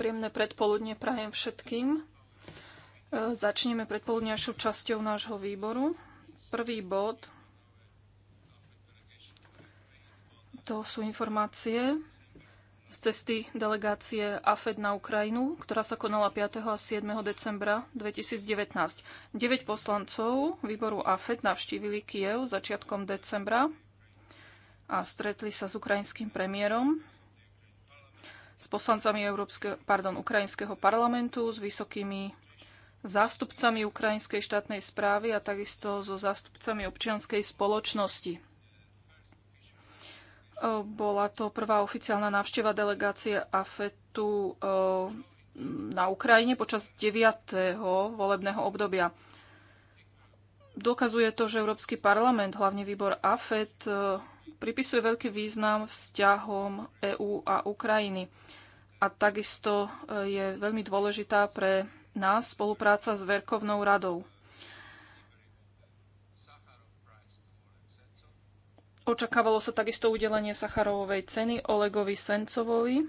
Príjemné predpoludne prajem všetkým. E, začneme predpoludňajšou časťou nášho výboru. Prvý bod to sú informácie z cesty delegácie AFED na Ukrajinu, ktorá sa konala 5. a 7. decembra 2019. 9 poslancov výboru AFED navštívili Kiev začiatkom decembra a stretli sa s ukrajinským premiérom s poslancami Európskeho, pardon, Ukrajinského parlamentu, s vysokými zástupcami Ukrajinskej štátnej správy a takisto so zástupcami občianskej spoločnosti. Bola to prvá oficiálna návšteva delegácie AFETu na Ukrajine počas 9. volebného obdobia. Dokazuje to, že Európsky parlament, hlavne výbor AFET, pripisuje veľký význam vzťahom EÚ a Ukrajiny a takisto e, je veľmi dôležitá pre nás spolupráca s Verkovnou radou. Očakávalo sa takisto udelenie Sacharovovej ceny Olegovi Sencovovi.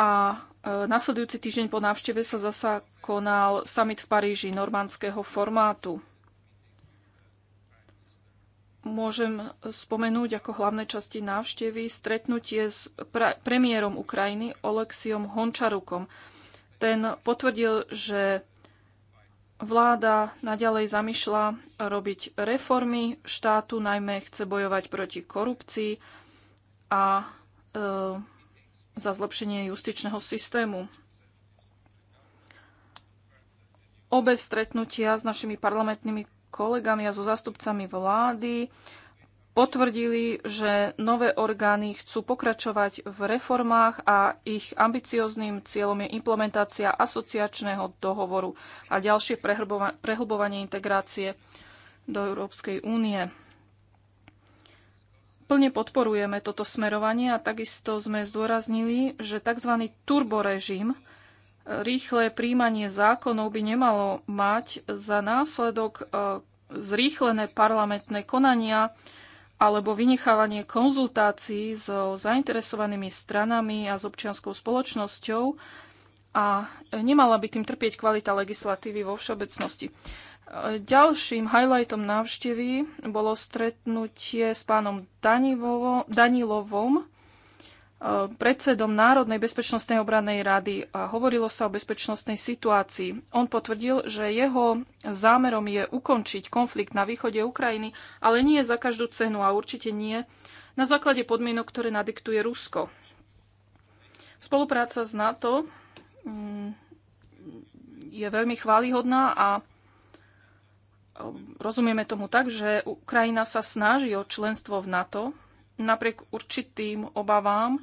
A e, nasledujúci týždeň po návšteve sa zasa konal summit v Paríži normandského formátu môžem spomenúť ako hlavné časti návštevy stretnutie s premiérom Ukrajiny Oleksiom Hončarukom. Ten potvrdil, že vláda naďalej zamýšľa robiť reformy štátu, najmä chce bojovať proti korupcii a e, za zlepšenie justičného systému. Obe stretnutia s našimi parlamentnými kolegami a so zástupcami vlády potvrdili, že nové orgány chcú pokračovať v reformách a ich ambiciozným cieľom je implementácia asociačného dohovoru a ďalšie prehlbovanie integrácie do Európskej únie. Plne podporujeme toto smerovanie a takisto sme zdôraznili, že tzv. turborežim, e, rýchle príjmanie zákonov by nemalo mať za následok e, zrýchlené parlamentné konania alebo vynechávanie konzultácií so zainteresovanými stranami a s občianskou spoločnosťou a nemala by tým trpieť kvalita legislatívy vo všeobecnosti. Ďalším highlightom návštevy bolo stretnutie s pánom Danilovom, predsedom Národnej bezpečnostnej obrannej rady a hovorilo sa o bezpečnostnej situácii. On potvrdil, že jeho zámerom je ukončiť konflikt na východe Ukrajiny, ale nie za každú cenu a určite nie na základe podmienok, ktoré nadiktuje Rusko. Spolupráca s NATO mm, je veľmi chválihodná a e, rozumieme tomu tak, že Ukrajina sa snaží o členstvo v NATO, napriek určitým obavám e,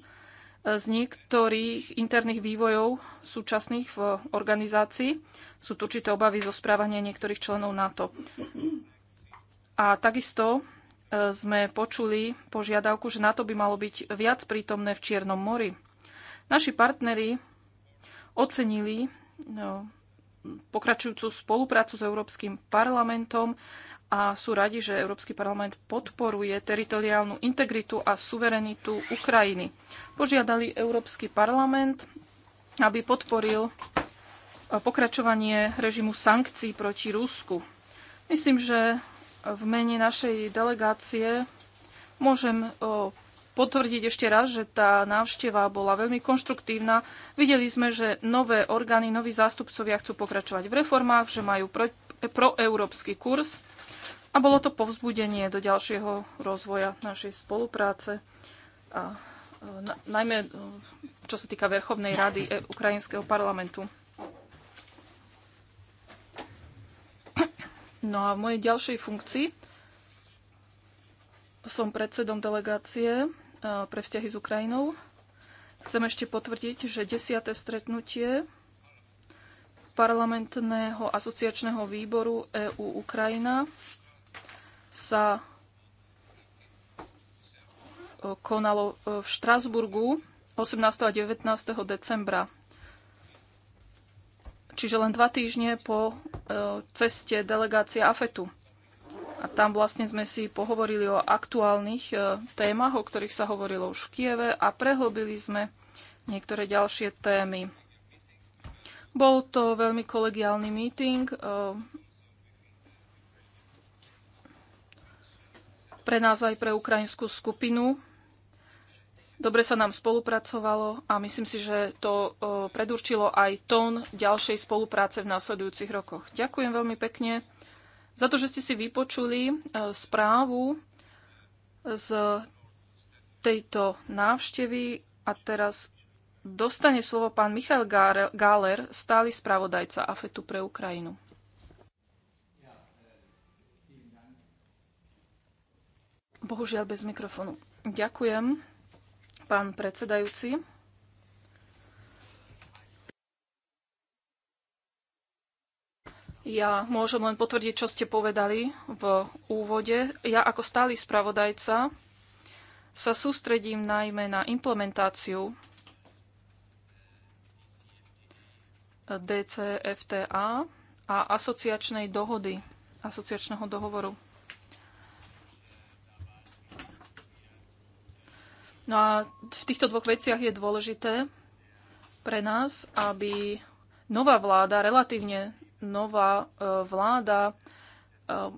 z niektorých interných vývojov súčasných v organizácii. Sú tu určité obavy zo správania niektorých členov NATO. A takisto e, sme počuli požiadavku, že NATO by malo byť viac prítomné v Čiernom mori. Naši partneri ocenili e, pokračujúcu spoluprácu s Európskym parlamentom a sú radi, že Európsky parlament podporuje teritoriálnu integritu a suverenitu Ukrajiny. Požiadali Európsky parlament, aby podporil pokračovanie režimu sankcií proti Rusku. Myslím, že v mene našej delegácie môžem potvrdiť ešte raz, že tá návšteva bola veľmi konštruktívna. Videli sme, že nové orgány, noví zástupcovia chcú pokračovať v reformách, že majú proeurópsky kurz a bolo to povzbudenie do ďalšieho rozvoja našej spolupráce. A e, na, najmä e, čo sa týka Verchovnej rady e, Ukrajinského parlamentu. No a v mojej ďalšej funkcii som predsedom delegácie pre vzťahy s Ukrajinou. Chcem ešte potvrdiť, že desiate stretnutie parlamentného asociačného výboru EU Ukrajina sa e, konalo e, v Štrasburgu 18. a 19. decembra. Čiže len dva týždne po e, ceste delegácie AFETu. A tam vlastne sme si pohovorili o aktuálnych témach, o ktorých sa hovorilo už v Kieve a prehlbili sme niektoré ďalšie témy. Bol to veľmi kolegiálny meeting, pre nás aj pre ukrajinskú skupinu. Dobre sa nám spolupracovalo a myslím si, že to e, predurčilo aj tón ďalšej spolupráce v následujúcich rokoch. Ďakujem veľmi pekne za to, že ste si vypočuli e, správu e, z tejto návštevy a teraz dostane slovo pán Michal Gáler, stály spravodajca AFETu pre Ukrajinu. Bohužiaľ bez mikrofonu. Ďakujem, pán predsedajúci. Ja môžem len potvrdiť, čo ste povedali v úvode. Ja ako stály spravodajca sa sústredím najmä na implementáciu DCFTA a asociačnej dohody, asociačného dohovoru. No a v týchto dvoch veciach je dôležité pre nás, aby nová vláda, relatívne nová e, vláda e,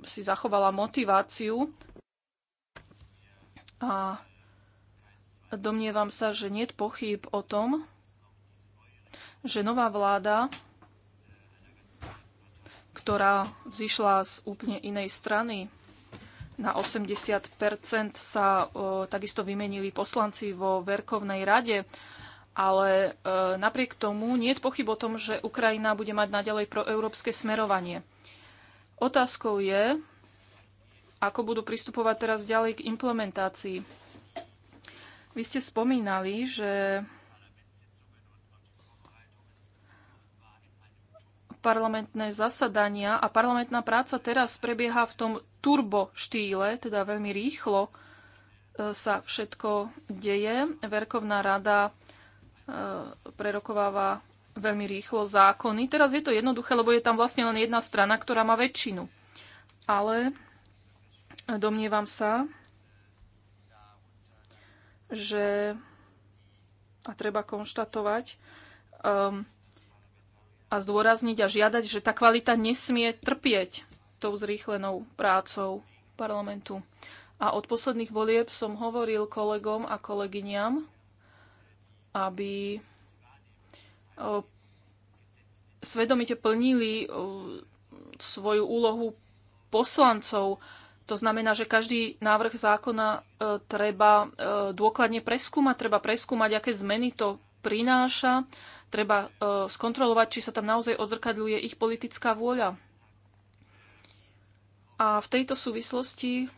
si zachovala motiváciu a domnievam sa, že nie je pochyb o tom, že nová vláda, ktorá vzýšla z úplne inej strany, na 80 sa o, takisto vymenili poslanci vo Verkovnej rade, ale e, napriek tomu nie je pochyb o tom, že Ukrajina bude mať naďalej proeurópske smerovanie. Otázkou je, ako budú pristupovať teraz ďalej k implementácii. Vy ste spomínali, že parlamentné zasadania a parlamentná práca teraz prebieha v tom turbo štýle, teda veľmi rýchlo e, sa všetko deje. Verkovná rada e, prerokováva veľmi rýchlo zákony. Teraz je to jednoduché, lebo je tam vlastne len jedna strana, ktorá má väčšinu. Ale domnievam sa, že a treba konštatovať um, a zdôrazniť a žiadať, že tá kvalita nesmie trpieť tou zrýchlenou prácou parlamentu. A od posledných volieb som hovoril kolegom a kolegyňam, aby svedomite plnili svoju úlohu poslancov. To znamená, že každý návrh zákona e, treba e, dôkladne preskúmať, treba preskúmať, aké zmeny to prináša, treba e, skontrolovať, či sa tam naozaj odzrkadľuje ich politická vôľa. A v tejto súvislosti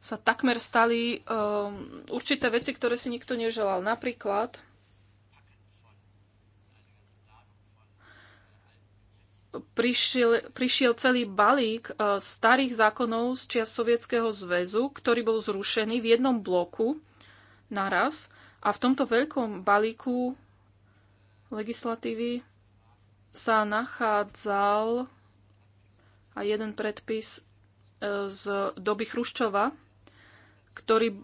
sa takmer stali um, určité veci, ktoré si nikto neželal. Napríklad prišiel, prišiel celý balík uh, starých zákonov z čias Sovietskeho zväzu, ktorý bol zrušený v jednom bloku naraz. A v tomto veľkom balíku legislatívy sa nachádzal a jeden predpis e, z doby Chruščova, ktorý,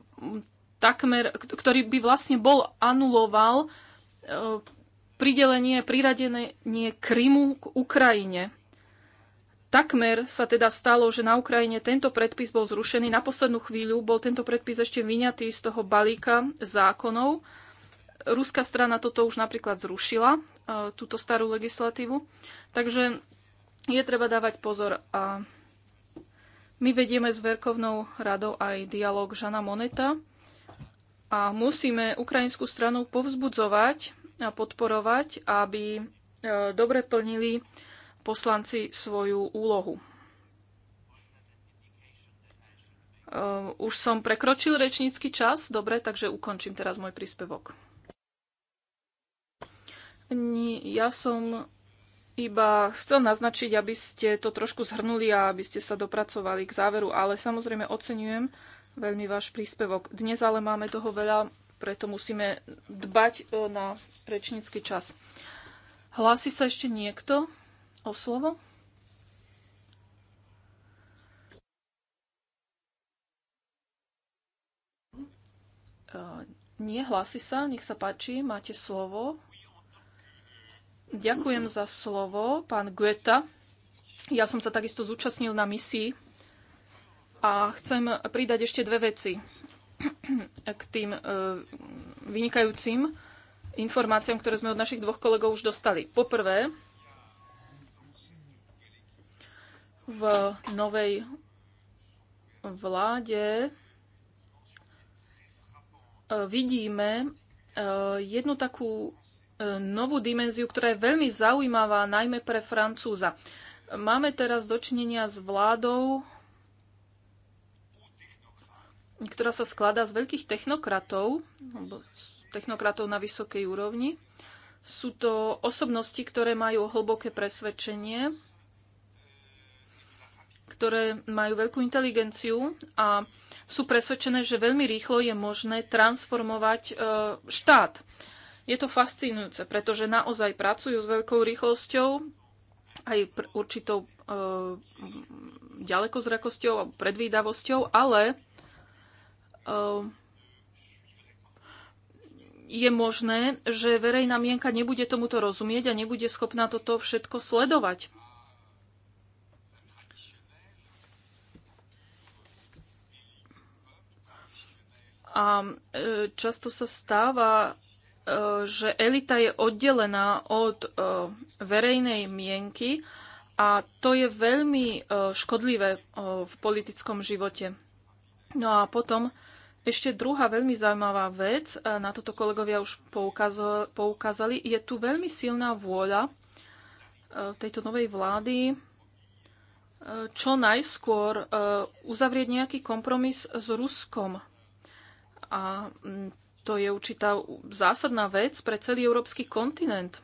takmer, ktorý by vlastne bol anuloval e, pridelenie, priradenie Krymu k Ukrajine. Takmer sa teda stalo, že na Ukrajine tento predpis bol zrušený. Na poslednú chvíľu bol tento predpis ešte vyňatý z toho balíka zákonov, Ruská strana toto už napríklad zrušila, e, túto starú legislatívu. Takže je treba dávať pozor a my vedieme s Verkovnou radou aj dialog Žana Moneta a musíme ukrajinskú stranu povzbudzovať a podporovať, aby e, dobre plnili poslanci svoju úlohu. E, už som prekročil rečnícky čas, dobre, takže ukončím teraz môj príspevok. Ja som iba chcel naznačiť, aby ste to trošku zhrnuli a aby ste sa dopracovali k záveru, ale samozrejme oceňujem veľmi váš príspevok. Dnes ale máme toho veľa, preto musíme dbať e, na rečnícky čas. Hlási sa ešte niekto o slovo? E, nie, hlási sa, nech sa páči, máte slovo. Ďakujem za slovo, pán Gueta. Ja som sa takisto zúčastnil na misii a chcem pridať ešte dve veci k tým e, vynikajúcim informáciám, ktoré sme od našich dvoch kolegov už dostali. Poprvé, v novej vláde e, vidíme e, jednu takú novú dimenziu, ktorá je veľmi zaujímavá, najmä pre Francúza. Máme teraz dočinenia s vládou, ktorá sa skladá z veľkých technokratov, alebo technokratov na vysokej úrovni. Sú to osobnosti, ktoré majú hlboké presvedčenie, ktoré majú veľkú inteligenciu a sú presvedčené, že veľmi rýchlo je možné transformovať e, štát. Je to fascinujúce, pretože naozaj pracujú s veľkou rýchlosťou, aj pr- určitou e, ďalekozrakosťou alebo predvídavosťou, ale e, je možné, že verejná mienka nebude tomuto rozumieť a nebude schopná toto všetko sledovať. A eh, často sa stáva, že elita je oddelená od e, verejnej mienky a to je veľmi e, škodlivé e, v politickom živote. No a potom ešte druhá veľmi zaujímavá vec, na toto kolegovia už poukázali, je tu veľmi silná vôľa tejto novej vlády čo najskôr uzavrieť nejaký kompromis s Ruskom. A to je určitá zásadná vec pre celý európsky kontinent.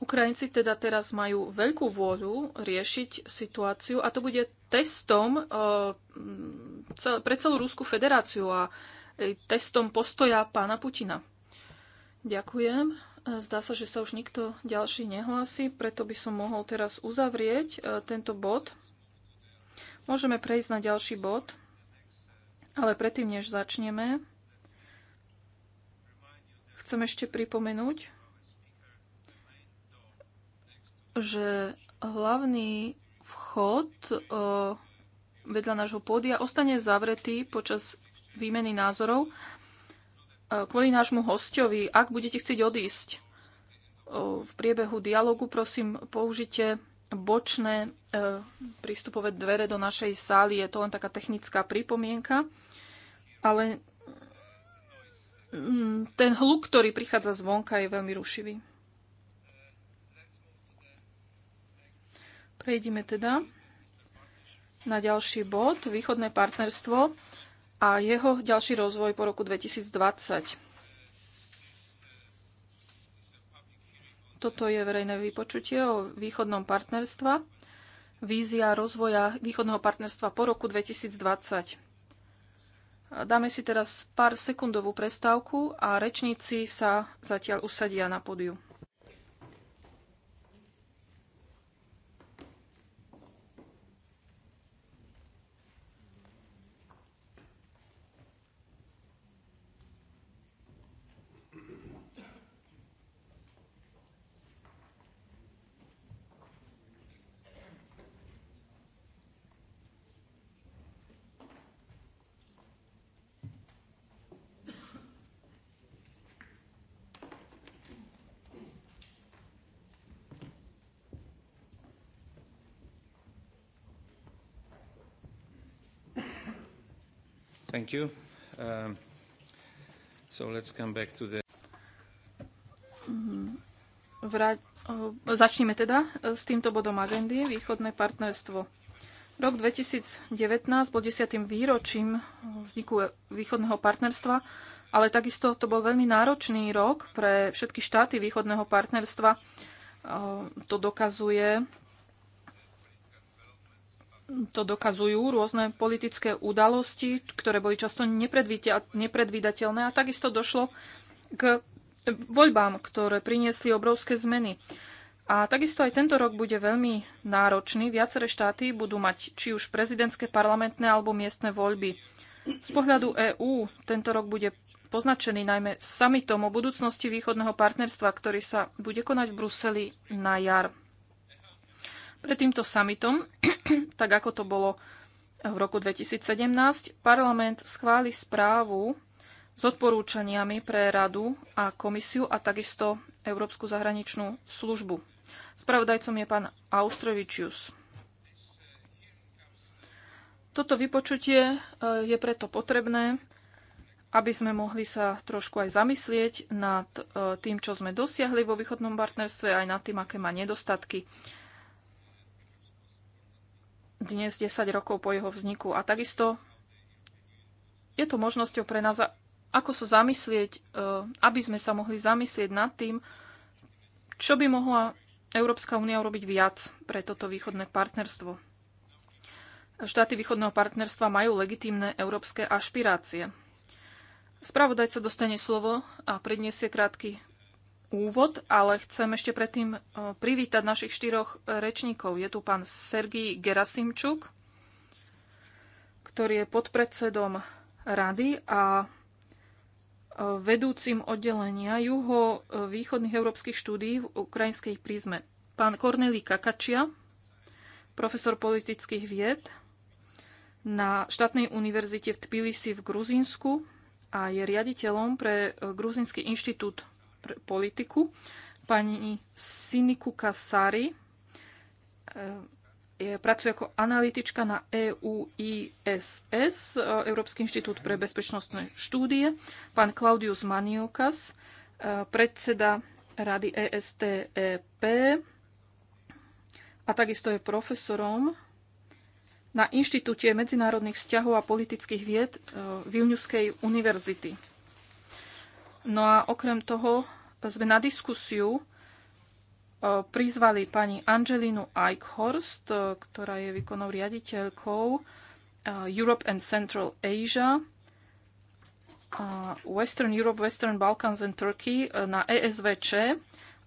Ukrajinci teda teraz majú veľkú vôľu riešiť situáciu a to bude testom eh, pre celú Rusku federáciu a eh, testom postoja pána Putina. Ďakujem. Eh, zdá sa, že sa už nikto ďalší nehlási, preto by som mohol teraz uzavrieť tento bod. Môžeme prejsť na ďalší bod. Ale predtým, než začneme, chcem ešte pripomenúť, že hlavný vchod e, vedľa nášho pódia ostane zavretý počas výmeny názorov e, kvôli nášmu hostovi. Ak budete chcieť odísť e, v priebehu dialogu, prosím, použite bočné e, prístupové dvere do našej sály. Je to len taká technická pripomienka, ale mm, ten hluk, ktorý prichádza zvonka, je veľmi rušivý. Prejdime teda na ďalší bod, východné partnerstvo a jeho ďalší rozvoj po roku 2020. Toto je verejné vypočutie o východnom partnerstva. Vízia rozvoja východného partnerstva po roku 2020. Dáme si teraz pár sekundovú prestávku a rečníci sa zatiaľ usadia na pódiu. Thank you. Um, so let's come back to the... Mhm. Vra- oh, začneme teda eh, s týmto bodom agendy, východné partnerstvo. Rok 2019 bol desiatým výročím eh, vzniku eh, východného partnerstva, ale takisto to bol veľmi náročný rok pre všetky štáty východného partnerstva. To dokazuje to dokazujú rôzne politické udalosti, ktoré boli často nepredvídateľné a takisto došlo k voľbám, ktoré priniesli obrovské zmeny. A takisto aj tento rok bude veľmi náročný. Viaceré štáty budú mať či už prezidentské, parlamentné alebo miestne voľby. Z pohľadu EÚ tento rok bude poznačený najmä summitom o budúcnosti východného partnerstva, ktorý sa bude konať v Bruseli na jar. Pred týmto summitom, tak ako to bolo v roku 2017, parlament schváli správu s odporúčaniami pre radu a komisiu a takisto Európsku zahraničnú službu. Spravodajcom je pán Austrovičius. Toto vypočutie e, je preto potrebné, aby sme mohli sa trošku aj zamyslieť nad e, tým, čo sme dosiahli vo východnom partnerstve, aj nad tým, aké má nedostatky dnes 10 rokov po jeho vzniku. A takisto je to možnosťou pre nás, ako sa zamyslieť, e, aby sme sa mohli zamyslieť nad tým, čo by mohla Európska únia urobiť viac pre toto východné partnerstvo. Štáty východného partnerstva majú legitímne európske ašpirácie. Spravodajca dostane slovo a predniesie krátky úvod, ale chcem ešte predtým e, privítať našich štyroch e, rečníkov. Je tu pán Sergij Gerasimčuk, ktorý je podpredsedom rady a e, vedúcim oddelenia juho-východných európskych štúdí v ukrajinskej prízme. Pán Kornelí Kakačia, profesor politických vied na štátnej univerzite v Tbilisi v Gruzínsku a je riaditeľom pre Gruzínsky inštitút politiku. Pani Siniku Kasari eh, je, pracuje ako analytička na EUISS, eh, Európsky inštitút pre bezpečnostné štúdie. Pán Claudius Maniokas, eh, predseda rady ESTEP a takisto je profesorom na Inštitúte medzinárodných vzťahov a politických vied Vilniuskej univerzity. No a okrem toho sme na diskusiu e, prizvali pani Angelinu Eichhorst, e, ktorá je výkonnou riaditeľkou e, Europe and Central Asia, Western Europe, Western Balkans and Turkey na ESVČ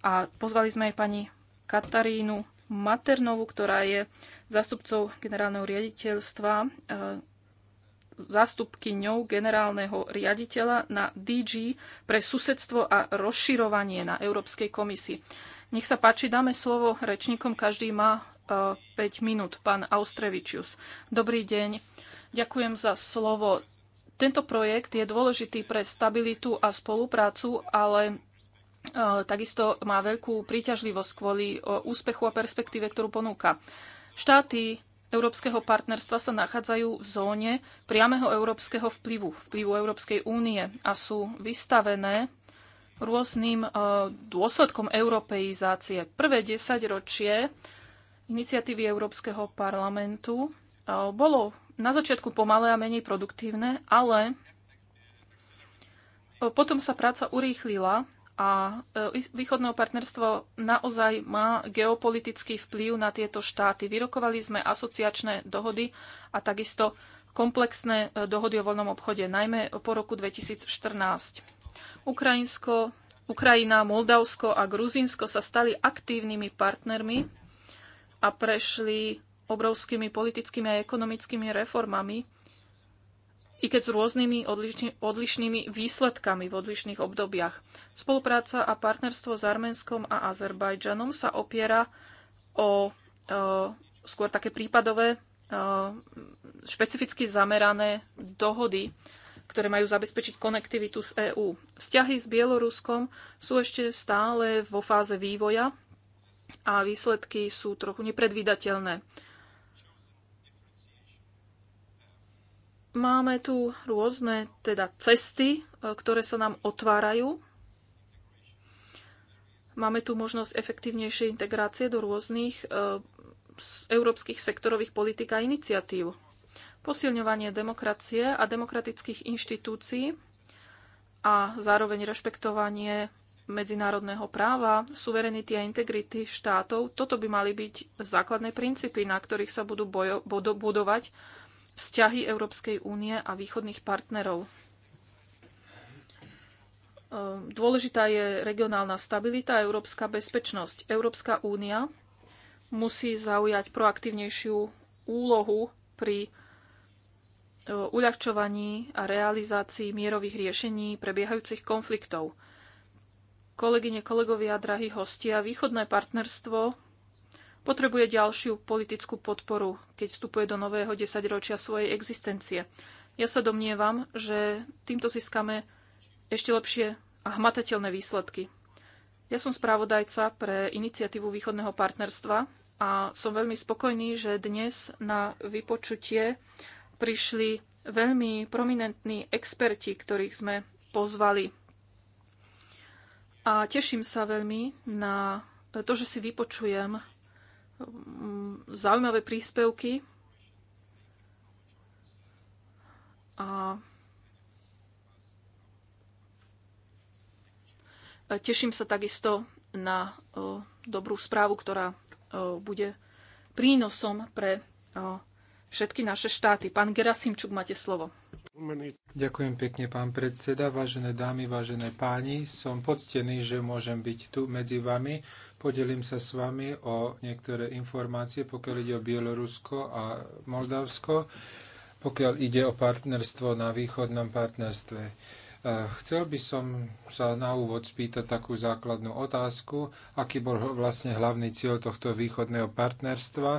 a pozvali sme aj pani Katarínu Maternovu, ktorá je zástupcou generálneho riaditeľstva zástupkyňou generálneho riaditeľa na DG pre susedstvo a rozširovanie na Európskej komisii. Nech sa páči, dáme slovo rečníkom, každý má 5 e, minút. Pán Austrevičius, dobrý deň. Ďakujem za slovo. Tento projekt je dôležitý pre stabilitu a spoluprácu, ale e, takisto má veľkú príťažlivosť kvôli e, úspechu a perspektíve, ktorú ponúka. Štáty európskeho partnerstva sa nachádzajú v zóne priameho európskeho vplyvu, vplyvu Európskej únie a sú vystavené rôznym e, dôsledkom europeizácie. Prvé desaťročie iniciatívy Európskeho parlamentu e, bolo na začiatku pomalé a menej produktívne, ale e, potom sa práca urýchlila a e, východné partnerstvo naozaj má geopolitický vplyv na tieto štáty. Vyrokovali sme asociačné dohody a takisto komplexné e, dohody o voľnom obchode, najmä po roku 2014. Ukrajinsko, Ukrajina, Moldavsko a Gruzinsko sa stali aktívnymi partnermi a prešli obrovskými politickými a ekonomickými reformami i keď s rôznymi odlišnými výsledkami v odlišných obdobiach. Spolupráca a partnerstvo s Arménskom a Azerbajdžanom sa opiera o e, skôr také prípadové, e, špecificky zamerané dohody, ktoré majú zabezpečiť konektivitu z EÚ. Vzťahy s Bieloruskom sú ešte stále vo fáze vývoja a výsledky sú trochu nepredvídateľné. Máme tu rôzne teda cesty, e, ktoré sa nám otvárajú. Máme tu možnosť efektívnejšej integrácie do rôznych e, európskych sektorových politik a iniciatív. Posilňovanie demokracie a demokratických inštitúcií a zároveň rešpektovanie medzinárodného práva, suverenity a integrity štátov, toto by mali byť základné princípy, na ktorých sa budú bojo, budovať vzťahy Európskej únie a východných partnerov. Ehm, dôležitá je regionálna stabilita a európska bezpečnosť. Európska únia musí zaujať proaktívnejšiu úlohu pri e, uľahčovaní a realizácii mierových riešení prebiehajúcich konfliktov. Kolegyne, kolegovia, drahí hostia, východné partnerstvo potrebuje ďalšiu politickú podporu, keď vstupuje do nového desaťročia svojej existencie. Ja sa domnievam, že týmto získame ešte lepšie a hmatateľné výsledky. Ja som správodajca pre iniciatívu východného partnerstva a som veľmi spokojný, že dnes na vypočutie prišli veľmi prominentní experti, ktorých sme pozvali. A teším sa veľmi na to, že si vypočujem zaujímavé príspevky. A teším sa takisto na dobrú správu, ktorá bude prínosom pre všetky naše štáty. Pán Gerasimčuk, máte slovo. Ďakujem pekne, pán predseda. Vážené dámy, vážené páni, som poctený, že môžem byť tu medzi vami. Podelím sa s vami o niektoré informácie, pokiaľ ide o Bielorusko a Moldavsko, pokiaľ ide o partnerstvo na východnom partnerstve. Chcel by som sa na úvod spýtať takú základnú otázku, aký bol vlastne hlavný cieľ tohto východného partnerstva.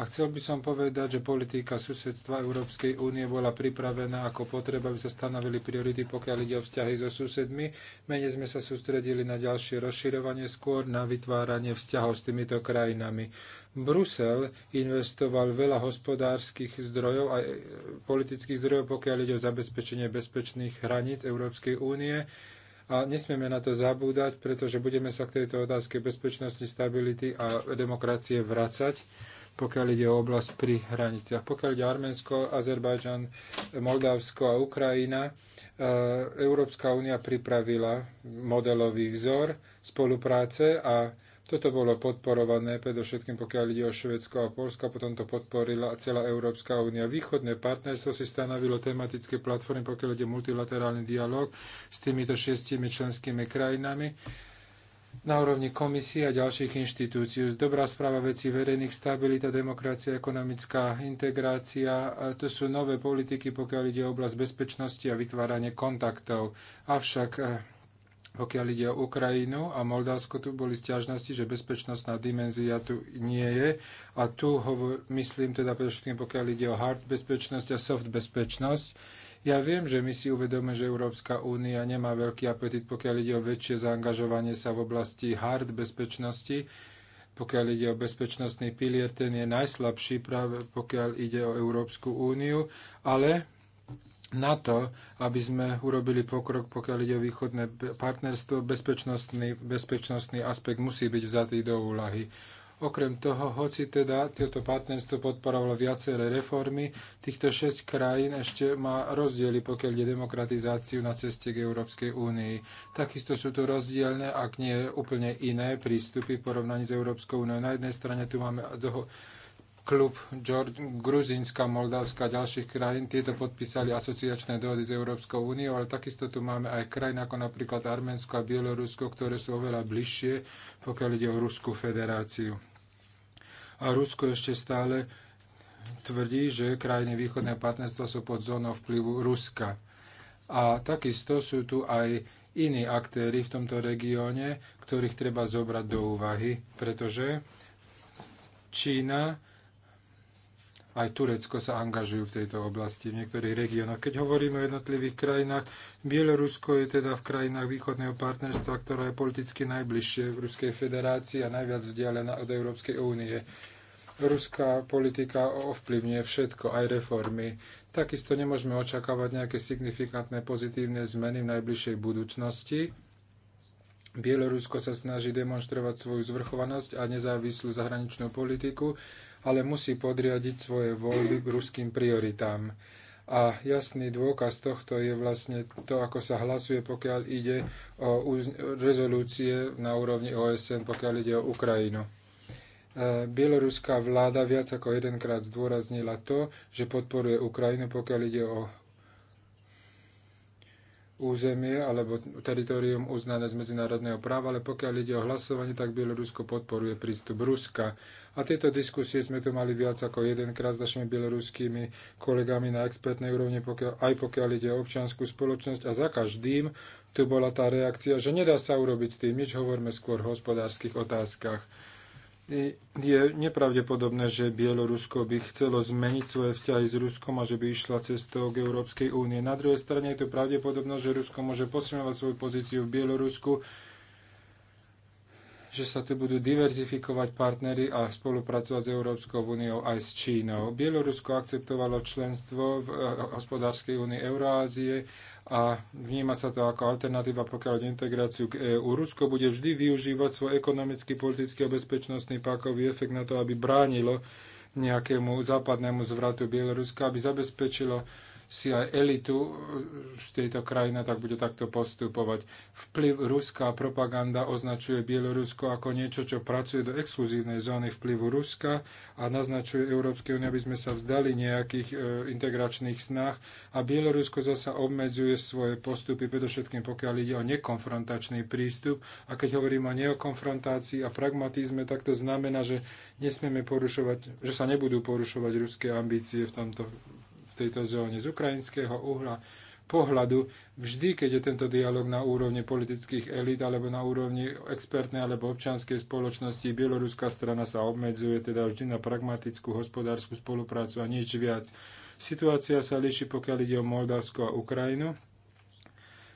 A chcel by som povedať, že politika susedstva Európskej únie bola pripravená ako potreba, aby sa stanovili priority, pokiaľ ide o vzťahy so susedmi. Menej sme sa sústredili na ďalšie rozširovanie, skôr na vytváranie vzťahov s týmito krajinami. Brusel investoval veľa hospodárskych zdrojov a e, politických zdrojov, pokiaľ ide o zabezpečenie bezpečných hraníc Európskej únie. A nesmieme na to zabúdať, pretože budeme sa k tejto otázke bezpečnosti, stability a demokracie vracať, pokiaľ ide o oblasť pri hraniciach. Pokiaľ ide Arménsko, Azerbajdžan, Moldavsko a Ukrajina, e, Európska únia pripravila modelový vzor spolupráce a toto bolo podporované, predovšetkým pokiaľ ide o Švedsko a Polsko, potom to podporila celá Európska únia. Východné partnerstvo si stanovilo tematické platformy, pokiaľ ide multilaterálny dialog s týmito šestimi členskými krajinami na úrovni komisie a ďalších inštitúcií. Dobrá správa veci verejných, stabilita, demokracia, ekonomická integrácia. To sú nové politiky, pokiaľ ide o oblasť bezpečnosti a vytváranie kontaktov. Avšak eh, pokiaľ ide o Ukrajinu a Moldavsko, tu boli stiažnosti, že bezpečnostná dimenzia tu nie je. A tu hovor, myslím teda predovšetkým, pokiaľ ide o hard bezpečnosť a soft bezpečnosť. Ja viem, že my si uvedome, že Európska únia nemá veľký apetit, pokiaľ ide o väčšie zaangažovanie sa v oblasti hard bezpečnosti. Pokiaľ ide o bezpečnostný pilier, ten je najslabší práve pokiaľ ide o Európsku úniu, ale na to, aby sme urobili pokrok, pokiaľ ide o východné partnerstvo, bezpečnostný, bezpečnostný aspekt musí byť vzatý do úlahy. Okrem toho, hoci teda toto partnerstvo podporovalo viaceré reformy, týchto šesť krajín ešte má rozdiely, pokiaľ ide demokratizáciu na ceste k Európskej únii. Takisto sú tu rozdielne, ak nie úplne iné prístupy v porovnaní s Európskou úniou. Na jednej strane tu máme doho- klub Gruzínska, Moldavska a ďalších krajín. Tieto podpísali asociačné dohody s Európskou úniou, ale takisto tu máme aj krajín ako napríklad Arménsko a Bielorusko, ktoré sú oveľa bližšie, pokiaľ ide o Ruskú federáciu. A Rusko ešte stále tvrdí, že krajiny východného partnerstva sú pod zónou vplyvu Ruska. A takisto sú tu aj iní aktéry v tomto regióne, ktorých treba zobrať do úvahy, pretože Čína aj Turecko sa angažujú v tejto oblasti v niektorých regiónoch. Keď hovoríme o jednotlivých krajinách, Bielorusko je teda v krajinách východného partnerstva, ktorá je politicky najbližšie v Ruskej federácii a najviac vzdialená od Európskej únie. Ruská politika ovplyvňuje všetko, aj reformy. Takisto nemôžeme očakávať nejaké signifikantné pozitívne zmeny v najbližšej budúcnosti. Bielorusko sa snaží demonstrovať svoju zvrchovanosť a nezávislú zahraničnú politiku, ale musí podriadiť svoje voľby k ruským prioritám. A jasný dôkaz tohto je vlastne to, ako sa hlasuje, pokiaľ ide o rezolúcie na úrovni OSN, pokiaľ ide o Ukrajinu. E, bieloruská vláda viac ako jedenkrát zdôraznila to, že podporuje Ukrajinu, pokiaľ ide o územie alebo teritorium uznané z medzinárodného práva, ale pokiaľ ide o hlasovanie, tak Bielorusko podporuje prístup Ruska. A tieto diskusie sme tu mali viac ako jedenkrát s našimi bieloruskými kolegami na expertnej úrovni, pokiaľ, aj pokiaľ ide o občianskú spoločnosť. A za každým tu bola tá reakcia, že nedá sa urobiť s tým nič, hovorme skôr o hospodárskych otázkach je nepravdepodobné, že Bielorusko by chcelo zmeniť svoje vzťahy s Ruskom a že by išla cestou k Európskej únie. Na druhej strane je to pravdepodobnosť, že Rusko môže posilňovať svoju pozíciu v Bielorusku že sa tu budú diverzifikovať partnery a spolupracovať s Európskou úniou aj s Čínou. Bielorusko akceptovalo členstvo v eh, hospodárskej únii Eurázie a vníma sa to ako alternatíva, pokiaľ ide integráciu k EÚ. Rusko bude vždy využívať svoj ekonomický, politický a bezpečnostný pákový efekt na to, aby bránilo nejakému západnému zvratu Bieloruska, aby zabezpečilo si aj elitu e, z tejto krajiny, tak bude takto postupovať. Vplyv ruská propaganda označuje Bielorusko ako niečo, čo pracuje do exkluzívnej zóny vplyvu Ruska a naznačuje Európskej únie, aby sme sa vzdali nejakých e, integračných snah a Bielorusko zasa obmedzuje svoje postupy, predovšetkým pokiaľ ide o nekonfrontačný prístup a keď hovorím o neokonfrontácii a pragmatizme, tak to znamená, že nesmieme porušovať, že sa nebudú porušovať ruské ambície v tomto tejto zóne. Z ukrajinského uhla pohľadu, vždy, keď je tento dialog na úrovni politických elít alebo na úrovni expertnej alebo občianskej spoločnosti, bieloruská strana sa obmedzuje teda vždy na pragmatickú hospodárskú spoluprácu a nič viac. Situácia sa líši, pokiaľ ide o Moldavsko a Ukrajinu.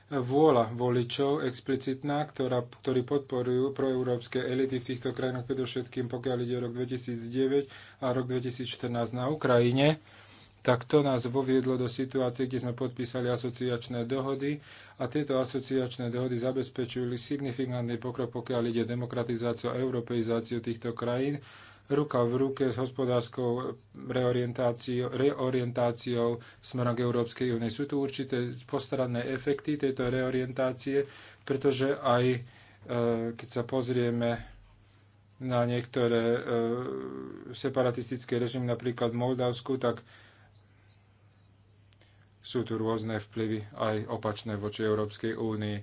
Vôľa voličov explicitná, ktorá, ktorí podporujú proeurópske elity v týchto krajinách, predovšetkým pokiaľ ide o rok 2009 a rok 2014 na Ukrajine, tak to nás voviedlo do situácie, kde sme podpísali asociačné dohody a tieto asociačné dohody zabezpečujú signifikantný pokrok, pokiaľ ide demokratizáciu a europeizáciu týchto krajín, ruka v ruke s hospodárskou reorientáciou, reorientáciou smerom k Európskej únie. Sú tu určité postranné efekty tejto reorientácie, pretože aj e, keď sa pozrieme na niektoré e, separatistické režimy, napríklad v Moldavsku, tak sú tu rôzne vplyvy aj opačné voči Európskej únii.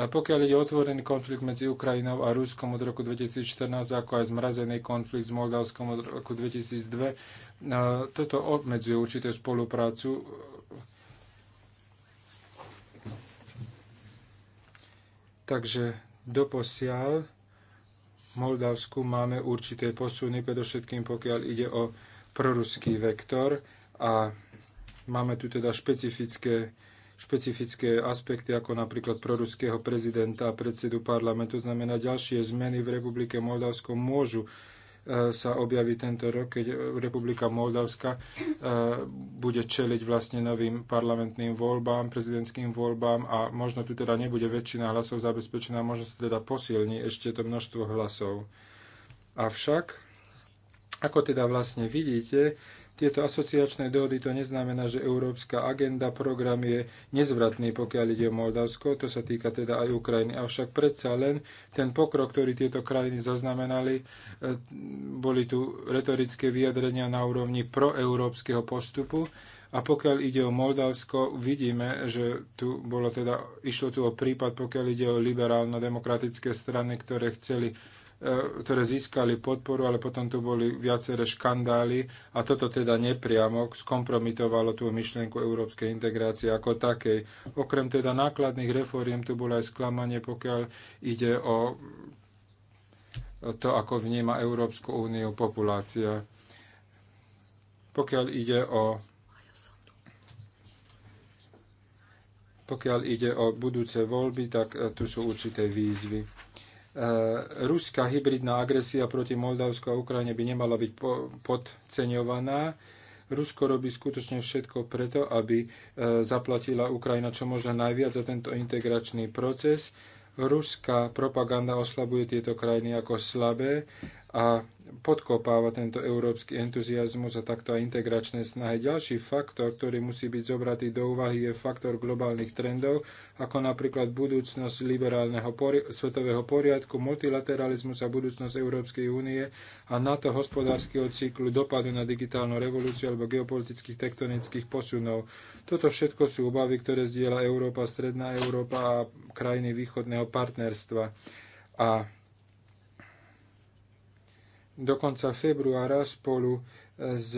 A pokiaľ ide otvorený konflikt medzi Ukrajinou a Ruskom od roku 2014, ako aj zmrazený konflikt s Moldavskom od roku 2002, toto obmedzuje určitú spoluprácu Takže doposiaľ v Moldavsku máme určité posuny, predovšetkým pokiaľ ide o proruský vektor a Máme tu teda špecifické, špecifické aspekty, ako napríklad proruského prezidenta a predsedu parlamentu. To znamená, ďalšie zmeny v Republike Moldavsko môžu e, sa objaví tento rok, keď Republika Moldavska e, bude čeliť vlastne novým parlamentným voľbám, prezidentským voľbám a možno tu teda nebude väčšina hlasov zabezpečená, možno sa teda posilní ešte to množstvo hlasov. Avšak, ako teda vlastne vidíte, tieto asociačné dohody to neznamená, že európska agenda, program je nezvratný, pokiaľ ide o Moldavsko, to sa týka teda aj Ukrajiny. Avšak predsa len ten pokrok, ktorý tieto krajiny zaznamenali, e, boli tu retorické vyjadrenia na úrovni proeurópskeho postupu. A pokiaľ ide o Moldavsko, vidíme, že tu bolo teda, išlo tu o prípad, pokiaľ ide o liberálno-demokratické strany, ktoré chceli E, ktoré získali podporu, ale potom tu boli viaceré škandály a toto teda nepriamo skompromitovalo tú myšlienku európskej integrácie ako takej. Okrem teda nákladných reforiem tu bolo aj sklamanie, pokiaľ ide o to, ako vníma Európsku úniu populácia. Pokiaľ ide o pokiaľ ide o budúce voľby, tak e, tu sú určité výzvy. Eh, ruská hybridná agresia proti Moldavsku a Ukrajine by nemala byť podceňovaná. Rusko robí skutočne všetko preto, aby eh, zaplatila Ukrajina čo možno najviac za tento integračný proces. Ruská propaganda oslabuje tieto krajiny ako slabé a podkopáva tento európsky entuziasmus a takto aj integračné snahy. Ďalší faktor, ktorý musí byť zobratý do úvahy, je faktor globálnych trendov, ako napríklad budúcnosť liberálneho pori- svetového poriadku, multilateralizmus a budúcnosť Európskej únie a NATO hospodárskeho cyklu, dopadu na digitálnu revolúciu alebo geopolitických tektonických posunov. Toto všetko sú obavy, ktoré zdieľa Európa, Stredná Európa a krajiny východného partnerstva. A do konca februára spolu s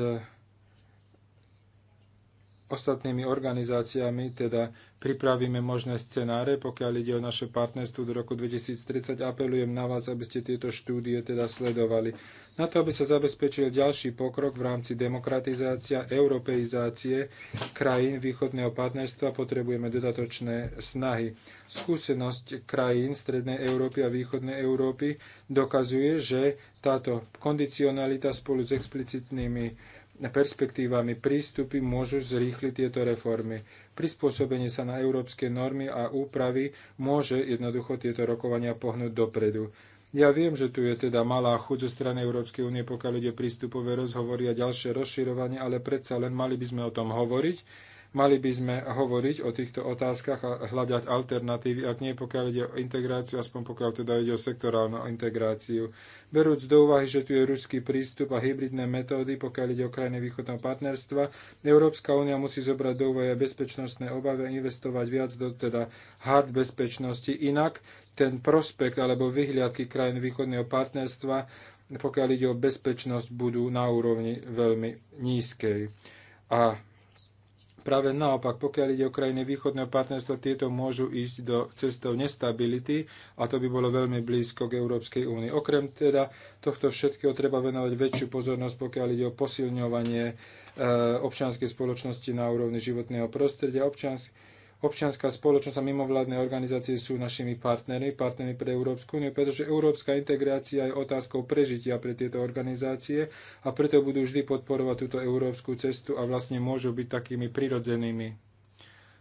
ostatnými organizáciami, teda pripravíme možné scenáre, pokiaľ ide o naše partnerstvo do roku 2030. Apelujem na vás, aby ste tieto štúdie teda sledovali na to, aby sa zabezpečil ďalší pokrok v rámci demokratizácia, europeizácie krajín východného partnerstva, potrebujeme dodatočné snahy. Skúsenosť krajín Strednej Európy a Východnej Európy dokazuje, že táto kondicionalita spolu s explicitnými perspektívami prístupy môžu zrýchliť tieto reformy. Prispôsobenie sa na európske normy a úpravy môže jednoducho tieto rokovania pohnúť dopredu. Ja viem, že tu je teda malá chuť zo strany Európskej únie, pokiaľ ide prístupové rozhovory a ďalšie rozširovanie, ale predsa len mali by sme o tom hovoriť Mali by sme hovoriť o týchto otázkach a hľadať alternatívy, ak nie pokiaľ ide o integráciu, aspoň pokiaľ teda ide o sektorálnu integráciu. Berúc do úvahy, že tu je ruský prístup a hybridné metódy, pokiaľ ide o krajiny východného partnerstva, Európska únia musí zobrať do úvahy bezpečnostné obavy a investovať viac do teda hard bezpečnosti. Inak ten prospekt alebo vyhliadky krajín východného partnerstva, pokiaľ ide o bezpečnosť, budú na úrovni veľmi nízkej. A Práve naopak, pokiaľ ide o krajiny východného partnerstva, tieto môžu ísť do cestov nestability a to by bolo veľmi blízko k Európskej únii. Okrem teda tohto všetkého treba venovať väčšiu pozornosť, pokiaľ ide o posilňovanie eh, občianskej spoločnosti na úrovni životného prostredia. Občiansk- Občianská spoločnosť a mimovládne organizácie sú našimi partnermi, partnermi pre Európsku úniu, pretože európska integrácia je otázkou prežitia pre tieto organizácie a preto budú vždy podporovať túto európsku cestu a vlastne môžu byť takými prirodzenými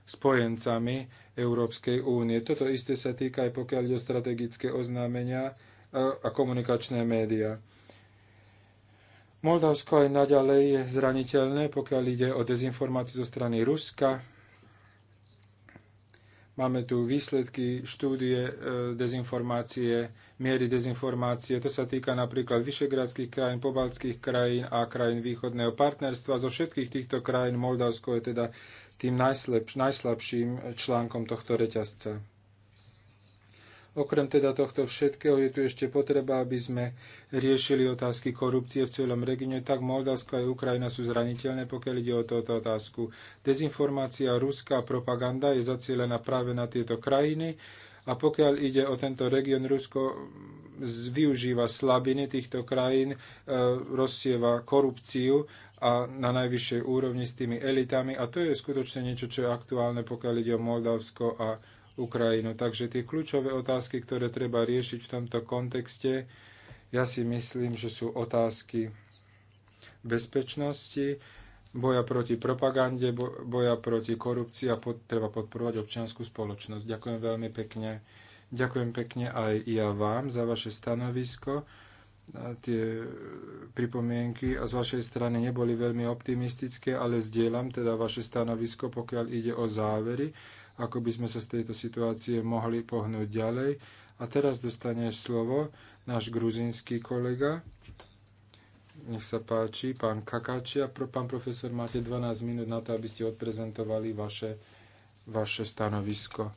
spojencami Európskej únie. Toto isté sa týka aj pokiaľ ide o strategické oznámenia e, a komunikačné médiá. Moldavsko aj naďalej je zraniteľné, pokiaľ ide o dezinformácie zo strany Ruska, Máme tu výsledky štúdie e, dezinformácie, miery dezinformácie. To sa týka napríklad vyšegradských krajín, pobaltských krajín a krajín východného partnerstva. Zo všetkých týchto krajín Moldavsko je teda tým najslabším článkom tohto reťazca. Okrem teda tohto všetkého je tu ešte potreba, aby sme riešili otázky korupcie v celom regióne. Tak Moldavsko aj Ukrajina sú zraniteľné, pokiaľ ide o túto otázku. Dezinformácia, ruská propaganda je zacielená práve na tieto krajiny. A pokiaľ ide o tento región, Rusko využíva slabiny týchto krajín, e, rozsieva korupciu a na najvyššej úrovni s tými elitami. A to je skutočne niečo, čo je aktuálne, pokiaľ ide o Moldavsko a Ukrajinu. Takže tie kľúčové otázky, ktoré treba riešiť v tomto kontexte, ja si myslím, že sú otázky bezpečnosti, boja proti propagande, boja proti korupcii a pod, treba podporovať občianskú spoločnosť. Ďakujem veľmi pekne. Ďakujem pekne aj ja vám za vaše stanovisko. Tie pripomienky a z vašej strany neboli veľmi optimistické, ale zdieľam teda vaše stanovisko, pokiaľ ide o závery ako by sme sa z tejto situácie mohli pohnúť ďalej. A teraz dostane slovo náš gruzinský kolega. Nech sa páči, pán Kakáči a pán profesor, máte 12 minút na to, aby ste odprezentovali vaše, vaše stanovisko.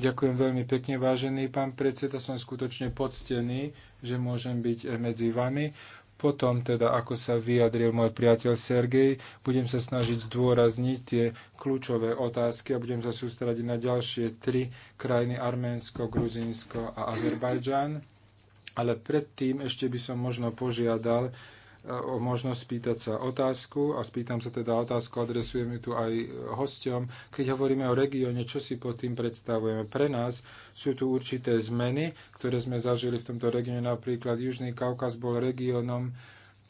Ďakujem veľmi pekne, vážený pán predseda. Som skutočne poctený, že môžem byť medzi vami. Potom teda, ako sa vyjadril môj priateľ Sergej, budem sa snažiť zdôrazniť tie kľúčové otázky a budem sa sústrediť na ďalšie tri krajiny Arménsko, Gruzínsko a Azerbajdžan. Ale predtým ešte by som možno požiadal o možnosť spýtať sa otázku a spýtam sa teda otázku, adresujem ju tu aj e, hostom. Keď hovoríme o regióne, čo si pod tým predstavujeme? Pre nás sú tu určité zmeny, ktoré sme zažili v tomto regióne. Napríklad Južný Kaukaz bol regiónom,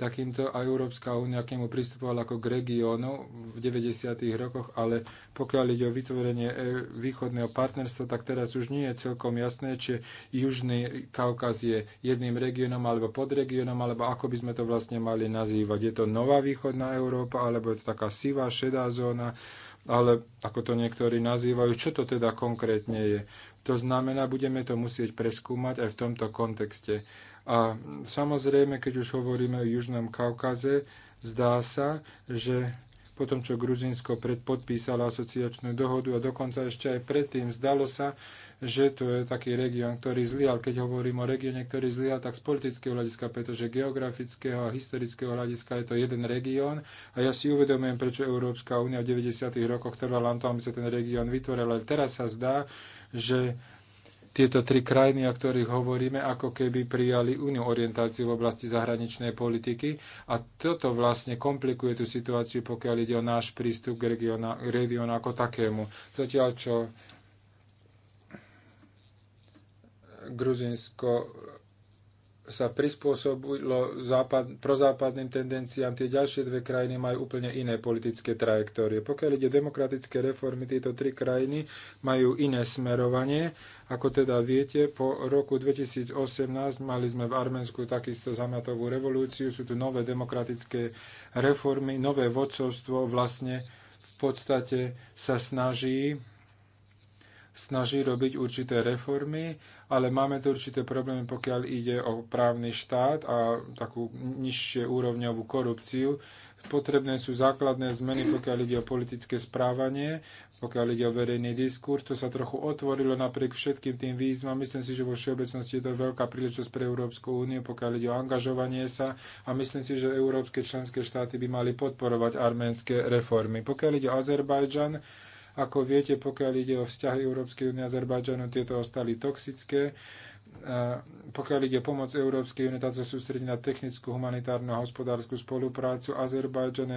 takýmto aj Európska únia k nemu pristupovala ako k regiónu v 90. rokoch, ale pokiaľ ide o vytvorenie e, východného partnerstva, tak teraz už nie je celkom jasné, či Južný Kaukaz je jedným regiónom alebo podregiónom, alebo ako by sme to vlastne mali nazývať. Je to nová východná Európa, alebo je to taká sivá, šedá zóna, ale ako to niektorí nazývajú, čo to teda konkrétne je. To znamená, budeme to musieť preskúmať aj v tomto kontexte. A samozrejme, keď už hovoríme o Južnom Kaukaze, zdá sa, že po tom, čo Gruzinsko predpodpísalo asociačnú dohodu a dokonca ešte aj predtým zdalo sa, že to je taký región, ktorý zlial. Keď hovorím o regióne, ktorý zlial, tak z politického hľadiska, pretože geografického a historického hľadiska je to jeden región. A ja si uvedomujem, prečo Európska únia v 90. rokoch trvala na to, aby sa ten región vytvoril. Ale teraz sa zdá, že tieto tri krajiny, o ktorých hovoríme, ako keby prijali úniu orientáciu v oblasti zahraničnej politiky a toto vlastne komplikuje tú situáciu, pokiaľ ide o náš prístup k regiónu ako takému. Zatiaľ čo Gruzinsko sa prispôsobilo západ, prozápadným tendenciám, tie ďalšie dve krajiny majú úplne iné politické trajektórie. Pokiaľ ide demokratické reformy, tieto tri krajiny majú iné smerovanie. Ako teda viete, po roku 2018 mali sme v Arménsku takisto zamiatovú revolúciu, sú tu nové demokratické reformy, nové vodcovstvo vlastne v podstate sa snaží snaží robiť určité reformy, ale máme tu určité problémy, pokiaľ ide o právny štát a takú nižšie úrovňovú korupciu. Potrebné sú základné zmeny, pokiaľ ide o politické správanie, pokiaľ ide o verejný diskurs. To sa trochu otvorilo napriek všetkým tým výzvam. Myslím si, že vo všeobecnosti je to veľká príležitosť pre Európsku úniu, pokiaľ ide o angažovanie sa a myslím si, že európske členské štáty by mali podporovať arménske reformy. Pokiaľ ide o Azerbajdžan, ako viete, pokiaľ ide o vzťahy Európskej únie a Azerbajdžanu, tieto ostali toxické. Pokiaľ ide o pomoc Európskej únie, táto sústredí na technickú, humanitárnu a hospodárskú spoluprácu. Azerbajdžan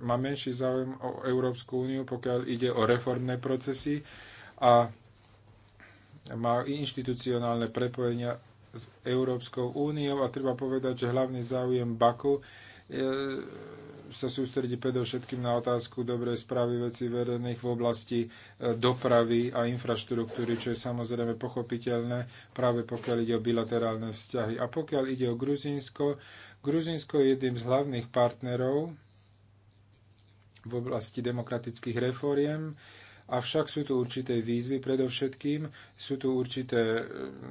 má menší záujem o Európsku úniu, pokiaľ ide o reformné procesy a má inštitucionálne prepojenia s Európskou úniou a treba povedať, že hlavný záujem Baku e, sa sústredí predovšetkým na otázku dobrej správy veci verejných v oblasti e, dopravy a infraštruktúry, čo je samozrejme pochopiteľné práve pokiaľ ide o bilaterálne vzťahy. A pokiaľ ide o Gruzínsko, Gruzínsko je jedným z hlavných partnerov v oblasti demokratických reforiem Avšak sú tu určité výzvy, predovšetkým sú tu určité e,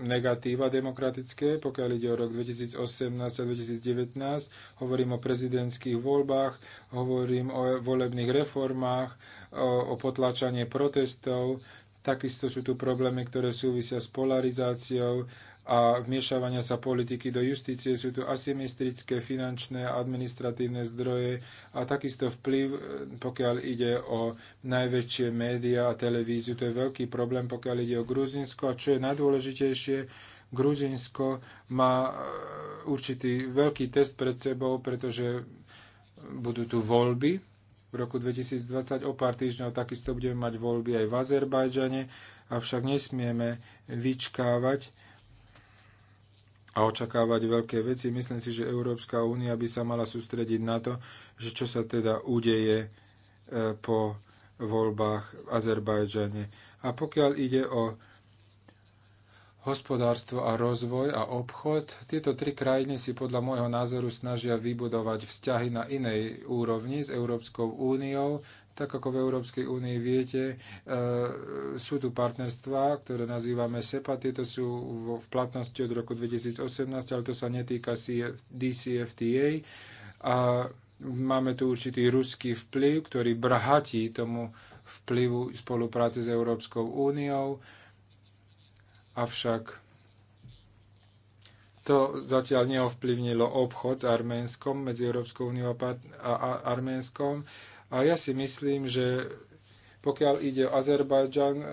negatíva demokratické, pokiaľ ide o rok 2018 a 2019. Hovorím o prezidentských voľbách, hovorím o volebných reformách, o, o potláčanie protestov. Takisto sú tu problémy, ktoré súvisia s polarizáciou, a vmiešavania sa politiky do justície. Sú tu asymetrické finančné a administratívne zdroje a takisto vplyv, e, pokiaľ ide o najväčšie médiá a televíziu. To je veľký problém, pokiaľ ide o Gruzinsko. A čo je najdôležitejšie, Gruzinsko má e, určitý veľký test pred sebou, pretože budú tu voľby v roku 2020. O pár týždňov takisto budeme mať voľby aj v Azerbajdžane, avšak nesmieme vyčkávať a očakávať veľké veci. Myslím si, že Európska únia by sa mala sústrediť na to, že čo sa teda udeje e, po voľbách v Azerbajdžane. A pokiaľ ide o hospodárstvo a rozvoj a obchod, tieto tri krajiny si podľa môjho názoru snažia vybudovať vzťahy na inej úrovni s Európskou úniou tak ako v Európskej únii viete, e, sú tu partnerstvá, ktoré nazývame SEPA. Tieto sú v platnosti od roku 2018, ale to sa netýka DCFTA. A máme tu určitý ruský vplyv, ktorý brhatí tomu vplyvu spolupráce s Európskou úniou. Avšak to zatiaľ neovplyvnilo obchod s Arménskom, medzi Európskou úniou a, a, a Arménskom. A ja si myslím, že pokiaľ ide o Azerbajdžan, e,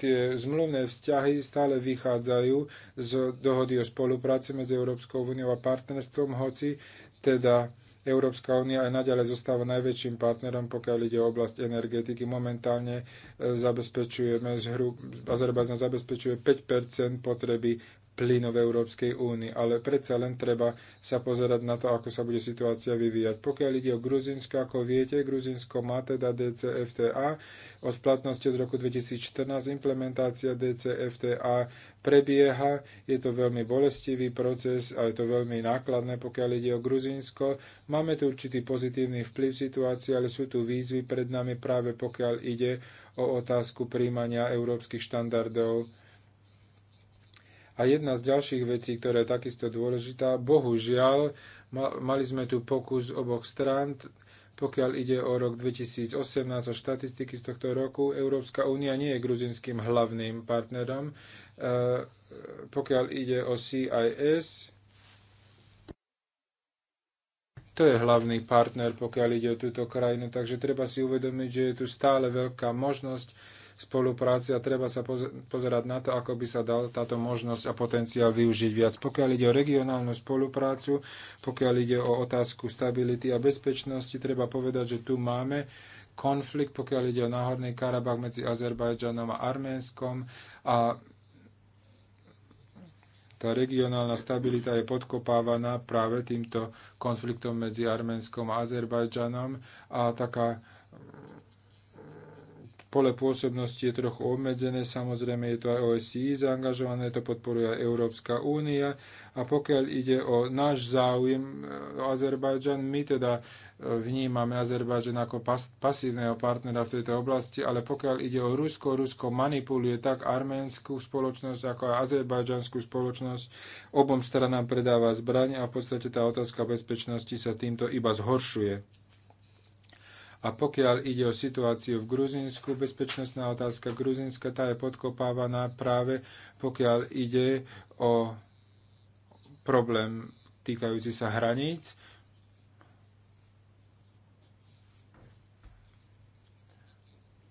tie zmluvné vzťahy stále vychádzajú z dohody o spolupráci medzi Európskou úniou a partnerstvom, hoci teda Európska únia aj naďalej zostáva najväčším partnerom, pokiaľ ide o oblasť energetiky. Momentálne e, zabezpečujeme zhru, Azerbajdžan zabezpečuje 5 potreby plynu v Európskej únii, ale predsa len treba sa pozerať na to, ako sa bude situácia vyvíjať. Pokiaľ ide o Gruzinsko, ako viete, Gruzinsko má teda DCFTA. Od platnosti od roku 2014 implementácia DCFTA prebieha. Je to veľmi bolestivý proces a je to veľmi nákladné, pokiaľ ide o Gruzinsko. Máme tu určitý pozitívny vplyv situácie, ale sú tu výzvy pred nami práve pokiaľ ide o otázku príjmania európskych štandardov a jedna z ďalších vecí, ktorá je takisto dôležitá, bohužiaľ, mali sme tu pokus oboch strán, pokiaľ ide o rok 2018 a štatistiky z tohto roku, Európska únia nie je gruzinským hlavným partnerom. Eh, pokiaľ ide o CIS, to je hlavný partner, pokiaľ ide o túto krajinu. Takže treba si uvedomiť, že je tu stále veľká možnosť spolupráci a treba sa pozerať na to, ako by sa dal táto možnosť a potenciál využiť viac. Pokiaľ ide o regionálnu spoluprácu, pokiaľ ide o otázku stability a bezpečnosti, treba povedať, že tu máme konflikt, pokiaľ ide o Náhorný Karabach medzi Azerbajdžanom a Arménskom a tá regionálna stabilita je podkopávaná práve týmto konfliktom medzi Arménskom a Azerbajdžanom a taká Pole pôsobnosti je trochu obmedzené, samozrejme je to aj OSCI zaangažované, to podporuje aj Európska únia. A pokiaľ ide o náš záujem e, o Azerbajdžan, my teda e, vnímame Azerbajdžan ako pas, pasívneho partnera v tejto oblasti, ale pokiaľ ide o Rusko, Rusko manipuluje tak arménskú spoločnosť, ako aj azerbajdžanskú spoločnosť. Obom stranám predáva zbraň a v podstate tá otázka bezpečnosti sa týmto iba zhoršuje. A pokiaľ ide o situáciu v Gruzínsku, bezpečnostná otázka Gruzínska, tá je podkopávaná práve pokiaľ ide o problém týkajúci sa hraníc.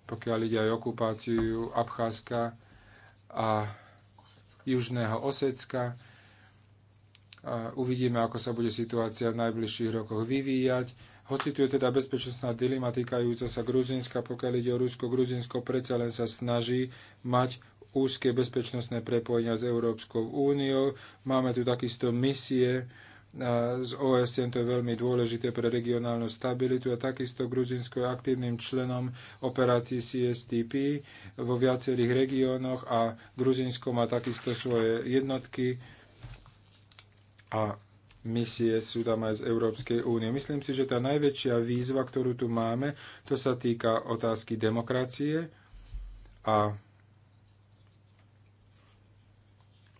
Pokiaľ ide aj okupáciu Abcházska a Južného Osecka, a uvidíme, ako sa bude situácia v najbližších rokoch vyvíjať hoci tu je teda bezpečnostná dilema týkajúca sa Gruzínska, pokiaľ ide o Rusko, gruzinsko predsa len sa snaží mať úzke bezpečnostné prepojenia s Európskou úniou. Máme tu takisto misie, z OSN, to je veľmi dôležité pre regionálnu stabilitu a takisto Gruzinsko je aktívnym členom operácií CSTP vo viacerých regiónoch a Gruzinsko má takisto svoje jednotky a misie sú tam aj z Európskej únie. Myslím si, že tá najväčšia výzva, ktorú tu máme, to sa týka otázky demokracie a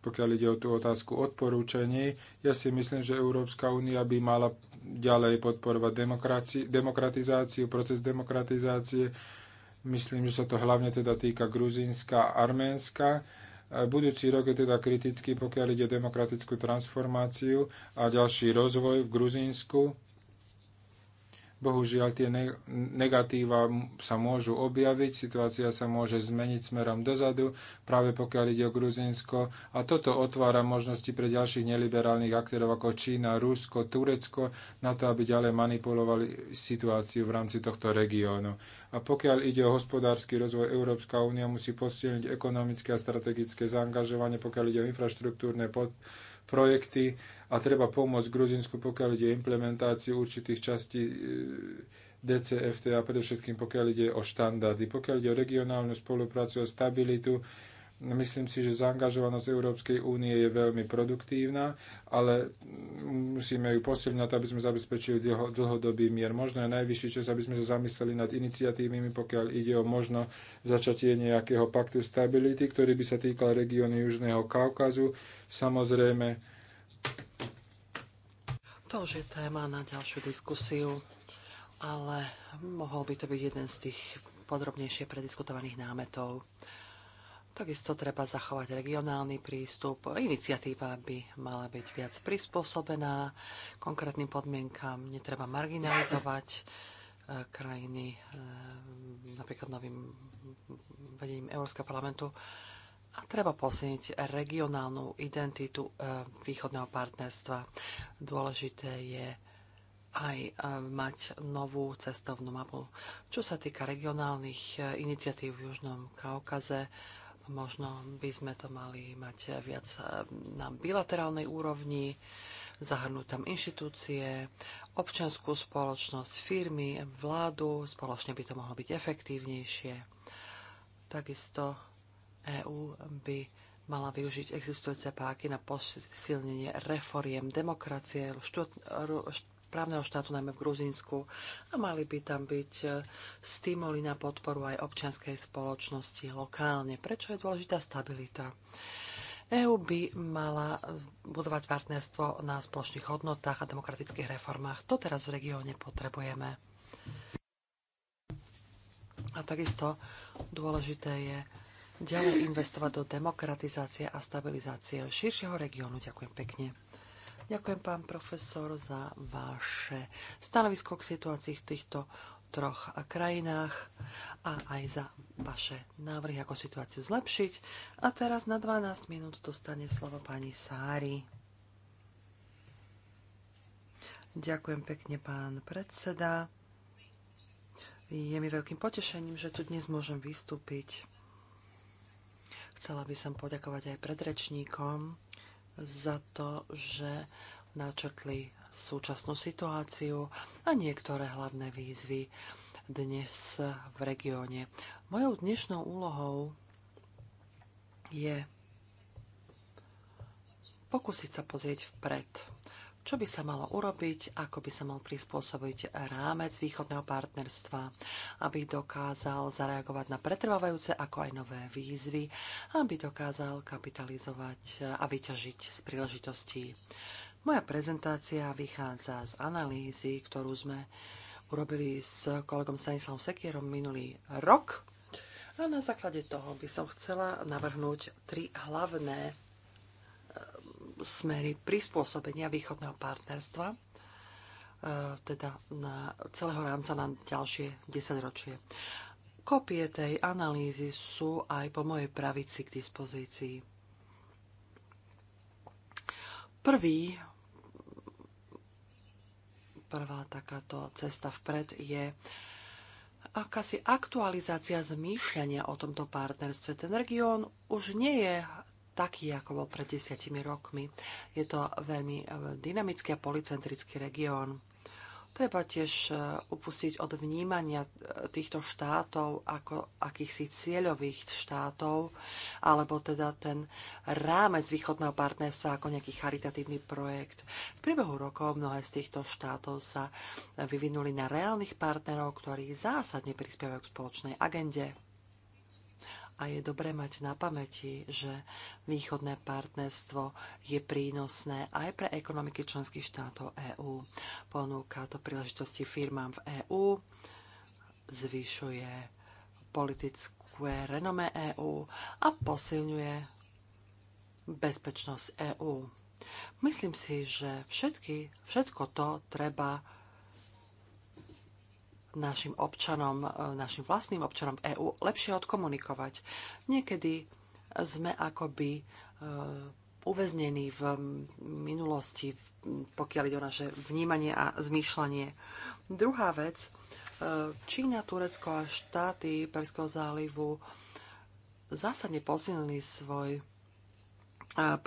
pokiaľ ide o tú otázku odporúčaní, ja si myslím, že Európska únia by mala ďalej podporovať demokratizáciu, proces demokratizácie. Myslím, že sa to hlavne teda týka Gruzínska a Arménska Budúci rok je teda kritický, pokiaľ ide o demokratickú transformáciu a ďalší rozvoj v Gruzínsku. Bohužiaľ, tie negatíva sa môžu objaviť, situácia sa môže zmeniť smerom dozadu, práve pokiaľ ide o Gruzinsko. A toto otvára možnosti pre ďalších neliberálnych aktérov ako Čína, Rusko, Turecko, na to, aby ďalej manipulovali situáciu v rámci tohto regiónu. A pokiaľ ide o hospodársky rozvoj, Európska únia musí posilniť ekonomické a strategické zaangažovanie, pokiaľ ide o infraštruktúrne podporu projekty a treba pomôcť Gruzinsku, pokiaľ ide o implementáciu určitých častí e, DCFT a predovšetkým pokiaľ ide o štandardy, pokiaľ ide o regionálnu spoluprácu a stabilitu, Myslím si, že zaangažovanosť Európskej únie je veľmi produktívna, ale musíme ju posilniť, aby sme zabezpečili dlhodobý mier. Možno je najvyšší čas, aby sme sa zamysleli nad iniciatívami, pokiaľ ide o možno začatie nejakého paktu stability, ktorý by sa týkal regiónu Južného Kaukazu. Samozrejme, to už je téma na ďalšiu diskusiu, ale mohol by to byť jeden z tých podrobnejšie prediskutovaných námetov. Takisto treba zachovať regionálny prístup. Iniciatíva by mala byť viac prispôsobená konkrétnym podmienkam. Netreba marginalizovať eh, krajiny eh, napríklad novým vedením Európskeho parlamentu. A treba posilniť regionálnu identitu eh, východného partnerstva. Dôležité je aj mať novú cestovnú mapu. Čo sa týka regionálnych iniciatív v Južnom Kaukaze, Možno by sme to mali mať viac na bilaterálnej úrovni, zahrnúť tam inštitúcie, občianskú spoločnosť, firmy, vládu. Spoločne by to mohlo byť efektívnejšie. Takisto EÚ by mala využiť existujúce páky na posilnenie reforiem demokracie, právneho štátu, najmä v Gruzínsku, a mali by tam byť e, stimuly na podporu aj občianskej spoločnosti lokálne. Prečo je dôležitá stabilita? EÚ by mala e, budovať partnerstvo na spoločných hodnotách a demokratických reformách. To teraz v regióne potrebujeme. A takisto dôležité je ďalej investovať do demokratizácie a stabilizácie širšieho regiónu. Ďakujem pekne. Ďakujem, pán profesor, za vaše stanovisko k situácii v týchto troch krajinách a aj za vaše návrhy, ako situáciu zlepšiť. A teraz na 12 minút dostane slovo pani Sári. Ďakujem pekne, pán predseda. Je mi veľkým potešením, že tu dnes môžem vystúpiť. Chcela by som poďakovať aj predrečníkom za to, že načrtli súčasnú situáciu a niektoré hlavné výzvy dnes v regióne. Mojou dnešnou úlohou je pokúsiť sa pozrieť vpred čo by sa malo urobiť, ako by sa mal prispôsobiť rámec východného partnerstva, aby dokázal zareagovať na pretrvávajúce ako aj nové výzvy, aby dokázal kapitalizovať a vyťažiť z príležitostí. Moja prezentácia vychádza z analýzy, ktorú sme urobili s kolegom Stanislavom Sekierom minulý rok. A na základe toho by som chcela navrhnúť tri hlavné smery prispôsobenia východného partnerstva, e, teda na celého rámca na ďalšie 10 ročie. Kopie tej analýzy sú aj po mojej pravici k dispozícii. Prvý, prvá takáto cesta vpred je akási aktualizácia zmýšľania o tomto partnerstve. Ten región už nie je taký, ako bol pred desiatimi rokmi. Je to veľmi e, dynamický a policentrický región. Treba tiež e, upustiť od vnímania e, týchto štátov ako akýchsi cieľových štátov, alebo teda ten rámec východného partnerstva ako nejaký charitatívny projekt. V priebehu rokov mnohé z týchto štátov sa vyvinuli na reálnych partnerov, ktorí zásadne prispievajú k spoločnej agende a je dobré mať na pamäti, že východné partnerstvo je prínosné aj pre ekonomiky členských štátov EÚ. Ponúka to príležitosti firmám v EÚ, zvyšuje politické renome EÚ a posilňuje bezpečnosť EÚ. Myslím si, že všetky, všetko to treba našim občanom, e, našim vlastným občanom EÚ lepšie odkomunikovať. Niekedy sme akoby e, uväznení v minulosti, pokiaľ ide o naše vnímanie a zmýšľanie. Druhá vec, e, Čína, Turecko a štáty Perského zálivu zásadne posilnili svoj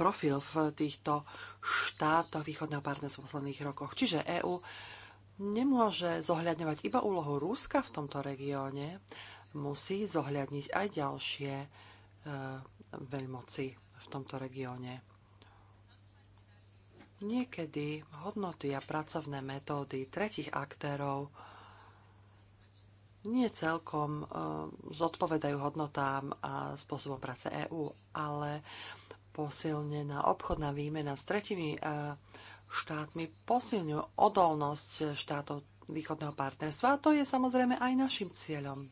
profil v týchto štátoch východného partnerstva v posledných rokoch. Čiže EÚ nemôže zohľadňovať iba úlohu Rúska v tomto regióne, musí zohľadniť aj ďalšie e, veľmoci v tomto regióne. Niekedy hodnoty a pracovné metódy tretich aktérov nie celkom e, zodpovedajú hodnotám a spôsobom práce EÚ, ale posilnená obchodná výmena s tretimi e, štátmi posilňujú odolnosť štátov východného partnerstva a to je samozrejme aj našim cieľom.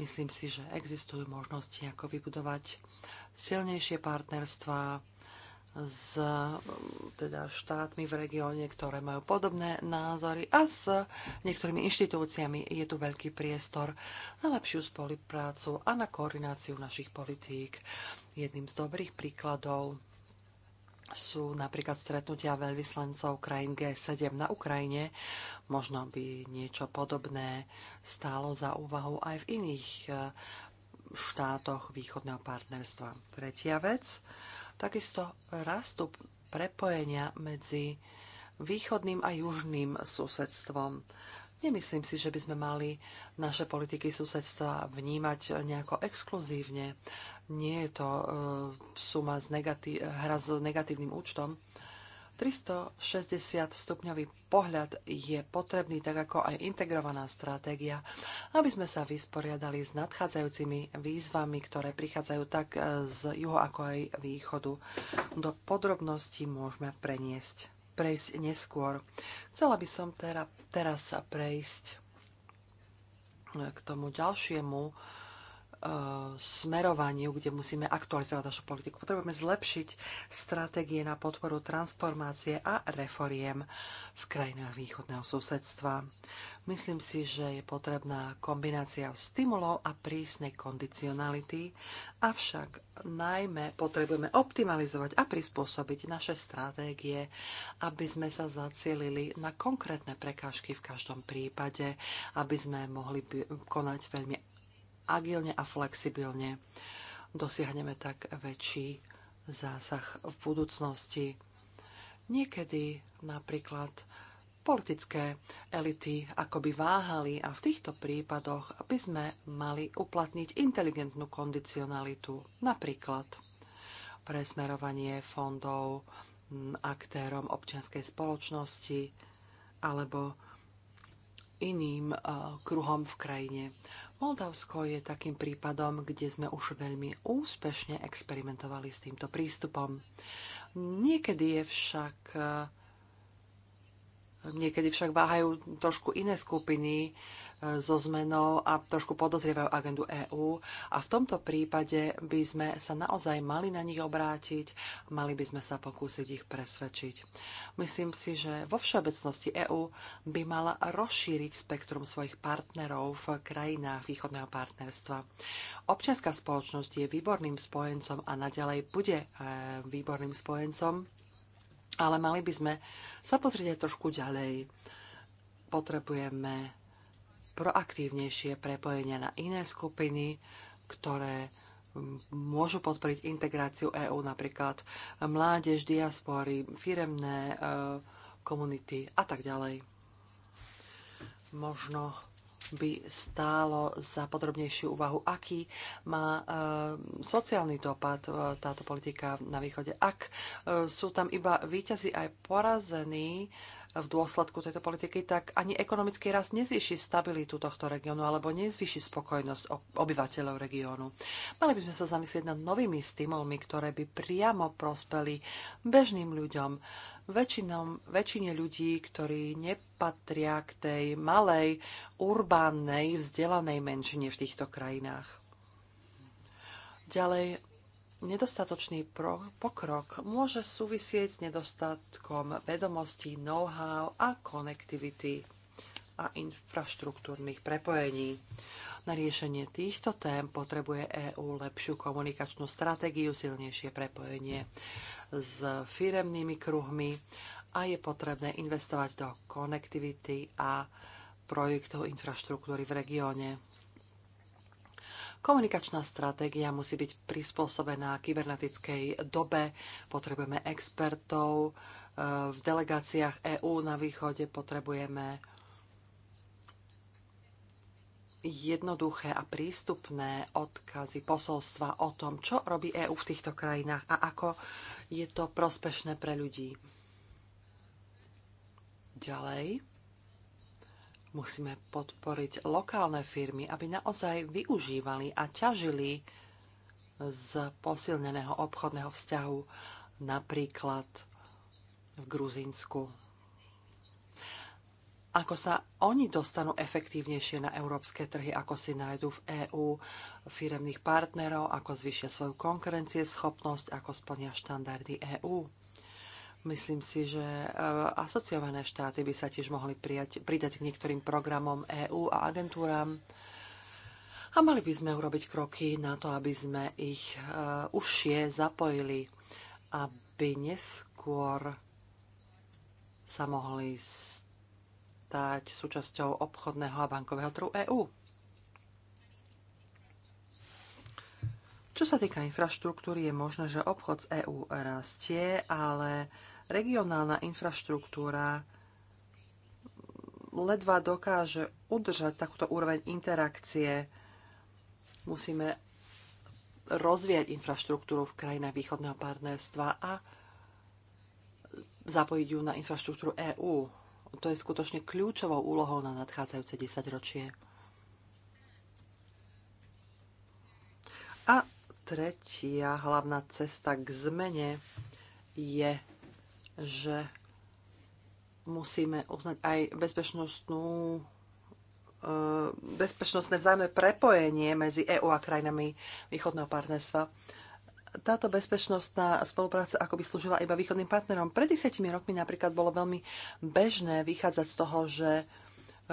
Myslím si, že existujú možnosti, ako vybudovať silnejšie partnerstva s teda štátmi v regióne, ktoré majú podobné názory a s niektorými inštitúciami je tu veľký priestor na lepšiu spoluprácu a na koordináciu našich politík. Jedným z dobrých príkladov sú napríklad stretnutia veľvyslancov krajín G7 na Ukrajine. Možno by niečo podobné stálo za úvahu aj v iných e, štátoch východného partnerstva. Tretia vec, takisto rastú prepojenia medzi východným a južným susedstvom. Nemyslím si, že by sme mali naše politiky susedstva vnímať nejako exkluzívne. Nie je to e, suma z negatí- hra s negatívnym účtom. 360 stupňový pohľad je potrebný, tak ako aj integrovaná stratégia, aby sme sa vysporiadali s nadchádzajúcimi výzvami, ktoré prichádzajú tak e, z juho ako aj východu. Do podrobností môžeme preniesť, prejsť neskôr. Chcela by som teraz prejsť e, k tomu ďalšiemu smerovaniu, kde musíme aktualizovať našu politiku. Potrebujeme zlepšiť stratégie na podporu transformácie a reforiem v krajinách východného susedstva. Myslím si, že je potrebná kombinácia stimulov a prísnej kondicionality, avšak najmä potrebujeme optimalizovať a prispôsobiť naše stratégie, aby sme sa zacielili na konkrétne prekážky v každom prípade, aby sme mohli konať veľmi agilne a flexibilne. Dosiahneme tak väčší zásah v budúcnosti. Niekedy napríklad politické elity akoby váhali a v týchto prípadoch by sme mali uplatniť inteligentnú kondicionalitu, napríklad presmerovanie fondov aktérom občianskej spoločnosti alebo iným eh, kruhom v krajine. Moldavsko je takým prípadom, kde sme už veľmi úspešne experimentovali s týmto prístupom. Niekedy je však eh, Niekedy však váhajú trošku iné skupiny, so zmenou a trošku podozrievajú agendu EÚ. A v tomto prípade by sme sa naozaj mali na nich obrátiť, mali by sme sa pokúsiť ich presvedčiť. Myslím si, že vo všeobecnosti EÚ by mala rozšíriť spektrum svojich partnerov v krajinách východného partnerstva. Občianská spoločnosť je výborným spojencom a naďalej bude e, výborným spojencom, ale mali by sme sa pozrieť aj trošku ďalej. Potrebujeme proaktívnejšie prepojenia na iné skupiny, ktoré môžu podporiť integráciu EÚ, napríklad mládež, diaspory, firemné e, komunity a tak ďalej. Možno by stálo za podrobnejšiu úvahu, aký má e, sociálny dopad e, táto politika na východe. Ak e, sú tam iba výťazí aj porazení, e, v dôsledku tejto politiky, tak ani ekonomický rast nezvýši stabilitu tohto regiónu alebo nezvýši spokojnosť obyvateľov regiónu. Mali by sme sa zamyslieť nad novými stimulmi, ktoré by priamo prospeli bežným ľuďom, väčšinom, väčšine ľudí, ktorí nepatria k tej malej, urbánnej, vzdelanej menšine v týchto krajinách. Ďalej, nedostatočný pokrok môže súvisieť s nedostatkom vedomostí, know-how a konektivity a infraštruktúrnych prepojení. Na riešenie týchto tém potrebuje EÚ lepšiu komunikačnú stratégiu, silnejšie prepojenie s firemnými kruhmi a je potrebné investovať do konektivity a projektov infraštruktúry v regióne. Komunikačná stratégia musí byť prispôsobená kybernetickej dobe. Potrebujeme expertov. E, v delegáciách EÚ na východe potrebujeme jednoduché a prístupné odkazy posolstva o tom, čo robí EÚ v týchto krajinách a ako je to prospešné pre ľudí. Ďalej Musíme podporiť lokálne firmy, aby naozaj využívali a ťažili z posilneného obchodného vzťahu napríklad v Gruzínsku. Ako sa oni dostanú efektívnejšie na európske trhy, ako si nájdu v EÚ firemných partnerov, ako zvyšia svoju konkurencieschopnosť, ako splnia štandardy EÚ. Myslím si, že eh, asociované štáty by sa tiež mohli prijať, pridať k niektorým programom EÚ a agentúram. A mali by sme urobiť kroky na to, aby sme ich eh, užšie zapojili, aby neskôr sa mohli stať súčasťou obchodného a bankového trhu EÚ. Čo sa týka infraštruktúry, je možné, že obchod z EÚ rastie, ale regionálna infraštruktúra ledva dokáže udržať takúto úroveň interakcie. Musíme rozvieť infraštruktúru v krajinách východného partnerstva a zapojiť ju na infraštruktúru EÚ. To je skutočne kľúčovou úlohou na nadchádzajúce 10 ročie. A tretia hlavná cesta k zmene je že musíme uznať aj bezpečnostnú e, bezpečnostné vzájomné prepojenie medzi EÚ a krajinami východného partnerstva. Táto bezpečnostná spolupráca ako by slúžila iba východným partnerom. Pred desiatimi rokmi napríklad bolo veľmi bežné vychádzať z toho, že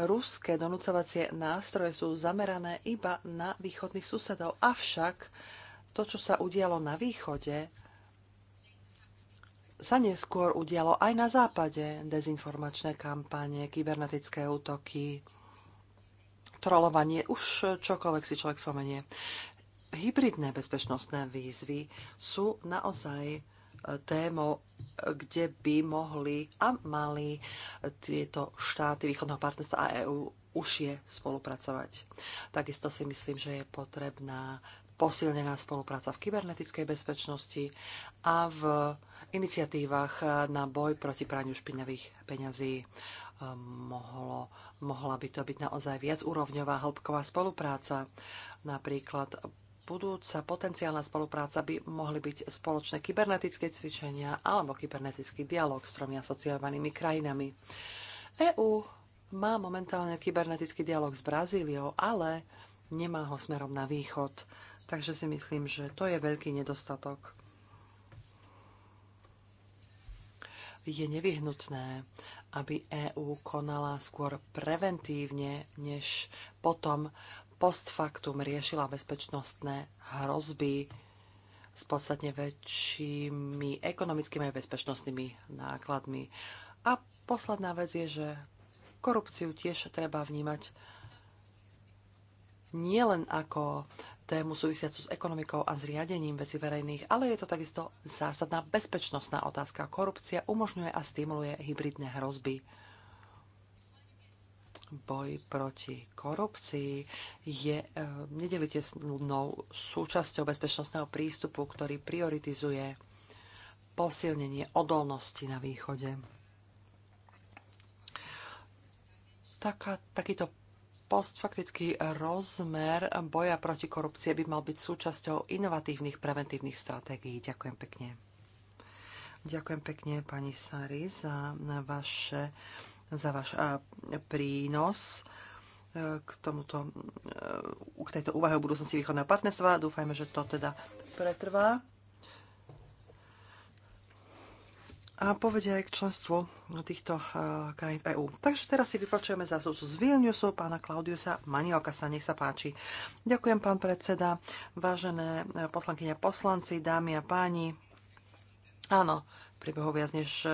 ruské donúcovacie nástroje sú zamerané iba na východných susedov. Avšak to, čo sa udialo na východe, sa neskôr udialo aj na západe. Dezinformačné kampanie, kybernetické útoky, trolovanie, už čokoľvek si človek spomenie. Hybridné bezpečnostné výzvy sú naozaj e, témou, kde by mohli a mali tieto štáty východného partnerstva a EÚ je spolupracovať. Takisto si myslím, že je potrebná posilnená spolupráca v kybernetickej bezpečnosti a v iniciatívach na boj proti praniu špinavých peňazí. Ehm, mohlo, mohla by to byť naozaj viacúrovňová hĺbková spolupráca. Napríklad budúca potenciálna spolupráca by mohli byť spoločné kybernetické cvičenia alebo kybernetický dialog s tromi asociovanými krajinami. EÚ má momentálne kybernetický dialog s Brazíliou, ale nemá ho smerom na východ. Takže si myslím, že to je veľký nedostatok. Je nevyhnutné, aby EÚ konala skôr preventívne, než potom post factum riešila bezpečnostné hrozby s podstatne väčšími ekonomickými a bezpečnostnými nákladmi. A posledná vec je, že korupciu tiež treba vnímať nielen ako tému súvisiacu s ekonomikou a zriadením veci verejných, ale je to takisto zásadná bezpečnostná otázka. Korupcia umožňuje a stimuluje hybridné hrozby. Boj proti korupcii je e, nedeliteľnou súčasťou bezpečnostného prístupu, ktorý prioritizuje posilnenie odolnosti na východe. Taká, takýto Postfaktický rozmer boja proti korupcie by mal byť súčasťou inovatívnych preventívnych stratégií. Ďakujem pekne. Ďakujem pekne, pani Sari, za, vaše, za váš prínos e, k, tomuto, e, k tejto úvahe o budúcnosti východného partnerstva. Dúfajme, že to teda pretrvá. a povedia aj k členstvu týchto uh, krajín v EÚ. Takže teraz si vypočujeme zásobcu z Vilniusu, pána Klaudiusa Manioka sa nech sa páči. Ďakujem, pán predseda, vážené eh, poslankyne poslanci, dámy a páni. Áno, priebehu viac než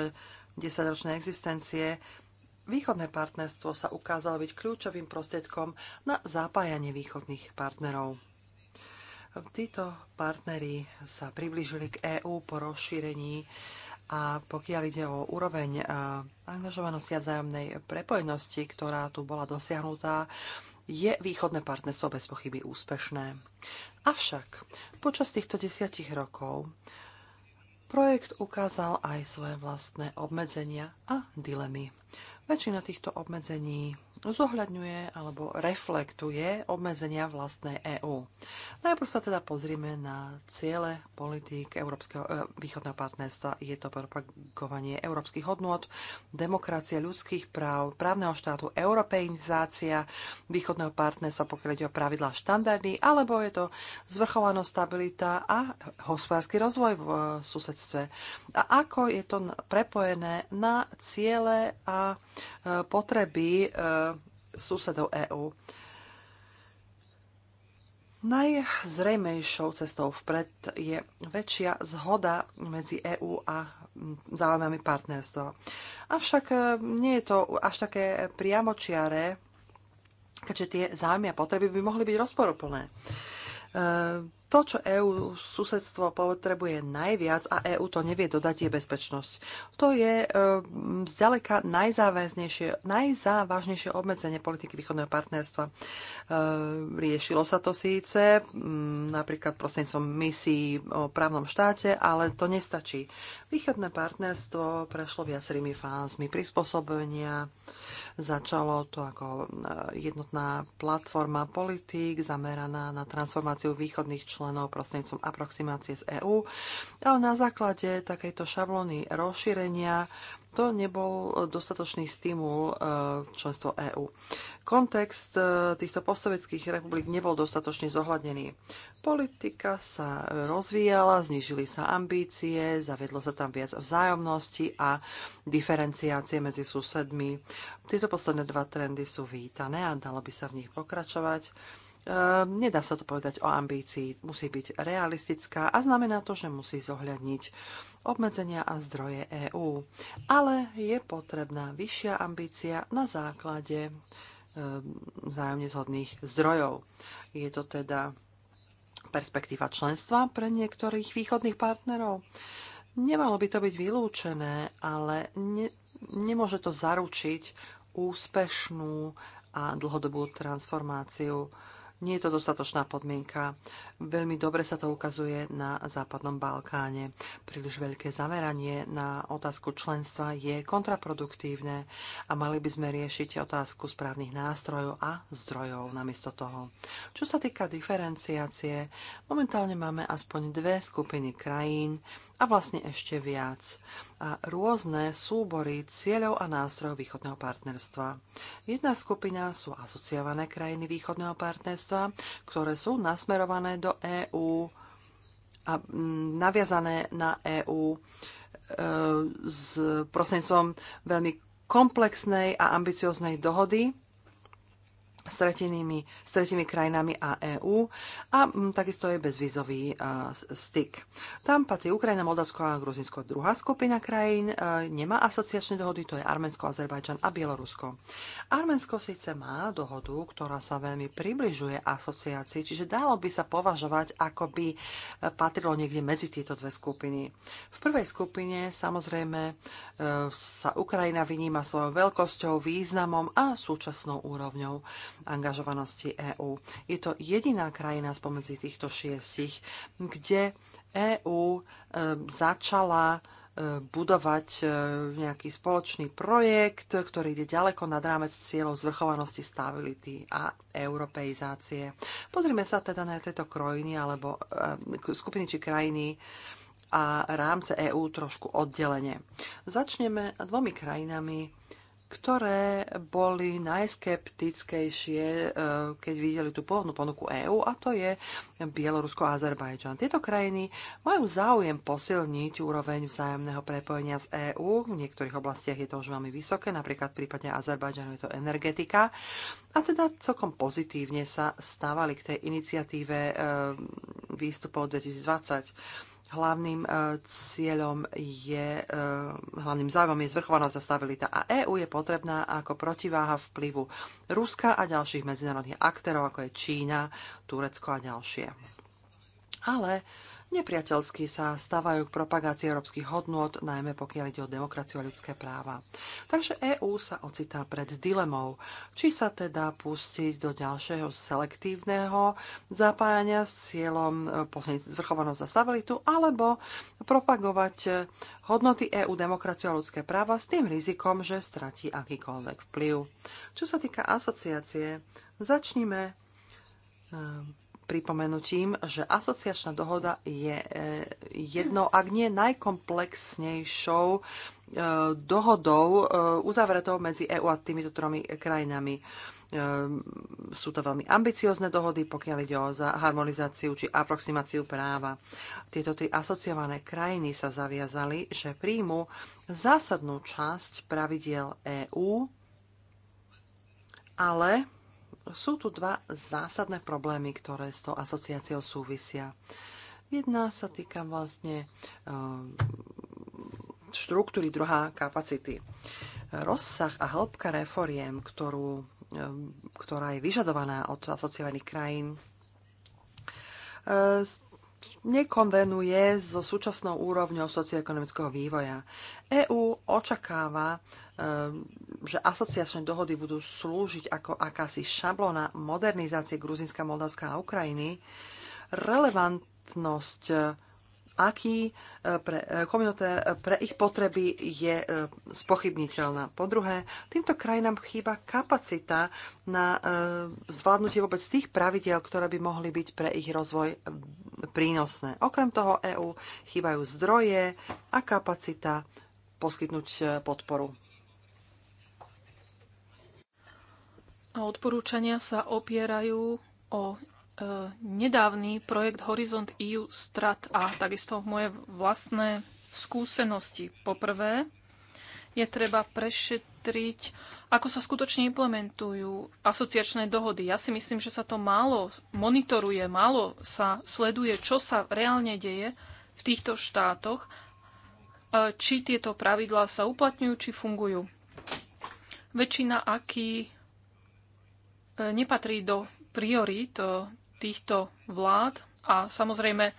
10-ročnej eh, existencie východné partnerstvo sa ukázalo byť kľúčovým prostriedkom na zapájanie východných partnerov. Títo partneri sa priblížili k EÚ po rozšírení a pokiaľ ide o úroveň e, angažovanosti a vzájomnej prepojenosti, ktorá tu bola dosiahnutá, je východné partnerstvo bez pochyby úspešné. Avšak počas týchto desiatich rokov projekt ukázal aj svoje vlastné obmedzenia a dilemy. Väčšina týchto obmedzení zohľadňuje alebo reflektuje obmedzenia vlastnej EÚ. Najprv sa teda pozrime na ciele politík Európskeho, e, východného partnerstva. Je to propagovanie európskych hodnôt, demokracie, ľudských práv, právneho štátu, europeizácia východného partnerstva, pokiaľ o pravidlá štandardy, alebo je to zvrchovanosť, stabilita a hospodársky rozvoj v e, susedstve. A ako je to prepojené na ciele a e, potreby e, susedov EÚ. Najzrejmejšou cestou vpred je väčšia zhoda medzi EÚ a záujmami partnerstva. Avšak e, nie je to až také priamočiaré, keďže tie záujmy a potreby by mohli byť rozporuplné. E, to, čo EÚ susedstvo potrebuje najviac a EÚ to nevie dodať, je bezpečnosť. To je e, zďaleka najzáväznejšie, najzávažnejšie obmedzenie politiky východného partnerstva. E, riešilo sa to síce napríklad prostredníctvom misií o právnom štáte, ale to nestačí. Východné partnerstvo prešlo viacerými fázmi prispôsobenia, Začalo to ako e, jednotná platforma politík zameraná na transformáciu východných členov prostredníctvom aproximácie z EÚ, ale na základe takejto šablóny rozšírenia to nebol e, dostatočný stimul e, členstvo EÚ. Kontext e, týchto postsovetských republik nebol dostatočne zohľadnený. Politika sa rozvíjala, znižili sa ambície, zavedlo sa tam viac vzájomnosti a diferenciácie medzi susedmi. Tieto posledné dva trendy sú vítané a dalo by sa v nich pokračovať. nedá sa to povedať o ambícii, musí byť realistická a znamená to, že musí zohľadniť obmedzenia a zdroje EÚ. Ale je potrebná vyššia ambícia na základe e, vzájomne zhodných zdrojov. Je to teda perspektíva členstva pre niektorých východných partnerov. Nemalo by to byť vylúčené, ale ne, nemôže to zaručiť úspešnú a dlhodobú transformáciu nie je to dostatočná podmienka. Veľmi dobre sa to ukazuje na Západnom Balkáne. Príliš veľké zameranie na otázku členstva je kontraproduktívne a mali by sme riešiť otázku správnych nástrojov a zdrojov namiesto toho. Čo sa týka diferenciácie, momentálne máme aspoň dve skupiny krajín, a vlastne ešte viac. A rôzne súbory cieľov a nástrojov východného partnerstva. Jedna skupina sú asociované krajiny východného partnerstva, ktoré sú nasmerované do EÚ a mm, naviazané na EÚ e, s prostredníctvom veľmi komplexnej a ambicioznej dohody stretenými, stretými krajinami a EÚ a m, mm, takisto je bezvizový a, styk. Tam patrí Ukrajina, Moldavsko a Gruzinsko. Druhá skupina krajín e, nemá asociačné dohody, to je Arménsko, Azerbajčan a Bielorusko. Arménsko síce má dohodu, ktorá sa veľmi približuje asociácii, čiže dalo by sa považovať, ako by e, patrilo niekde medzi tieto dve skupiny. V prvej skupine samozrejme e, sa Ukrajina vyníma svojou veľkosťou, významom a súčasnou úrovňou angažovanosti EÚ. Je to jediná krajina spomedzi týchto šiestich, kde EÚ e, začala e, budovať e, nejaký spoločný projekt, ktorý ide ďaleko nad rámec cieľov zvrchovanosti, stability a europeizácie. Pozrime sa teda na tieto krajiny alebo skupiny či krajiny a rámce EÚ trošku oddelenie. Začneme dvomi krajinami, ktoré boli najskeptickejšie, e, keď videli tú pôvodnú ponuku EÚ, a to je Bielorusko a Azerbajdžan. Tieto krajiny majú záujem posilniť úroveň vzájomného prepojenia z EÚ. V niektorých oblastiach je to už veľmi vysoké, napríklad v prípade Azerbajdžanu je to energetika. A teda celkom pozitívne sa stávali k tej iniciatíve e, výstupov 2020 Hlavným e, cieľom je, e, hlavným zájmom je zvrchovanosť a stabilita a EÚ je potrebná ako protiváha vplyvu Ruska a ďalších medzinárodných aktérov, ako je Čína, Turecko a ďalšie. Ale nepriateľsky sa stávajú k propagácii európskych hodnôt, najmä pokiaľ ide o demokraciu a ľudské práva. Takže EÚ sa ocitá pred dilemou, či sa teda pustiť do ďalšieho selektívneho zapájania s cieľom e, posledniť zvrchovanosť za stabilitu, alebo propagovať e, hodnoty EÚ, demokraciu a ľudské práva s tým rizikom, že stratí akýkoľvek vplyv. Čo sa týka asociácie, začnime e, pripomenutím, že asociačná dohoda je e, jednou, ak nie najkomplexnejšou e, dohodou e, uzavretou medzi EÚ a týmito tromi krajinami. Sú to veľmi ambiciozne dohody, pokiaľ ide o harmonizáciu či aproximáciu práva. Tieto tri asociované krajiny sa zaviazali, že príjmu zásadnú časť pravidiel EÚ, ale sú tu dva zásadné problémy, ktoré s tou asociáciou súvisia. Jedna sa týka vlastne eh, štruktúry, druhá kapacity. Rozsah a hĺbka reforiem, ktorú, eh, ktorá je vyžadovaná od asociovaných krajín, eh, nekonvenuje so súčasnou úrovňou socioekonomického vývoja. EÚ očakáva, e, že asociačné dohody budú slúžiť ako akási šablona modernizácie Gruzinska, Moldavska a Ukrajiny. Relevantnosť e, aký e, pre komunité, pre ich potreby je spochybniteľná. Po druhé, týmto krajinám chýba kapacita na zvládnutie vôbec tých pravidel, ktoré by mohli byť pre ich rozvoj prínosné. Okrem toho EÚ chýbajú zdroje a kapacita poskytnúť e, podporu. A odporúčania sa opierajú o e, nedávny projekt Horizont EU Strat a takisto moje vlastné skúsenosti. Poprvé je treba prešetriť vyšetriť, ako sa skutočne implementujú asociačné dohody. Ja si myslím, že sa to málo monitoruje, málo sa sleduje, čo sa reálne deje v týchto štátoch, či tieto pravidlá sa uplatňujú, či fungujú. Väčšina aký e, nepatrí do priorít e, týchto vlád a samozrejme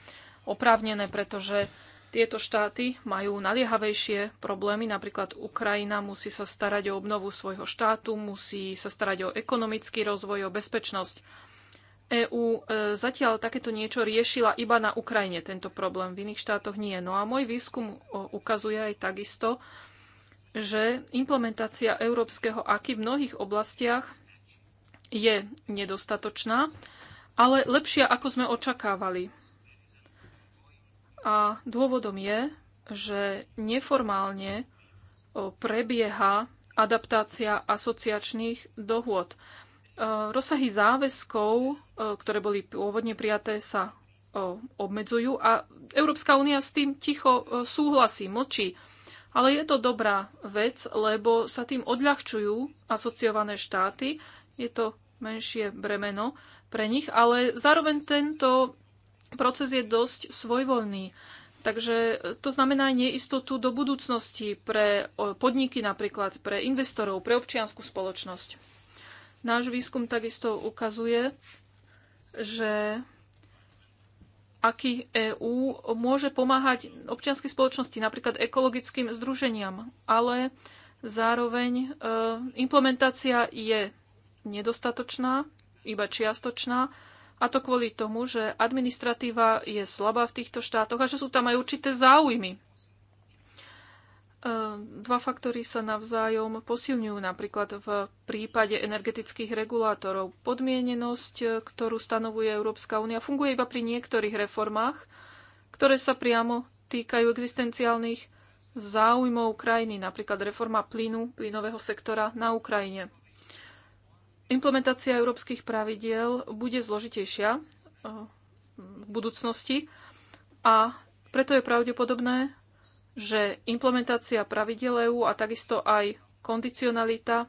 oprávnené, pretože tieto štáty majú naliehavejšie problémy, napríklad Ukrajina musí sa starať o obnovu svojho štátu, musí sa starať o ekonomický rozvoj, o bezpečnosť. EÚ e, zatiaľ takéto niečo riešila iba na Ukrajine tento problém, v iných štátoch nie. No a môj výskum ukazuje aj takisto, že implementácia európskeho aky v mnohých oblastiach je nedostatočná, ale lepšia, ako sme očakávali. A dôvodom je, že neformálne prebieha adaptácia asociačných dohôd. E, rozsahy záväzkov, e, ktoré boli pôvodne prijaté, sa obmedzujú a Európska únia s tým ticho e, súhlasí, močí. Ale je to dobrá vec, lebo sa tým odľahčujú asociované štáty. Je to menšie bremeno pre nich, ale zároveň tento proces je dosť svojvoľný. Takže to znamená neistotu do budúcnosti pre podniky napríklad, pre investorov, pre občianskú spoločnosť. Náš výskum takisto ukazuje, že aký EÚ môže pomáhať občianskej spoločnosti, napríklad ekologickým združeniam, ale zároveň e, implementácia je nedostatočná, iba čiastočná a to kvôli tomu, že administratíva je slabá v týchto štátoch a že sú tam aj určité záujmy. E, dva faktory sa navzájom posilňujú, napríklad v prípade energetických regulátorov. Podmienenosť, ktorú stanovuje Európska únia, funguje iba pri niektorých reformách, ktoré sa priamo týkajú existenciálnych záujmov krajiny, napríklad reforma plynu, plynového sektora na Ukrajine. Implementácia európskych pravidiel bude zložitejšia eh, v budúcnosti a preto je pravdepodobné, že implementácia pravidel EÚ a takisto aj kondicionalita eh,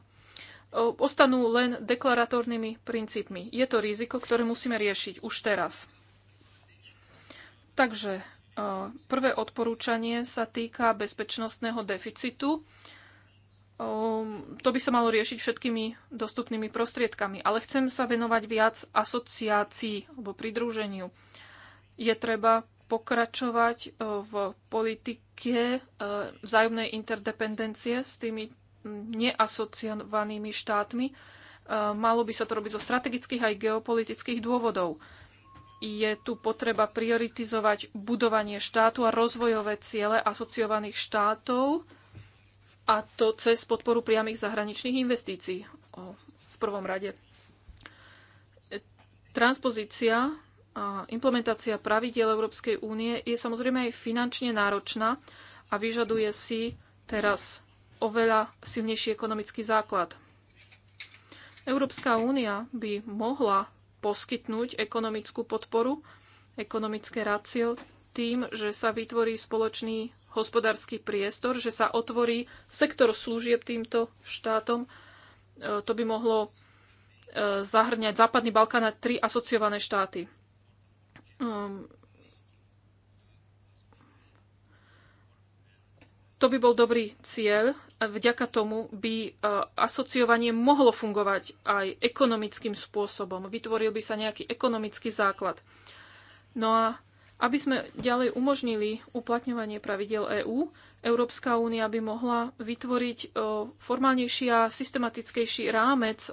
ostanú len deklaratórnymi princípmi. Je to riziko, ktoré musíme riešiť už teraz. Takže eh, prvé odporúčanie sa týka bezpečnostného deficitu Ehm, to by sa malo riešiť všetkými dostupnými prostriedkami. Ale chcem sa venovať viac asociácií alebo pridruženiu. Je treba pokračovať eh, v politike eh, vzájomnej interdependencie s tými mm, neasociovanými štátmi. Eh, malo by sa to robiť zo strategických aj geopolitických dôvodov. Je tu potreba prioritizovať budovanie štátu a rozvojové ciele asociovaných štátov a to cez podporu priamých zahraničných investícií o, v prvom rade. Transpozícia a implementácia pravidiel Európskej únie je samozrejme aj finančne náročná a vyžaduje si teraz oveľa silnejší ekonomický základ. Európska únia by mohla poskytnúť ekonomickú podporu, ekonomické rácio tým, že sa vytvorí spoločný hospodársky priestor, že sa otvorí sektor služieb týmto štátom. E, to by mohlo e, zahrňať Západný Balkán a tri asociované štáty. Ehm, to by bol dobrý cieľ. Vďaka tomu by e, asociovanie mohlo fungovať aj ekonomickým spôsobom. Vytvoril by sa nejaký ekonomický základ. No a aby sme ďalej umožnili uplatňovanie pravidel EÚ, Európska únia by mohla vytvoriť e, formálnejší a systematickejší rámec e,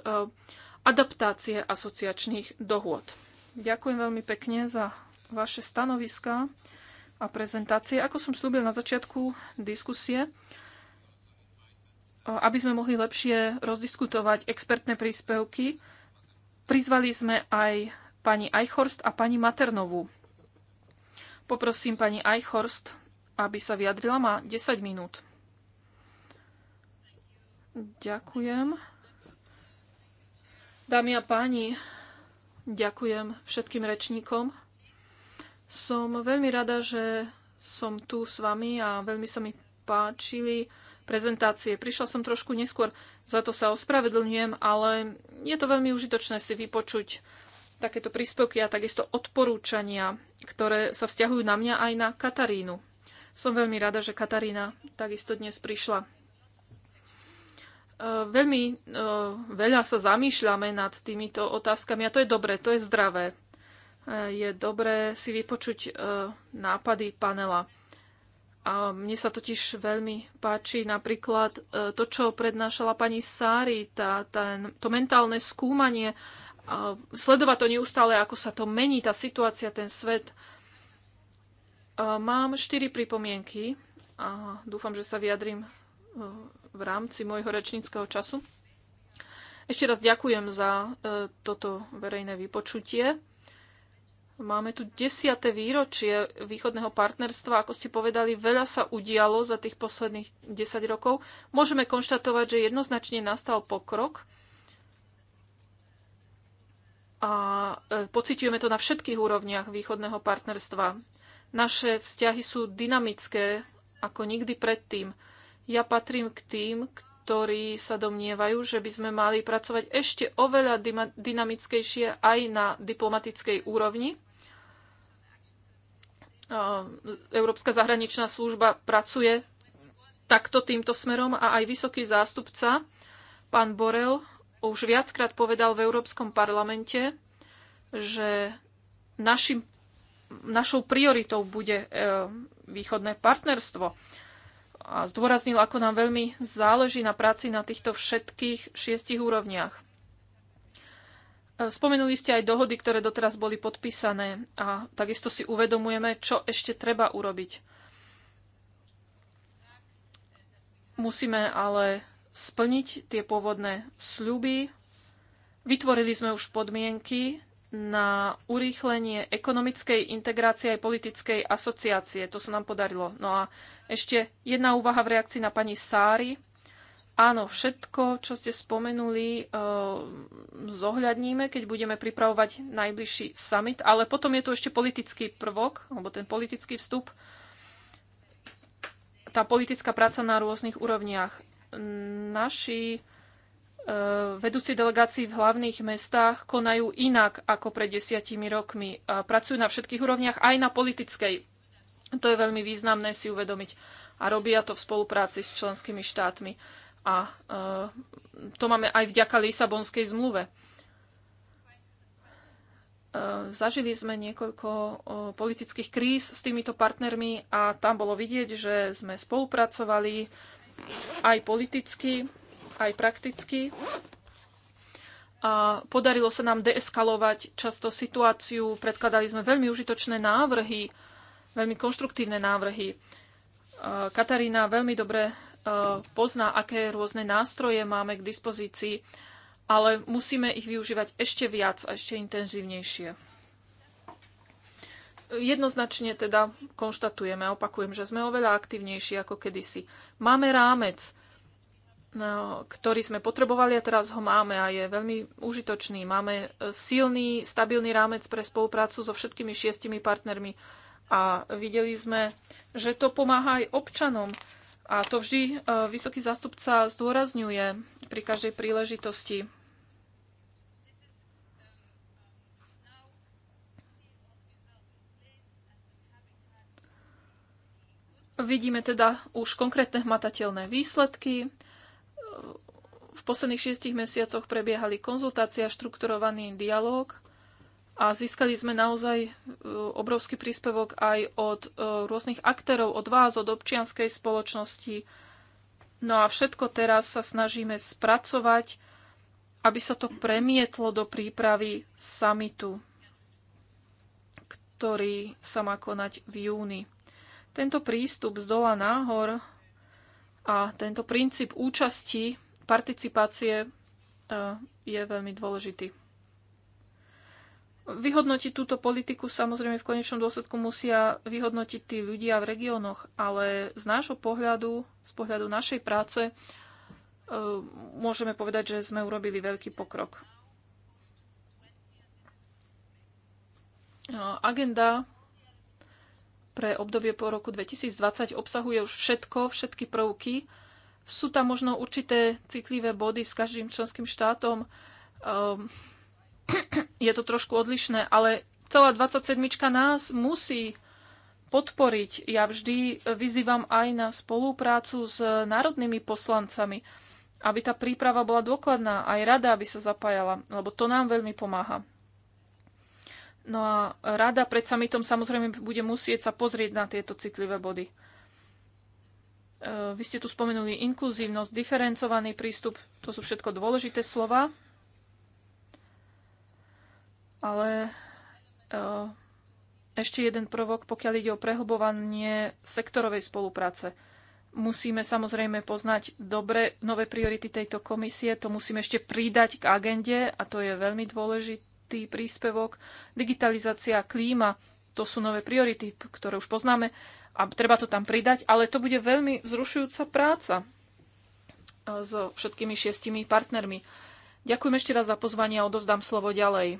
adaptácie asociačných dohôd. Ďakujem veľmi pekne za vaše stanoviská a prezentácie. Ako som slúbil na začiatku diskusie, e, aby sme mohli lepšie rozdiskutovať expertné príspevky, prizvali sme aj pani Eichhorst a pani Maternovú. Poprosím pani Eichhorst, aby sa vyjadrila. Má 10 minút. Ďakujem. Dámy a páni, ďakujem všetkým rečníkom. Som veľmi rada, že som tu s vami a veľmi sa mi páčili prezentácie. Prišla som trošku neskôr, za to sa ospravedlňujem, ale je to veľmi užitočné si vypočuť takéto príspevky a takisto odporúčania, ktoré sa vzťahujú na mňa aj na Katarínu. Som veľmi rada, že Katarína takisto dnes prišla. E, veľmi e, veľa sa zamýšľame nad týmito otázkami a to je dobré, to je zdravé. E, je dobré si vypočuť nápady panela. A mne sa totiž veľmi páči napríklad to, čo prednášala pani Sári, tá, tá, to mentálne skúmanie sledovať to neustále, ako sa to mení, tá situácia, ten svet. Mám štyri pripomienky a dúfam, že sa vyjadrím e, v rámci môjho rečníckého času. Ešte raz ďakujem za e, toto verejné vypočutie. Máme tu desiate výročie východného partnerstva. Ako ste povedali, veľa sa udialo za tých posledných 10 rokov. Môžeme konštatovať, že jednoznačne nastal pokrok a e, pociťujeme to na všetkých úrovniach východného partnerstva. Naše vzťahy sú dynamické ako nikdy predtým. Ja patrím k tým, ktorí sa domnievajú, že by sme mali pracovať ešte oveľa dynamickejšie aj na diplomatickej úrovni. Európska zahraničná služba pracuje takto týmto smerom a aj vysoký zástupca, pán Borel, už viackrát povedal v Európskom parlamente, že našim, našou prioritou bude e, východné partnerstvo. A zdôraznil, ako nám veľmi záleží na práci na týchto všetkých šiestich úrovniach. E, spomenuli ste aj dohody, ktoré doteraz boli podpísané a takisto si uvedomujeme, čo ešte treba urobiť. Musíme ale splniť tie pôvodné sľuby. Vytvorili sme už podmienky na urýchlenie ekonomickej integrácie aj politickej asociácie. To sa nám podarilo. No a ešte jedna úvaha v reakcii na pani Sári. Áno, všetko, čo ste spomenuli, e, zohľadníme, keď budeme pripravovať najbližší summit, ale potom je tu ešte politický prvok, alebo ten politický vstup, tá politická práca na rôznych úrovniach naši e, vedúci delegácií v hlavných mestách konajú inak ako pred desiatimi rokmi. Pracujú na všetkých úrovniach, aj na politickej. To je veľmi významné si uvedomiť. A robia to v spolupráci s členskými štátmi. A e, to máme aj vďaka Lisabonskej zmluve. E, zažili sme niekoľko politických kríz s týmito partnermi a tam bolo vidieť, že sme spolupracovali, aj politicky, aj prakticky. A podarilo sa nám deeskalovať často situáciu, predkladali sme veľmi užitočné návrhy, veľmi konštruktívne návrhy. Katarína veľmi dobre pozná, aké rôzne nástroje máme k dispozícii, ale musíme ich využívať ešte viac a ešte intenzívnejšie jednoznačne teda konštatujeme, opakujem, že sme oveľa aktívnejší ako kedysi. Máme rámec, no, ktorý sme potrebovali a teraz ho máme a je veľmi užitočný. Máme e, silný, stabilný rámec pre spoluprácu so všetkými šiestimi partnermi a videli sme, že to pomáha aj občanom. A to vždy e, vysoký zástupca zdôrazňuje pri každej príležitosti. Vidíme teda už konkrétne hmatateľné výsledky. V posledných šiestich mesiacoch prebiehali konzultácia, štrukturovaný dialog a získali sme naozaj e, obrovský príspevok aj od e, rôznych aktérov, od vás, od občianskej spoločnosti. No a všetko teraz sa snažíme spracovať, aby sa to premietlo do prípravy samitu, ktorý sa má konať v júni. Tento prístup z dola náhor a tento princíp účasti, participácie e, je veľmi dôležitý. Vyhodnotiť túto politiku samozrejme v konečnom dôsledku musia vyhodnotiť tí ľudia v regiónoch, ale z nášho pohľadu, z pohľadu našej práce, e, môžeme povedať, že sme urobili veľký pokrok. E, agenda pre obdobie po roku 2020 obsahuje už všetko, všetky prvky. Sú tam možno určité citlivé body s každým členským štátom. Ehm, je to trošku odlišné, ale celá 27. nás musí podporiť. Ja vždy vyzývam aj na spoluprácu s národnými poslancami, aby tá príprava bola dôkladná, aj rada, aby sa zapájala, lebo to nám veľmi pomáha. No a rada pred samitom samozrejme bude musieť sa pozrieť na tieto citlivé body. E, vy ste tu spomenuli inkluzívnosť, diferencovaný prístup, to sú všetko dôležité slova, ale e, ešte jeden prvok, pokiaľ ide o prehlbovanie sektorovej spolupráce. Musíme samozrejme poznať dobre nové priority tejto komisie, to musíme ešte pridať k agende a to je veľmi dôležité tý príspevok, digitalizácia, klíma, to sú nové priority, ktoré už poznáme a treba to tam pridať, ale to bude veľmi zrušujúca práca e, so všetkými šiestimi partnermi. Ďakujem ešte raz za pozvanie a odovzdám slovo ďalej.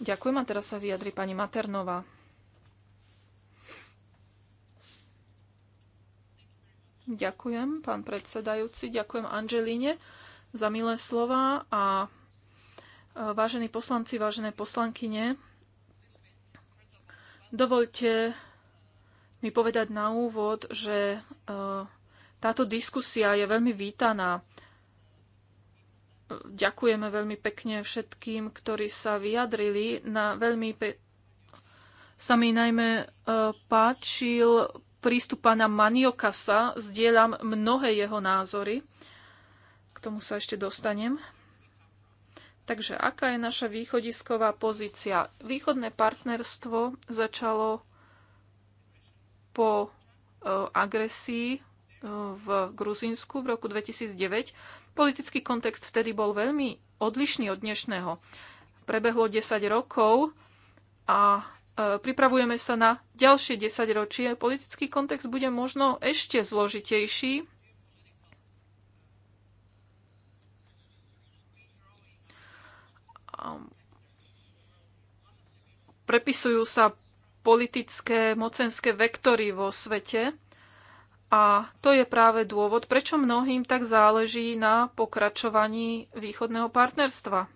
Ďakujem a teraz sa vyjadri pani Maternová. Ďakujem, pán predsedajúci, ďakujem Angelíne za milé slova a Vážení poslanci, vážené poslankyne, dovolte mi povedať na úvod, že e, táto diskusia je veľmi vítaná. E, ďakujeme veľmi pekne všetkým, ktorí sa vyjadrili. Na veľmi pe- sa mi najmä e, páčil prístup pána Maniokasa. Zdieľam mnohé jeho názory. K tomu sa ešte dostanem. Takže aká je naša východisková pozícia? Východné partnerstvo začalo po e, agresii e, v Gruzínsku v roku 2009. Politický kontext vtedy bol veľmi odlišný od dnešného. Prebehlo 10 rokov a e, pripravujeme sa na ďalšie 10 ročie. Politický kontext bude možno ešte zložitejší prepisujú sa politické, mocenské vektory vo svete a to je práve dôvod, prečo mnohým tak záleží na pokračovaní východného partnerstva. E,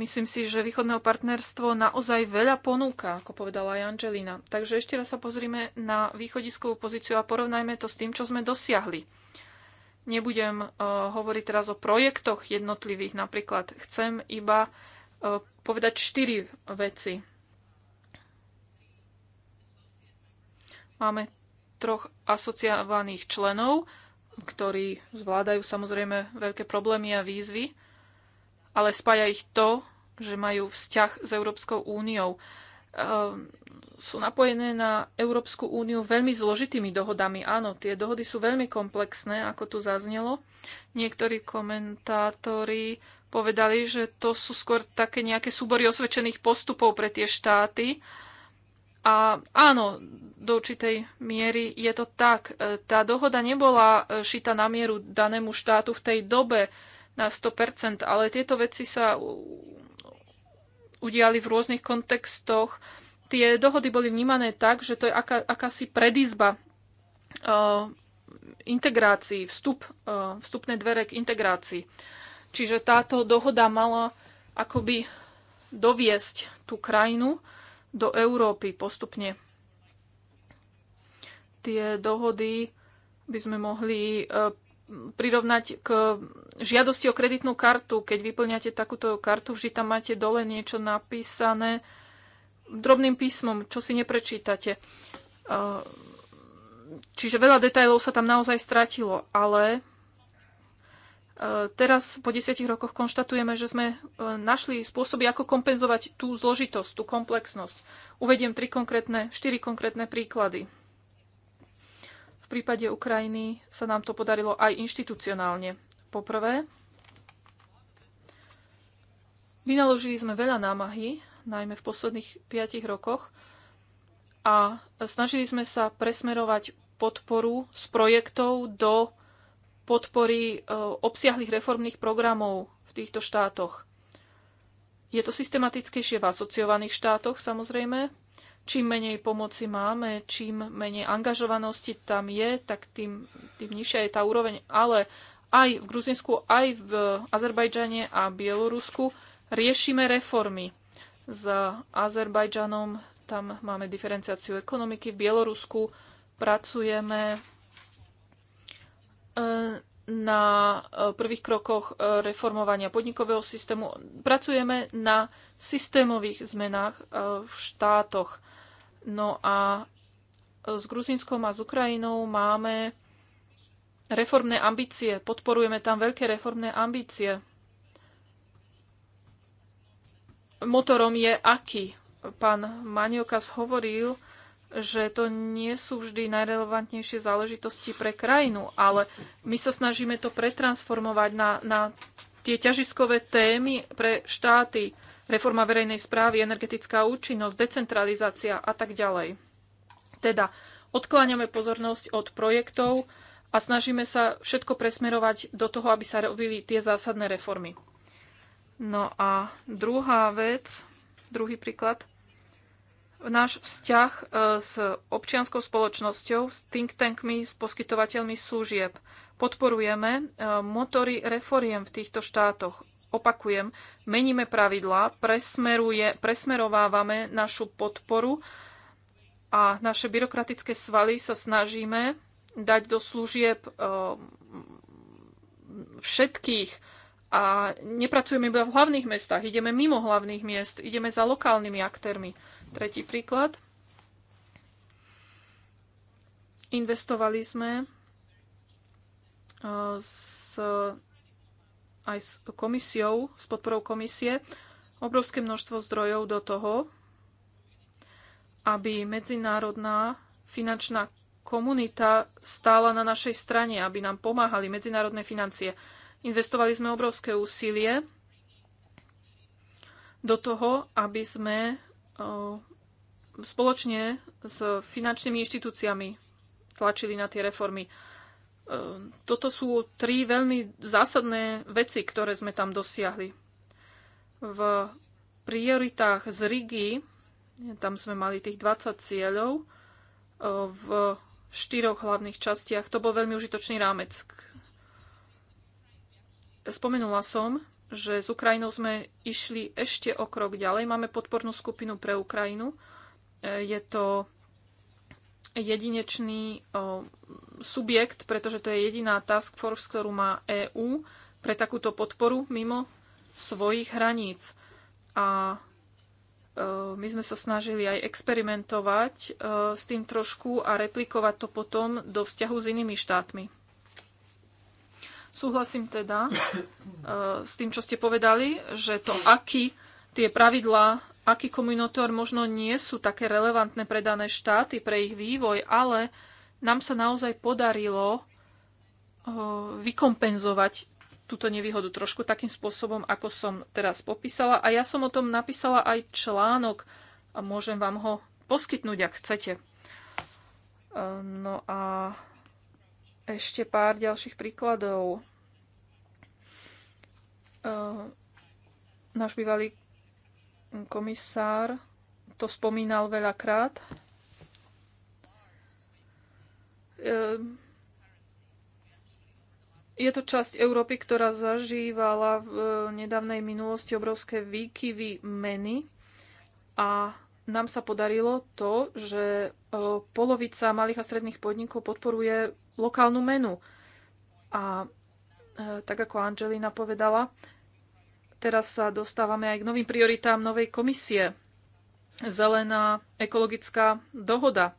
myslím si, že východného partnerstvo naozaj veľa ponúka, ako povedala aj Angelina. Takže ešte raz sa pozrime na východiskovú pozíciu a porovnajme to s tým, čo sme dosiahli. Nebudem eh, hovoriť teraz o projektoch jednotlivých napríklad. Chcem iba eh, povedať štyri veci. Máme troch asociovaných členov, ktorí zvládajú samozrejme veľké problémy a výzvy, ale spája ich to, že majú vzťah s Európskou úniou. Ehm, sú napojené na Európsku úniu veľmi zložitými dohodami. Áno, tie dohody sú veľmi komplexné, ako tu zaznelo. Niektorí komentátori povedali, že to sú skôr také nejaké súbory osvedčených postupov pre tie štáty. A áno, do určitej miery je to tak. E, tá dohoda nebola e, šita na mieru danému štátu v tej dobe na 100%, ale tieto veci sa udiali v rôznych kontextoch. Tie dohody boli vnímané tak, že to je aká, akási predizba uh, integrácii, vstup, uh, vstupné dvere k integrácii. Čiže táto dohoda mala akoby doviesť tú krajinu do Európy postupne. Tie dohody by sme mohli uh, prirovnať k žiadosti o kreditnú kartu. Keď vyplňate takúto kartu, vždy tam máte dole niečo napísané drobným písmom, čo si neprečítate. E, čiže veľa detajlov sa tam naozaj stratilo, ale e, teraz po desiatich rokoch konštatujeme, že sme e, našli spôsoby, ako kompenzovať tú zložitosť, tú komplexnosť. Uvediem tri konkrétne, štyri konkrétne príklady prípade Ukrajiny sa nám to podarilo aj inštitucionálne. Poprvé, vynaložili sme veľa námahy, najmä v posledných 5 rokoch, a snažili sme sa presmerovať podporu z projektov do podpory e, obsiahlých reformných programov v týchto štátoch. Je to systematickejšie v asociovaných štátoch, samozrejme, Čím menej pomoci máme, čím menej angažovanosti tam je, tak tým, tým nižšia je tá úroveň. Ale aj v Gruzinsku, aj v Azerbajdžane a Bielorusku riešime reformy. S Azerbajdžanom tam máme diferenciáciu ekonomiky, v Bielorusku pracujeme e, na e, prvých krokoch e, reformovania podnikového systému. Pracujeme na systémových zmenách v štátoch. No a s Gruzinskom a s Ukrajinou máme reformné ambície. Podporujeme tam veľké reformné ambície. Motorom je aký. Pán Maniokas hovoril, že to nie sú vždy najrelevantnejšie záležitosti pre krajinu, ale my sa snažíme to pretransformovať na, na tie ťažiskové témy pre štáty reforma verejnej správy, energetická účinnosť, decentralizácia a tak ďalej. Teda odkláňame pozornosť od projektov a snažíme sa všetko presmerovať do toho, aby sa robili tie zásadné reformy. No a druhá vec, druhý príklad, náš vzťah e, s občianskou spoločnosťou, s think tankmi, s poskytovateľmi služieb. Podporujeme e, motory reforiem v týchto štátoch. Opakujem, meníme pravidlá, presmerovávame našu podporu a naše byrokratické svaly sa snažíme dať do služieb eh, všetkých a nepracujeme iba v hlavných mestách, ideme mimo hlavných miest, ideme za lokálnymi aktérmi. Tretí príklad. Investovali sme z eh, aj s komisiou, s podporou komisie, obrovské množstvo zdrojov do toho, aby medzinárodná finančná komunita stála na našej strane, aby nám pomáhali medzinárodné financie. Investovali sme obrovské úsilie do toho, aby sme spoločne s finančnými inštitúciami tlačili na tie reformy. Ehm, toto sú tri veľmi zásadné veci, ktoré sme tam dosiahli. V prioritách z Rigi, tam sme mali tých 20 cieľov, e, v štyroch hlavných častiach. To bol veľmi užitočný rámec. Spomenula som, že s Ukrajinou sme išli ešte o krok ďalej. Máme podpornú skupinu pre Ukrajinu. E, je to jedinečný subjekt, pretože to je jediná task force, ktorú má EÚ pre takúto podporu mimo svojich hraníc. A e, my sme sa snažili aj experimentovať e, s tým trošku a replikovať to potom do vzťahu s inými štátmi. Súhlasím teda e, s tým, čo ste povedali, že to, aký tie pravidlá, aký komunotor možno nie sú také relevantné pre dané štáty, pre ich vývoj, ale nám sa naozaj podarilo vykompenzovať túto nevýhodu trošku takým spôsobom, ako som teraz popísala. A ja som o tom napísala aj článok a môžem vám ho poskytnúť, ak chcete. E, no a ešte pár ďalších príkladov. E, náš bývalý komisár to spomínal veľakrát. Ehm, je to časť Európy, ktorá zažívala v e, nedávnej minulosti obrovské výkyvy meny a nám sa podarilo to, že e, polovica malých a stredných podnikov podporuje lokálnu menu. A e, tak ako Angelina povedala, teraz sa dostávame aj k novým prioritám novej komisie. Zelená ekologická dohoda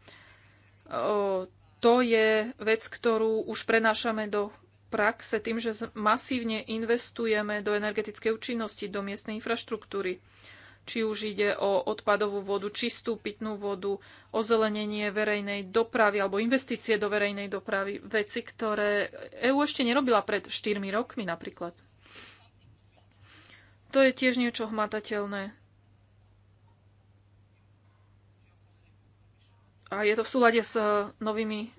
to je vec, ktorú už prenášame do praxe tým, že masívne investujeme do energetickej účinnosti, do miestnej infraštruktúry. Či už ide o odpadovú vodu, čistú pitnú vodu, ozelenenie verejnej dopravy alebo investície do verejnej dopravy. Veci, ktoré EU ešte nerobila pred 4 rokmi napríklad. To je tiež niečo hmatateľné. A je to v súlade s eh, novými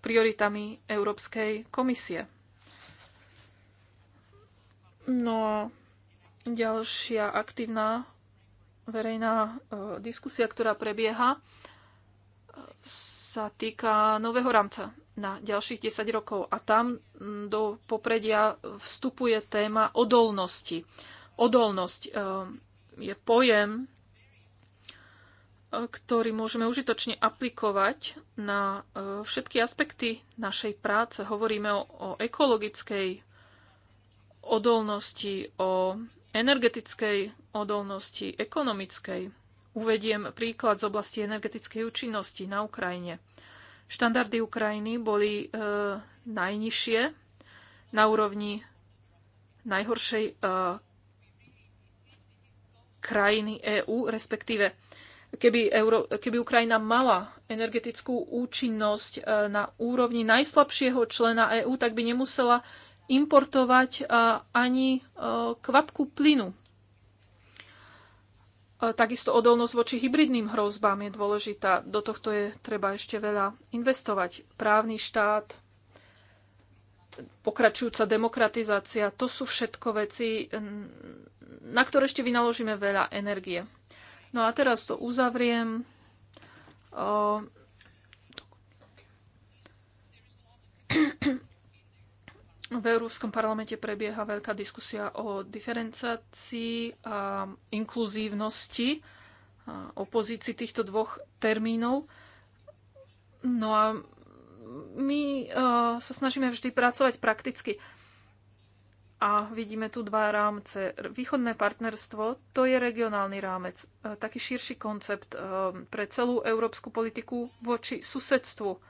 prioritami Európskej komisie. No a ďalšia aktívna verejná eh, diskusia, ktorá prebieha, sa týka nového rámca na ďalších 10 rokov. A tam mm, do popredia vstupuje téma odolnosti. Odolnosť eh, je pojem, ktorý môžeme užitočne aplikovať na e, všetky aspekty našej práce. Hovoríme o, o ekologickej odolnosti, o energetickej odolnosti, ekonomickej. Uvediem príklad z oblasti energetickej účinnosti na Ukrajine. Štandardy Ukrajiny boli e, najnižšie na úrovni najhoršej e, krajiny EÚ, respektíve keby, Euro, keby Ukrajina mala energetickú účinnosť e, na úrovni najslabšieho člena EÚ, tak by nemusela importovať e, ani e, kvapku plynu. Takisto odolnosť voči hybridným hrozbám je dôležitá. Do tohto je treba ešte veľa investovať. Právny štát, pokračujúca demokratizácia, to sú všetko veci, na ktoré ešte vynaložíme veľa energie. No a teraz to uzavriem. V Európskom parlamente prebieha veľká diskusia o diferenciácii a inkluzívnosti, a opozícii týchto dvoch termínov. No a my e, sa snažíme vždy pracovať prakticky. A vidíme tu dva rámce. Východné partnerstvo, to je regionálny rámec, e, taký širší koncept e, pre celú európsku politiku voči susedstvu.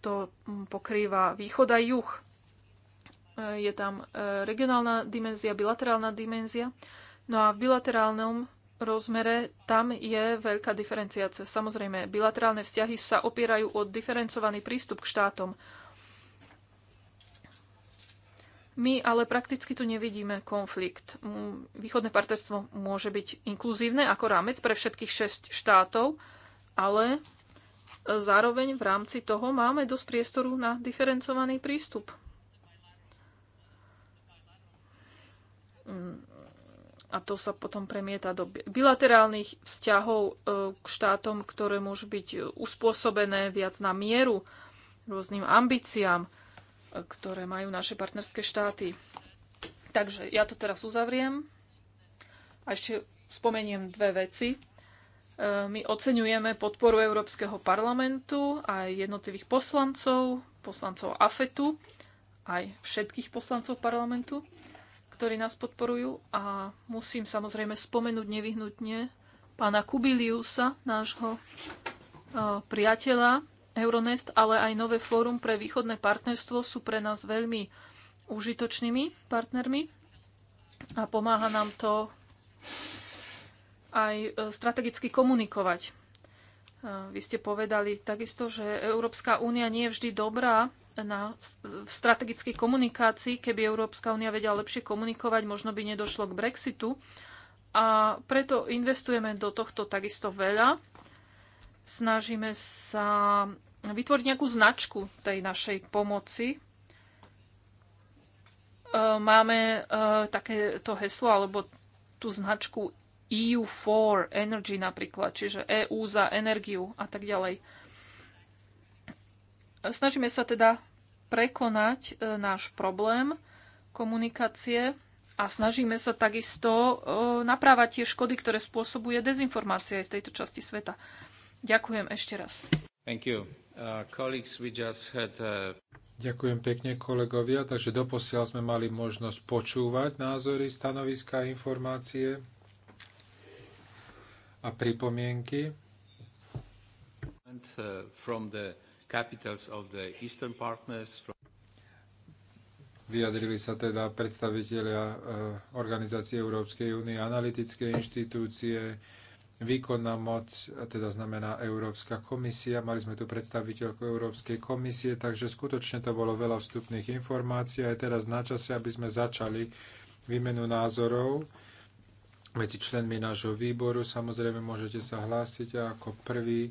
To pokrýva východ a juh. E, je tam regionálna dimenzia, bilaterálna dimenzia. No a v bilaterálnom rozmere tam je veľká diferenciácia. Samozrejme, bilaterálne vzťahy sa opierajú o diferencovaný prístup k štátom. My ale prakticky tu nevidíme konflikt. Mm, východné partnerstvo môže byť inkluzívne ako rámec pre všetkých 6 štátov, ale e, zároveň v rámci toho máme dosť priestoru na diferencovaný prístup. Mm, a to sa potom premieta do bilaterálnych vzťahov e, k štátom, ktoré môžu byť e, uspôsobené viac na mieru, rôznym ambíciám, ktoré majú naše partnerské štáty. Takže ja to teraz uzavriem a ešte spomeniem dve veci. E, my oceňujeme podporu Európskeho parlamentu a jednotlivých poslancov, poslancov AFETu, aj všetkých poslancov parlamentu, ktorí nás podporujú. A musím samozrejme spomenúť nevyhnutne pána Kubiliusa, nášho e, priateľa, Euronest, ale aj nové fórum pre východné partnerstvo sú pre nás veľmi užitočnými partnermi a pomáha nám to aj e, strategicky komunikovať. E, vy ste povedali takisto, že Európska únia nie je vždy dobrá na, v strategickej komunikácii. Keby Európska únia vedela lepšie komunikovať, možno by nedošlo k Brexitu. A preto investujeme do tohto takisto veľa snažíme sa vytvoriť nejakú značku tej našej pomoci. E, máme e, takéto heslo alebo tú značku EU for Energy napríklad, čiže EU za energiu a tak ďalej. Snažíme sa teda prekonať e, náš problém komunikácie a snažíme sa takisto naprávať tie škody, ktoré spôsobuje dezinformácia aj v tejto časti sveta. Ďakujem ešte raz. Thank you. Uh, uh, Ďakujem pekne kolegovia. Takže doposiaľ sme mali možnosť počúvať názory, stanoviska, informácie a pripomienky. Uh, Vyjadrili sa teda predstavitelia Organizácie Európskej únie, analytické inštitúcie, Výkonná moc, teda znamená Európska komisia. Mali sme tu predstaviteľku Európskej komisie, takže skutočne to bolo veľa vstupných informácií a je teraz na čase, aby sme začali výmenu názorov medzi členmi nášho výboru. Samozrejme, môžete sa hlásiť a ako prvý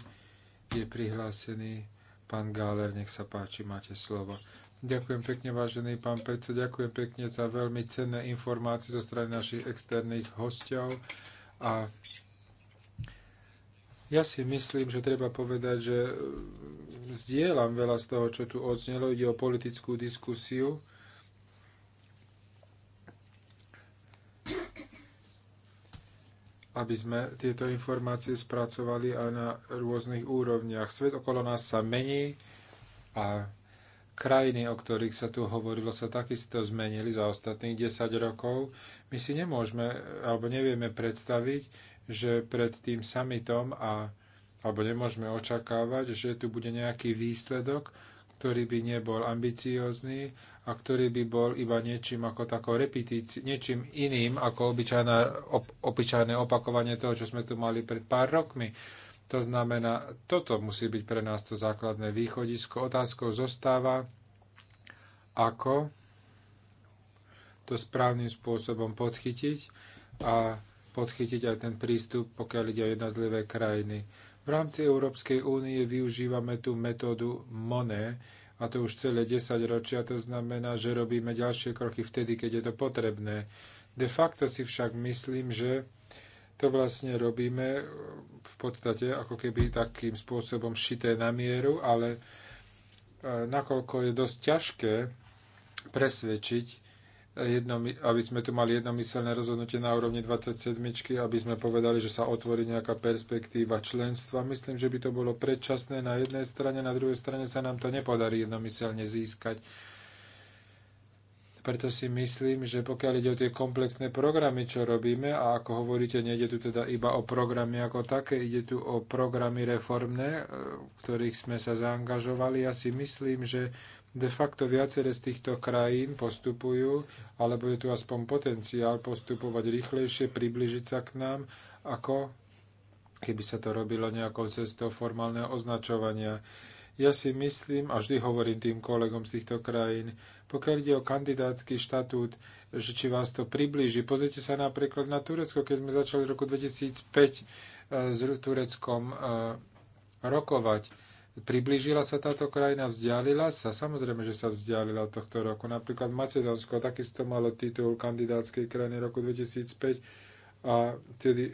je prihlásený pán Gáler. Nech sa páči, máte slovo. Ďakujem pekne, vážený pán predsa. Ďakujem pekne za veľmi cenné informácie zo strany našich externých hostov a ja si myslím, že treba povedať, že e, zdieľam veľa z toho, čo tu odznelo. Ide o politickú diskusiu. aby sme tieto informácie spracovali aj na rôznych úrovniach. Svet okolo nás sa mení a krajiny, o ktorých sa tu hovorilo, sa takisto zmenili za ostatných 10 rokov. My si nemôžeme alebo nevieme predstaviť, že pred tým summitom a, alebo nemôžeme očakávať, že tu bude nejaký výsledok, ktorý by nebol ambiciózny a ktorý by bol iba niečím ako takou repetíci- niečím iným ako obyčajná, op, obyčajné opakovanie toho, čo sme tu mali pred pár rokmi. To znamená, toto musí byť pre nás to základné východisko. Otázkou zostáva, ako to správnym spôsobom podchytiť a podchytiť aj ten prístup, pokiaľ ide o jednotlivé krajiny. V rámci Európskej únie využívame tú metódu MONE, a to už celé 10 ročia, to znamená, že robíme ďalšie kroky vtedy, keď je to potrebné. De facto si však myslím, že to vlastne robíme eh, v podstate ako keby takým spôsobom šité na mieru, ale eh, nakoľko je dosť ťažké presvedčiť aby sme tu mali jednomyselné rozhodnutie na úrovni 27, aby sme povedali, že sa otvorí nejaká perspektíva členstva. Myslím, že by to bolo predčasné na jednej strane, na druhej strane sa nám to nepodarí jednomyselne získať. Preto si myslím, že pokiaľ ide o tie komplexné programy, čo robíme, a ako hovoríte, nejde tu teda iba o programy ako také, ide tu o programy reformné, e, v ktorých sme sa zaangažovali, ja si myslím, že de facto viaceré z týchto krajín postupujú, alebo je tu aspoň potenciál postupovať rýchlejšie, približiť sa k nám, ako keby sa to robilo nejakou cestou formálneho označovania. Ja si myslím, a vždy hovorím tým kolegom z týchto krajín, pokiaľ ide o kandidátsky štatút, že či vás to priblíži. Pozrite sa napríklad na Turecko, keď sme začali v roku 2005 eh, s Tureckom eh, rokovať priblížila sa táto krajina, vzdialila sa, samozrejme, že sa vzdialila od tohto roku. Napríklad Macedónsko takisto malo titul kandidátskej krajiny roku 2005 a tedy e,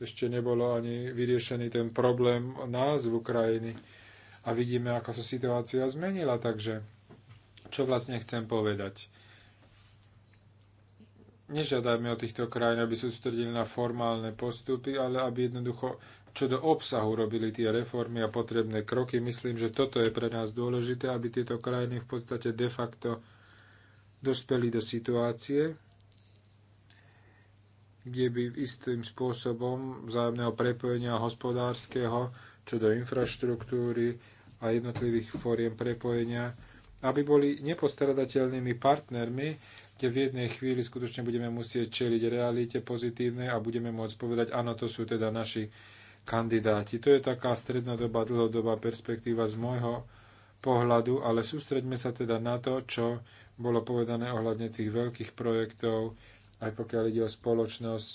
ešte nebolo ani vyriešený ten problém názvu krajiny. A vidíme, ako sa situácia zmenila, takže čo vlastne chcem povedať? Nežiadajme o týchto krajín, aby sú sústredili na formálne postupy, ale aby jednoducho čo do obsahu robili tie reformy a potrebné kroky. Myslím, že toto je pre nás dôležité, aby tieto krajiny v podstate de facto dospeli do situácie, kde by istým spôsobom vzájomného prepojenia hospodárskeho, čo do infraštruktúry a jednotlivých fóriem prepojenia, aby boli nepostradateľnými partnermi, kde v jednej chvíli skutočne budeme musieť čeliť realite pozitívnej a budeme môcť povedať, áno, to sú teda naši kandidáti. To je taká strednodobá, dlhodobá perspektíva z môjho pohľadu, ale sústreďme sa teda na to, čo bolo povedané ohľadne tých veľkých projektov, aj pokiaľ ide o spoločnosť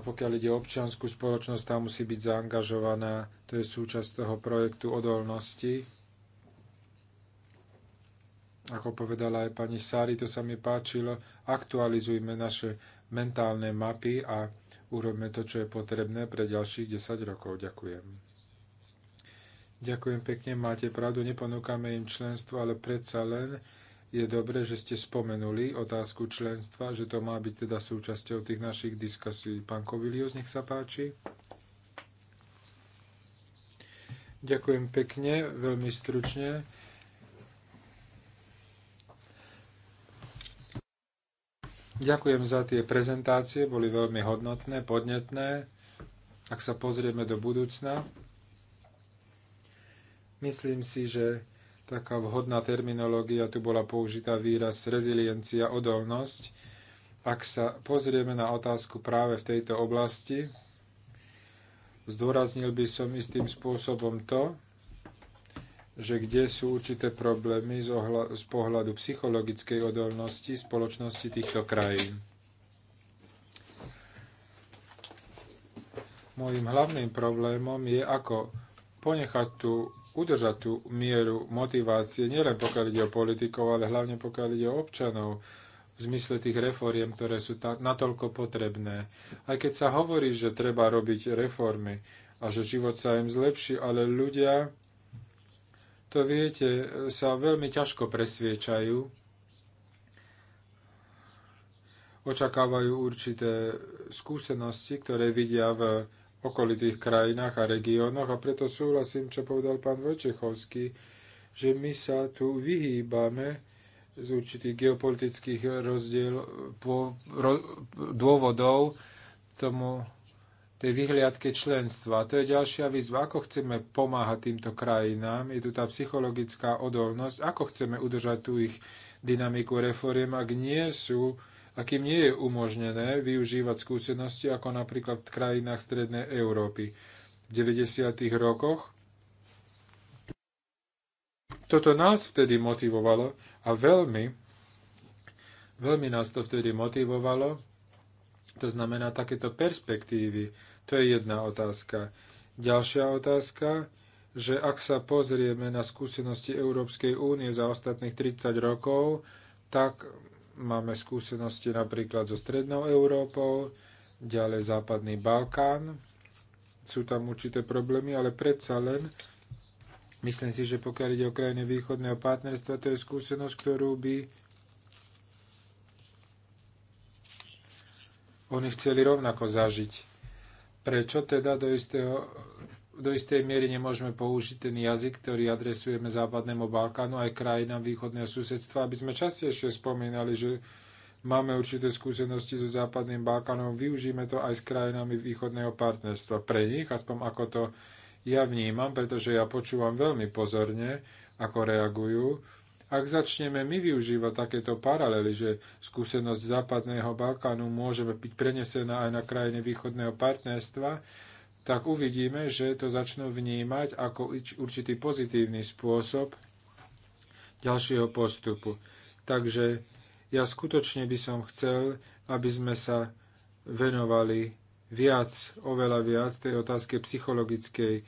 a pokiaľ ide o občianskú spoločnosť, tá musí byť zaangažovaná. To je súčasť toho projektu odolnosti. Ako povedala aj pani Sari, to sa mi páčilo. Aktualizujme naše mentálne mapy a urobme to, čo je potrebné pre ďalších 10 rokov. Ďakujem. Ďakujem pekne, máte pravdu, neponúkame im členstvo, ale predsa len je dobre, že ste spomenuli otázku členstva, že to má byť teda súčasťou tých našich diskusí. Pán Kovilius, nech sa páči. Ďakujem pekne, veľmi stručne. Ďakujem za tie prezentácie, boli veľmi hodnotné, podnetné. Ak sa pozrieme do budúcna, myslím si, že taká vhodná terminológia, tu bola použitá výraz reziliencia, odolnosť. Ak sa pozrieme na otázku práve v tejto oblasti, zdôraznil by som istým spôsobom to, že kde sú určité problémy z, ohla- z pohľadu psychologickej odolnosti spoločnosti týchto krajín. Mojím hlavným problémom je, ako ponechať tú, udržať tú mieru motivácie, nielen pokiaľ ide o politikov, ale hlavne pokiaľ ide o občanov, v zmysle tých reforiem, ktoré sú ta, natoľko potrebné. Aj keď sa hovorí, že treba robiť reformy a že život sa im zlepší, ale ľudia to viete, sa veľmi ťažko presviečajú. Očakávajú určité skúsenosti, ktoré vidia v okolitých krajinách a regiónoch a preto súhlasím, čo povedal pán Vojčechovský, že my sa tu vyhýbame z určitých geopolitických rozdiel, po, ro, dôvodov tomu tej vyhliadke členstva. To je ďalšia výzva, ako chceme pomáhať týmto krajinám. Je tu tá psychologická odolnosť, ako chceme udržať tú ich dynamiku reforiem, ak nie sú akým nie je umožnené využívať skúsenosti ako napríklad v krajinách Strednej Európy. V 90. rokoch toto nás vtedy motivovalo a veľmi, veľmi nás to vtedy motivovalo to znamená takéto perspektívy. To je jedna otázka. Ďalšia otázka, že ak sa pozrieme na skúsenosti Európskej únie za ostatných 30 rokov, tak máme skúsenosti napríklad so Strednou Európou, ďalej Západný Balkán. Sú tam určité problémy, ale predsa len myslím si, že pokiaľ ide o krajiny východného partnerstva, to je skúsenosť, ktorú by Oni chceli rovnako zažiť. Prečo teda do, istého, do istej miery nemôžeme použiť ten jazyk, ktorý adresujeme Západnému Balkánu aj krajinám východného susedstva, aby sme častejšie spomínali, že máme určité skúsenosti so Západným Balkánom, využíme to aj s krajinami východného partnerstva. Pre nich, aspoň ako to ja vnímam, pretože ja počúvam veľmi pozorne, ako reagujú, ak začneme my využívať takéto paralely, že skúsenosť Západného Balkánu môže byť prenesená aj na krajiny východného partnerstva, tak uvidíme, že to začnú vnímať ako určitý pozitívny spôsob ďalšieho postupu. Takže ja skutočne by som chcel, aby sme sa venovali viac, oveľa viac tej otázke psychologickej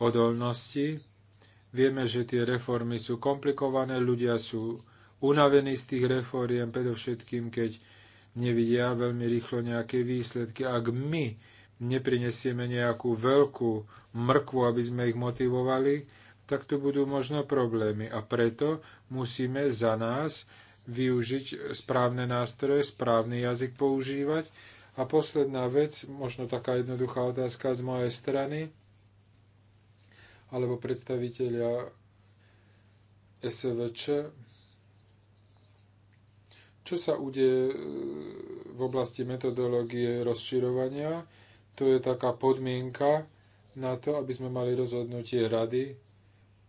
odolnosti, Vieme, že tie reformy sú komplikované, ľudia sú unavení z tých reforiem, predovšetkým, keď nevidia veľmi rýchlo nejaké výsledky. Ak my neprinesieme nejakú veľkú mrkvu, aby sme ich motivovali, tak tu budú možno problémy. A preto musíme za nás využiť správne nástroje, správny jazyk používať. A posledná vec, možno taká jednoduchá otázka z mojej strany alebo predstaviteľia SVČ. Čo sa udeje e, v oblasti metodológie rozširovania? To je taká podmienka na to, aby sme mali rozhodnutie rady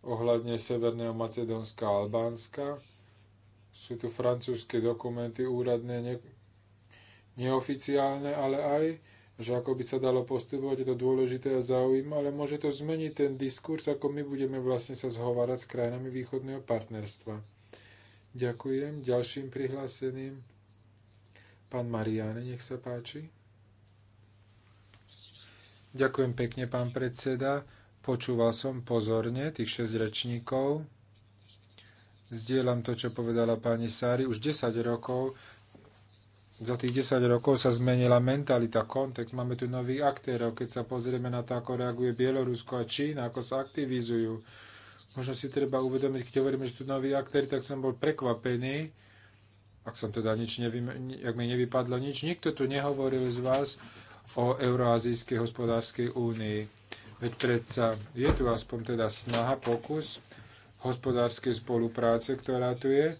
ohľadne Severného Macedónska a Albánska. Sú tu francúzske dokumenty úradné, ne, neoficiálne, ale aj že ako by sa dalo postupovať, je to dôležité a zaujímavé, ale môže to zmeniť ten diskurs, ako my budeme vlastne sa zhovárať s krajinami východného partnerstva. Ďakujem. Ďalším prihláseným pán Mariáne, nech sa páči. Ďakujem pekne, pán predseda. Počúval som pozorne tých 6 rečníkov. Zdieľam to, čo povedala pani Sári. Už 10 rokov za tých 10 rokov sa zmenila mentalita, kontext. Máme tu nových aktérov. Keď sa pozrieme na to, ako reaguje Bielorusko a Čína, ako sa aktivizujú, možno si treba uvedomiť, keď hovoríme, že tu noví aktéry, tak som bol prekvapený, ak som teda nič nevym, ak mi nevypadlo nič, nikto tu nehovoril z vás o Euroazijskej hospodárskej únii. Veď predsa je tu aspoň teda snaha, pokus hospodárskej spolupráce, ktorá tu je,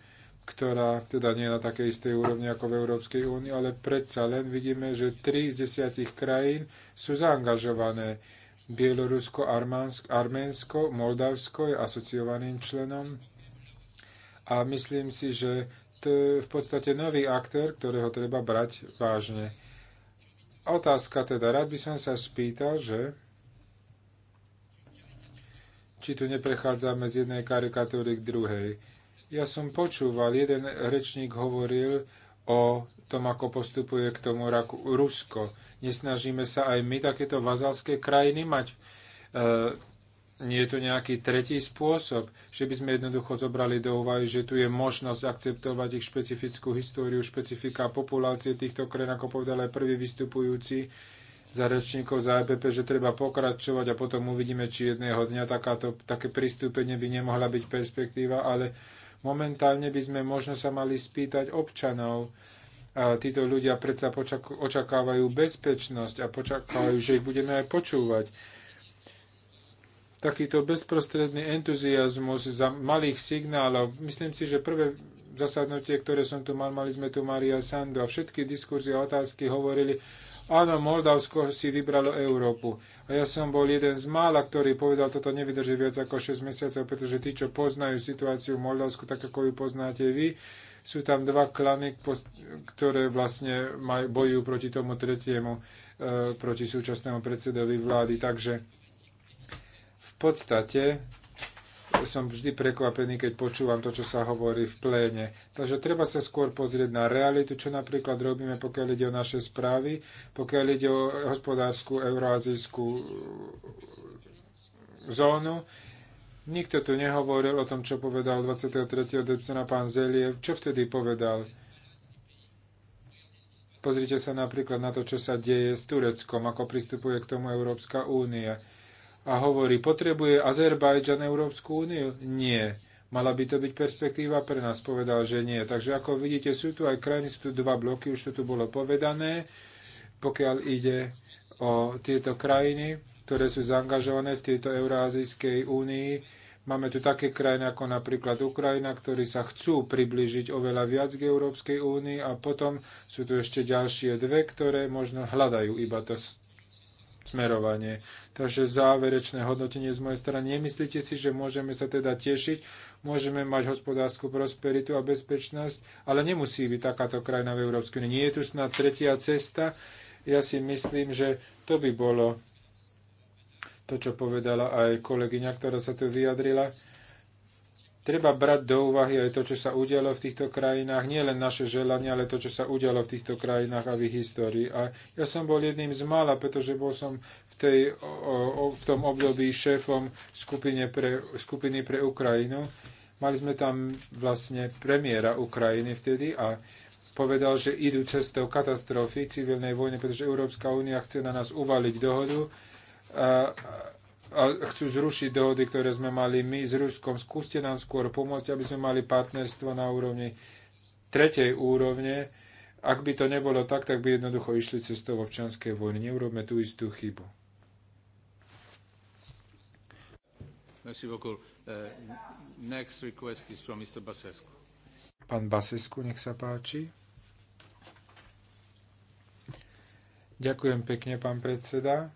ktorá teda nie je na takej istej úrovni ako v Európskej únii, ale predsa len vidíme, že tri z desiatich krajín sú zaangažované. Bielorusko, Armansk, Arménsko, Moldavsko je asociovaným členom a myslím si, že to je v podstate nový aktér, ktorého treba brať vážne. Otázka teda, rád by som sa spýtal, že či tu neprechádzame z jednej karikatúry k druhej ja som počúval, jeden rečník hovoril o tom, ako postupuje k tomu raku Rusko. Nesnažíme sa aj my takéto vazalské krajiny mať. E, nie je to nejaký tretí spôsob, že by sme jednoducho zobrali do úvahy, že tu je možnosť akceptovať ich špecifickú históriu, špecifika populácie týchto krajín, ako povedal aj prvý vystupujúci za rečníkov za EPP, že treba pokračovať a potom uvidíme, či jedného dňa takáto, také pristúpenie by nemohla byť perspektíva, ale Momentálne by sme možno sa mali spýtať občanov, títo ľudia predsa očakávajú bezpečnosť a počakávajú, že ich budeme aj počúvať. Takýto bezprostredný entuziasmus za malých signálov. Myslím si, že prvé zasadnutie, ktoré som tu mal, mali sme tu Maria Sandu a všetky diskurzie a otázky hovorili, áno, Moldavsko si vybralo Európu. A ja som bol jeden z mála, ktorý povedal, toto nevydrží viac ako 6 mesiacov, pretože tí, čo poznajú situáciu v Moldavsku, tak ako ju poznáte vy, sú tam dva klany, ktoré vlastne bojujú proti tomu tretiemu, e, proti súčasnému predsedovi vlády. Takže v podstate som vždy prekvapený, keď počúvam to, čo sa hovorí v pléne. Takže treba sa skôr pozrieť na realitu, čo napríklad robíme, pokiaľ ide o naše správy, pokiaľ ide o hospodárskú euroazijskú eh, zónu. Nikto tu nehovoril o tom, čo povedal 23. decembra pán Zeliev. Čo vtedy povedal? Pozrite sa napríklad na to, čo sa deje s Tureckom, ako pristupuje k tomu Európska únia a hovorí, potrebuje Azerbajdžan Európsku úniu? Nie. Mala by to byť perspektíva pre nás, povedal, že nie. Takže ako vidíte, sú tu aj krajiny, sú tu dva bloky, už to tu bolo povedané, pokiaľ ide o tieto krajiny, ktoré sú zaangažované v tejto Eurázijskej únii. Máme tu také krajiny ako napríklad Ukrajina, ktorí sa chcú priblížiť oveľa viac k Európskej únii a potom sú tu ešte ďalšie dve, ktoré možno hľadajú iba to smerovanie. Takže záverečné hodnotenie z mojej strany. Nemyslíte si, že môžeme sa teda tešiť, môžeme mať hospodárskú prosperitu a bezpečnosť, ale nemusí byť takáto krajina v Európskej únii. Nie je tu snad tretia cesta. Ja si myslím, že to by bolo to, čo povedala aj kolegyňa, ktorá sa tu vyjadrila Treba brať do úvahy aj to, čo sa udialo v týchto krajinách, nie len naše želania, ale to, čo sa udialo v týchto krajinách a v ich histórii. A ja som bol jedným z mála, pretože bol som v, tej, o, o, v tom období šéfom skupine pre, skupiny pre Ukrajinu. Mali sme tam vlastne premiéra Ukrajiny vtedy a povedal, že idú cestou katastrofy, civilnej vojny, pretože Európska únia chce na nás uvaliť dohodu. A, a chcú zrušiť dohody, ktoré sme mali my s Ruskom. Skúste nám skôr pomôcť, aby sme mali partnerstvo na úrovni tretej úrovne. Ak by to nebolo tak, tak by jednoducho išli cestou občianskej vojny. Neurobme tú istú chybu. Uh, pán Basescu, nech sa páči. Ďakujem pekne, pán predseda.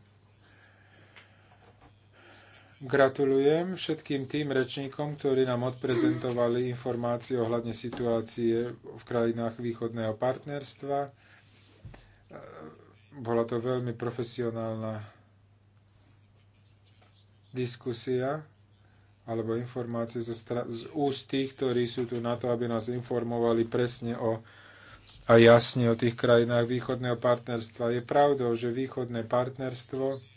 Gratulujem všetkým tým rečníkom, ktorí nám odprezentovali informácie ohľadne situácie v krajinách východného partnerstva. Bola to veľmi profesionálna diskusia alebo informácie zo stra- z úst tých, ktorí sú tu na to, aby nás informovali presne o a jasne o tých krajinách východného partnerstva. Je pravdou, že východné partnerstvo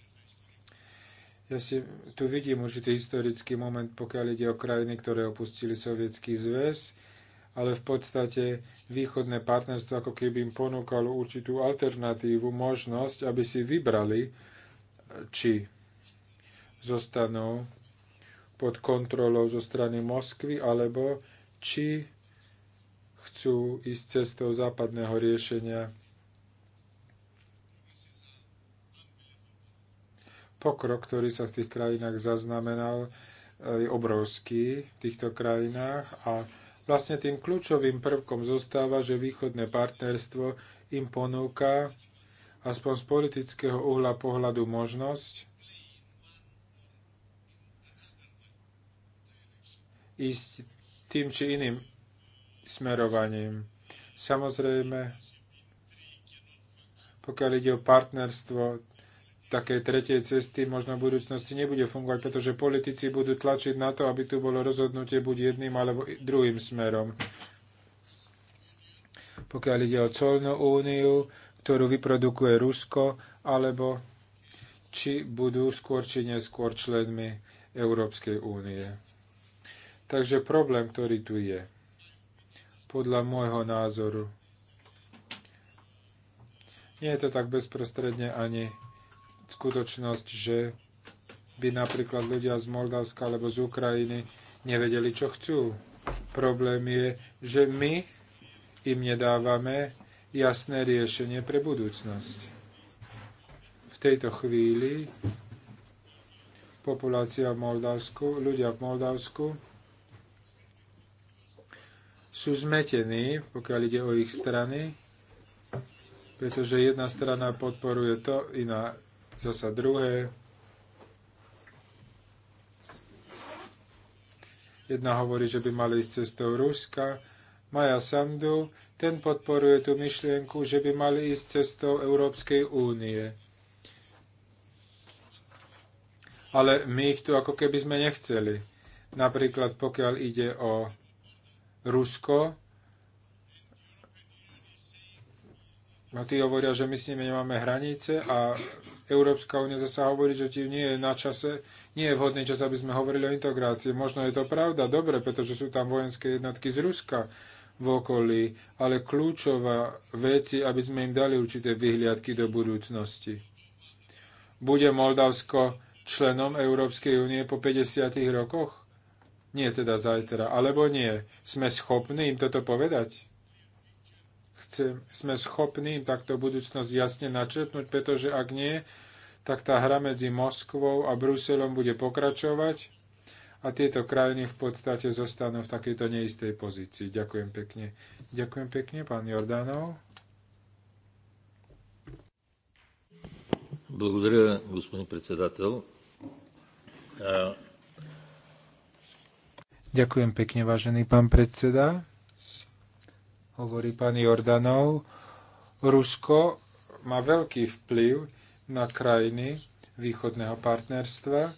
ja si tu vidím určitý historický moment, pokiaľ ide o krajiny, ktoré opustili Sovietský zväz, ale v podstate východné partnerstvo ako keby im ponúkalo určitú alternatívu, možnosť, aby si vybrali, či zostanú pod kontrolou zo strany Moskvy, alebo či chcú ísť cestou západného riešenia Pokrok, ktorý sa v tých krajinách zaznamenal, e, je obrovský v týchto krajinách a vlastne tým kľúčovým prvkom zostáva, že východné partnerstvo im ponúka aspoň z politického uhla pohľadu možnosť ísť tým či iným smerovaním. Samozrejme, pokiaľ ide o partnerstvo takej tretej cesty možno v budúcnosti nebude fungovať, pretože politici budú tlačiť na to, aby tu bolo rozhodnutie buď jedným alebo druhým smerom. Pokiaľ ide o colnú úniu, ktorú vyprodukuje Rusko, alebo či budú skôr či neskôr členmi Európskej únie. Takže problém, ktorý tu je, podľa môjho názoru, nie je to tak bezprostredne ani skutočnosť, že by napríklad ľudia z Moldavska alebo z Ukrajiny nevedeli, čo chcú. Problém je, že my im nedávame jasné riešenie pre budúcnosť. V tejto chvíli populácia v Moldavsku, ľudia v Moldavsku sú zmetení, pokiaľ ide o ich strany, pretože jedna strana podporuje to, iná zasa druhé. Jedna hovorí, že by mali ísť cestou Ruska. Maja Sandu ten podporuje tú myšlienku, že by mali ísť cestou Európskej únie. Ale my ich tu ako keby sme nechceli. Napríklad pokiaľ ide o Rusko, No tí hovoria, že my s nimi nemáme hranice a Európska únia zase hovorí, že ti nie je na čase, nie je vhodný čas, aby sme hovorili o integrácii. Možno je to pravda, dobre, pretože sú tam vojenské jednotky z Ruska v okolí, ale kľúčová veci, aby sme im dali určité vyhliadky do budúcnosti. Bude Moldavsko členom Európskej únie po 50 rokoch? Nie teda zajtra, alebo nie. Sme schopní im toto povedať? chcem, sme schopní takto budúcnosť jasne načrtnúť, pretože ak nie, tak tá hra medzi Moskvou a Bruselom bude pokračovať a tieto krajiny v podstate zostanú v takejto neistej pozícii. Ďakujem pekne. Ďakujem pekne, pán Jordánov. Благодаря, господин председател. Ďakujem pekne, vážený pán predseda hovorí pán Jordanov, Rusko má veľký vplyv na krajiny východného partnerstva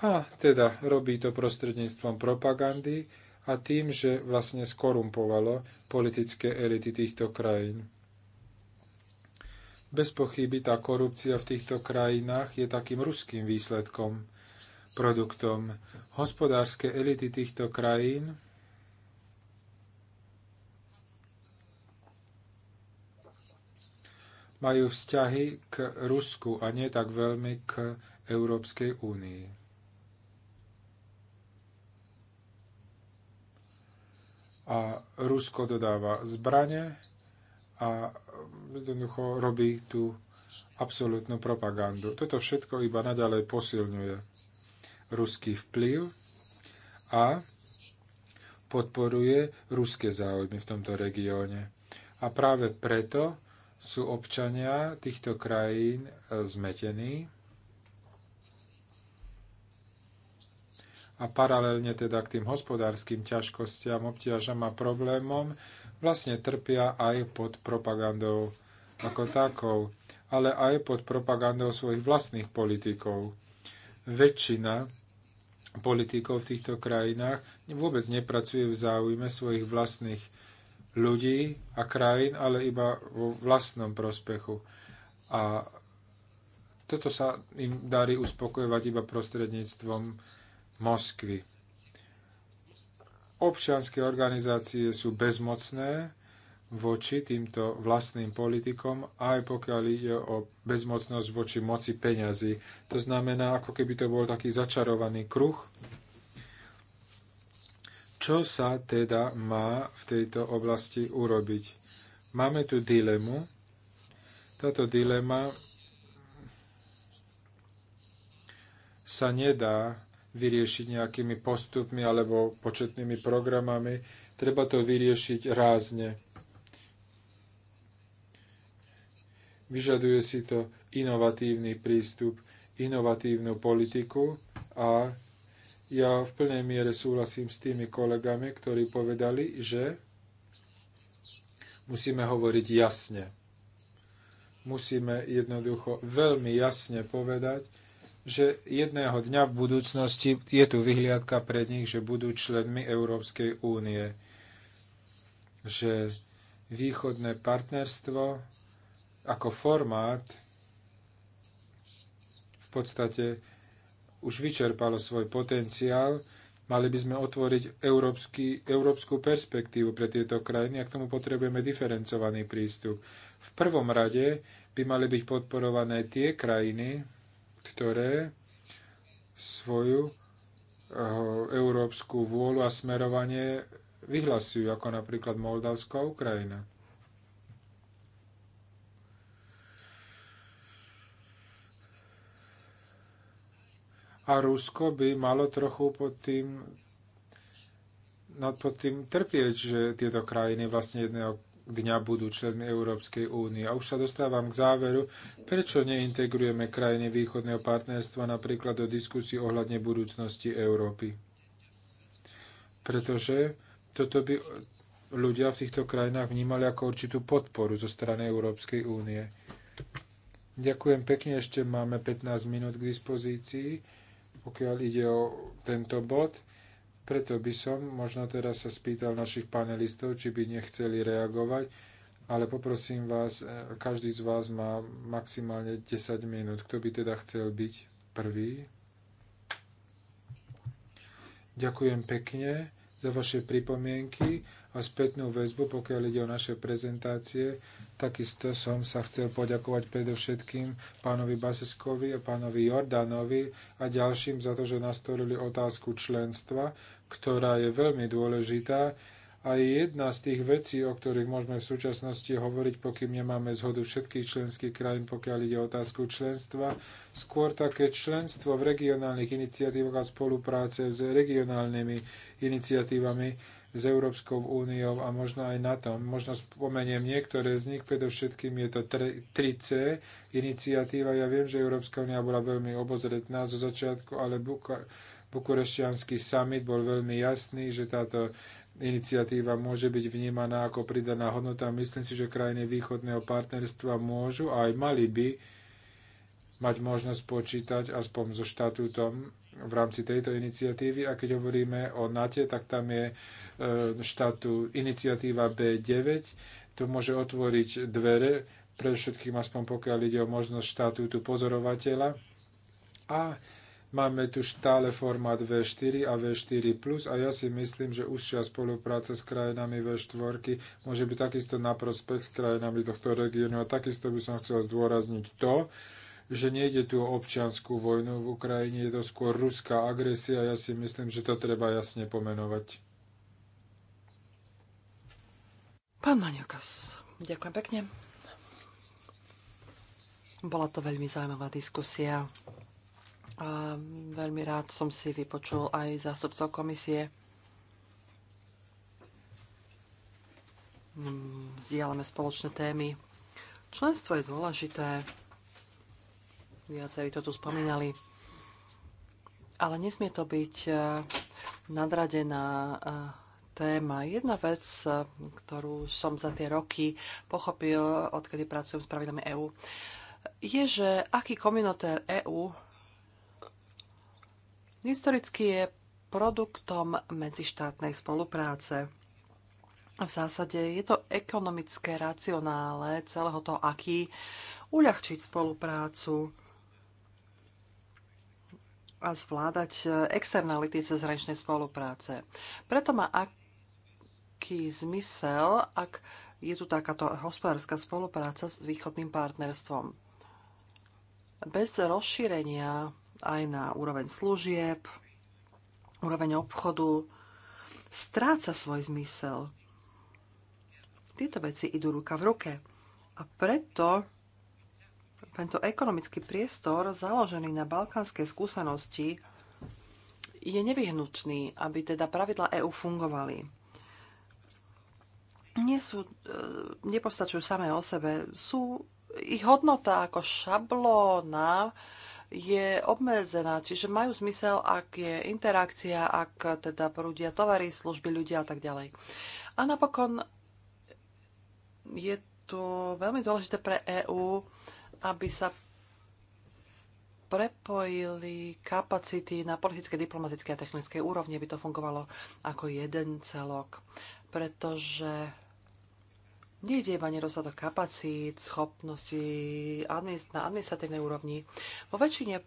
a teda robí to prostredníctvom propagandy a tým, že vlastne skorumpovalo politické elity týchto krajín. Bez pochyby tá korupcia v týchto krajinách je takým ruským výsledkom, produktom. Hospodárske elity týchto krajín majú vzťahy k Rusku a nie tak veľmi k Európskej únii. A Rusko dodáva zbranie a jednoducho robí tú absolútnu propagandu. Toto všetko iba naďalej posilňuje ruský vplyv a podporuje ruské záujmy v tomto regióne. A práve preto sú občania týchto krajín e, zmetení a paralelne teda k tým hospodárskym ťažkostiam, obťažam a problémom vlastne trpia aj pod propagandou ako takou, ale aj pod propagandou svojich vlastných politikov. Väčšina politikov v týchto krajinách vôbec nepracuje v záujme svojich vlastných ľudí a krajín, ale iba vo vlastnom prospechu. A toto sa im darí uspokojovať iba prostredníctvom Moskvy. Občianské organizácie sú bezmocné voči týmto vlastným politikom, aj pokiaľ ide o bezmocnosť voči moci peňazí. To znamená, ako keby to bol taký začarovaný kruh, čo sa teda má v tejto oblasti urobiť? Máme tu dilemu. Táto dilema sa nedá vyriešiť nejakými postupmi alebo početnými programami. Treba to vyriešiť rázne. Vyžaduje si to inovatívny prístup, inovatívnu politiku a ja v plnej miere súhlasím s tými kolegami, ktorí povedali, že musíme hovoriť jasne. Musíme jednoducho veľmi jasne povedať, že jedného dňa v budúcnosti je tu vyhliadka pred nich, že budú členmi Európskej únie. Že východné partnerstvo ako formát v podstate už vyčerpalo svoj potenciál. Mali by sme otvoriť európsky, európsku perspektívu pre tieto krajiny a k tomu potrebujeme diferencovaný prístup. V prvom rade by mali byť podporované tie krajiny, ktoré svoju eh, európsku vôľu a smerovanie vyhlasujú, ako napríklad Moldavská Ukrajina. a Rusko by malo trochu pod tým, no, pod tým trpieť, že tieto krajiny vlastne jedného dňa budú členmi Európskej únie. A už sa dostávam k záveru, prečo neintegrujeme krajiny východného partnerstva napríklad do diskusí ohľadne budúcnosti Európy. Pretože toto by ľudia v týchto krajinách vnímali ako určitú podporu zo strany Európskej únie. Ďakujem pekne, ešte máme 15 minút k dispozícii pokiaľ ide o tento bod. Preto by som možno teraz sa spýtal našich panelistov, či by nechceli reagovať, ale poprosím vás, e, každý z vás má maximálne 10 minút. Kto by teda chcel byť prvý? Ďakujem pekne za vaše pripomienky a spätnú väzbu, pokiaľ ide o naše prezentácie. Takisto som sa chcel poďakovať predovšetkým pánovi Baseskovi a pánovi Jordanovi a ďalším za to, že nastolili otázku členstva, ktorá je veľmi dôležitá a je jedna z tých vecí, o ktorých môžeme v súčasnosti hovoriť, pokým nemáme zhodu všetkých členských krajín, pokiaľ ide o otázku členstva. Skôr také členstvo v regionálnych iniciatívach a spolupráce s regionálnymi iniciatívami s Európskou úniou a možno aj na tom. Možno spomeniem niektoré z nich, predovšetkým je to 3C iniciatíva. Ja viem, že Európska únia bola veľmi obozretná zo začiatku, ale Buka, summit bol veľmi jasný, že táto iniciatíva môže byť vnímaná ako pridaná hodnota. Myslím si, že krajiny východného partnerstva môžu a aj mali by mať možnosť počítať aspoň so štatútom v rámci tejto iniciatívy. A keď hovoríme o NATE, tak tam je e, štátu iniciatíva B9. To môže otvoriť dvere, pre všetkým aspoň pokiaľ ide o možnosť tu pozorovateľa. A máme tu stále formát V4 a V4+, a ja si myslím, že užšia spolupráca s krajinami V4 môže byť takisto na prospech s krajinami tohto regiónu. A takisto by som chcel zdôrazniť to, že nejde tu o občianskú vojnu v Ukrajine, je to skôr ruská agresia. Ja si myslím, že to treba jasne pomenovať. Pán Maňukas, ďakujem pekne. Bola to veľmi zaujímavá diskusia a veľmi rád som si vypočul aj zástupcov komisie. Mm, zdieľame spoločné témy. Členstvo je dôležité, Viacerí to tu spomínali. Ale nesmie to byť e, nadradená e, téma. Jedna vec, e, ktorú som za tie roky pochopil, odkedy pracujem s pravidlami EÚ, je, že aký komunitér EÚ historicky je produktom medzištátnej spolupráce. V zásade je to ekonomické racionále celého toho, aký uľahčiť spoluprácu a zvládať e, externality hraničnej spolupráce. Preto má aký zmysel, ak je tu takáto hospodárska spolupráca s východným partnerstvom. Bez rozšírenia aj na úroveň služieb, úroveň obchodu, stráca svoj zmysel. Tieto veci idú ruka v ruke. A preto tento ekonomický priestor, založený na balkánskej skúsenosti, je nevyhnutný, aby teda pravidla EÚ fungovali. Nie sú, e, nepostačujú samé o sebe, sú ich hodnota ako šablóna je obmedzená, čiže majú zmysel, ak je interakcia, ak teda prúdia tovary, služby, ľudia a tak ďalej. A napokon je to veľmi dôležité pre EÚ aby sa prepojili kapacity na politické, diplomatické a technické úrovni, aby to fungovalo ako jeden celok. Pretože je iba nedostatok kapacít, schopností na administratívnej úrovni. Vo väčšine eh,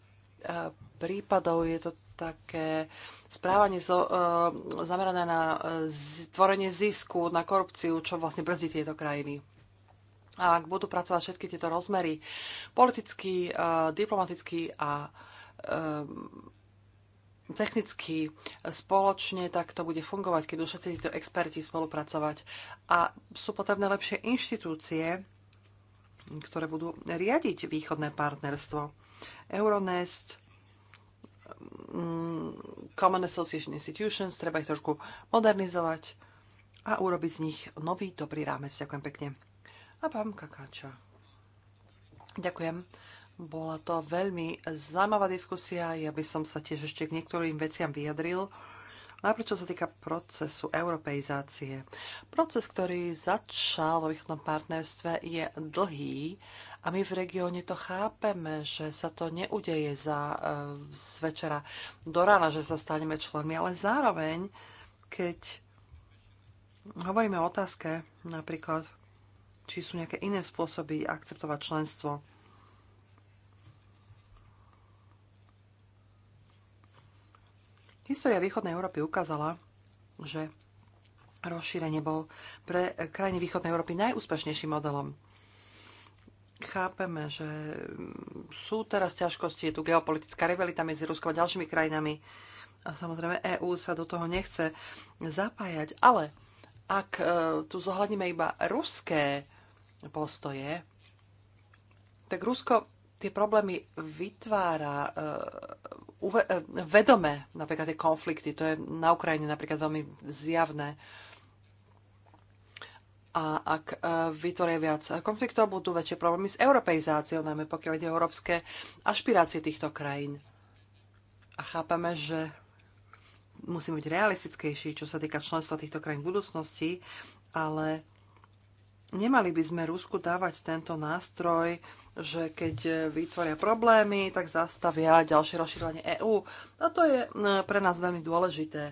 prípadov je to také správanie zo, eh, zamerané na eh, tvorenie zisku, na korupciu, čo vlastne brzdí tieto krajiny a ak budú pracovať všetky tieto rozmery politicky, uh, e, diplomatický a uh, e, technicky spoločne tak to bude fungovať, keď budú všetci títo experti spolupracovať. A sú potrebné lepšie inštitúcie, ktoré budú riadiť východné partnerstvo. Euronest, mm, Common Association Institutions, treba ich trošku modernizovať a urobiť z nich nový dobrý rámec. Ďakujem pekne a pán Kakáča. Ďakujem. Bola to veľmi zaujímavá diskusia. Ja by som sa tiež ešte k niektorým veciam vyjadril. Najprv, čo sa týka procesu europeizácie. Proces, ktorý začal vo východnom partnerstve, je dlhý a my v regióne to chápeme, že sa to neudeje za, e, z večera do rána, že sa staneme členmi, ale zároveň, keď hovoríme o otázke napríklad či sú nejaké iné spôsoby akceptovať členstvo. História východnej Európy ukázala, že rozšírenie bol pre krajiny východnej Európy najúspešnejším modelom. Chápeme, že sú teraz ťažkosti, je tu geopolitická rivalita medzi Ruskou a ďalšími krajinami a samozrejme EÚ sa do toho nechce zapájať, ale ak e, tu zohľadíme iba ruské postoje, tak Rusko tie problémy vytvára uh, uh, vedome, napríklad tie konflikty. To je na Ukrajine napríklad veľmi zjavné. A ak eh, vytvoria viac konfliktov, budú väčšie problémy s europeizáciou, najmä pokiaľ ide o európske ašpirácie týchto krajín. A chápame, že musíme byť realistickejší, čo sa týka členstva týchto krajín v budúcnosti, ale Nemali by sme Rusku dávať tento nástroj, že keď vytvoria problémy, tak zastavia ďalšie rozširovanie EÚ. A to je mm, pre nás veľmi dôležité,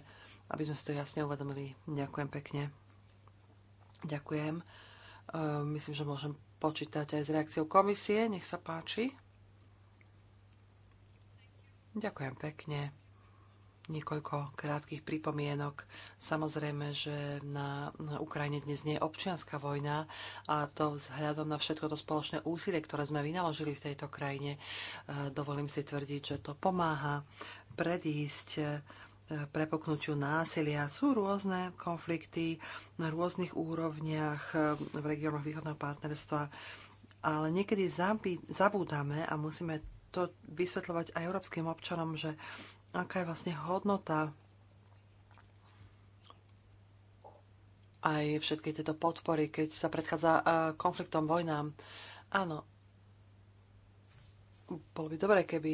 aby sme si to jasne uvedomili. Ďakujem pekne. Ďakujem. E, myslím, že môžem počítať aj s reakciou komisie. Nech sa páči. Ďakujem pekne. Niekoľko krátkých pripomienok. Samozrejme, že na, Ukrajine dnes nie je občianská vojna a to vzhľadom na všetko to spoločné úsilie, ktoré sme vynaložili v tejto krajine, e, dovolím si tvrdiť, že to pomáha predísť e, prepoknutiu násilia. Sú rôzne konflikty na rôznych úrovniach e, v regiónoch východného partnerstva, ale niekedy zabúdame a musíme to vysvetľovať aj európskym občanom, že aká je vlastne hodnota aj všetkej tejto podpory, keď sa predchádza e, konfliktom, vojnám. Áno, bolo by dobre, keby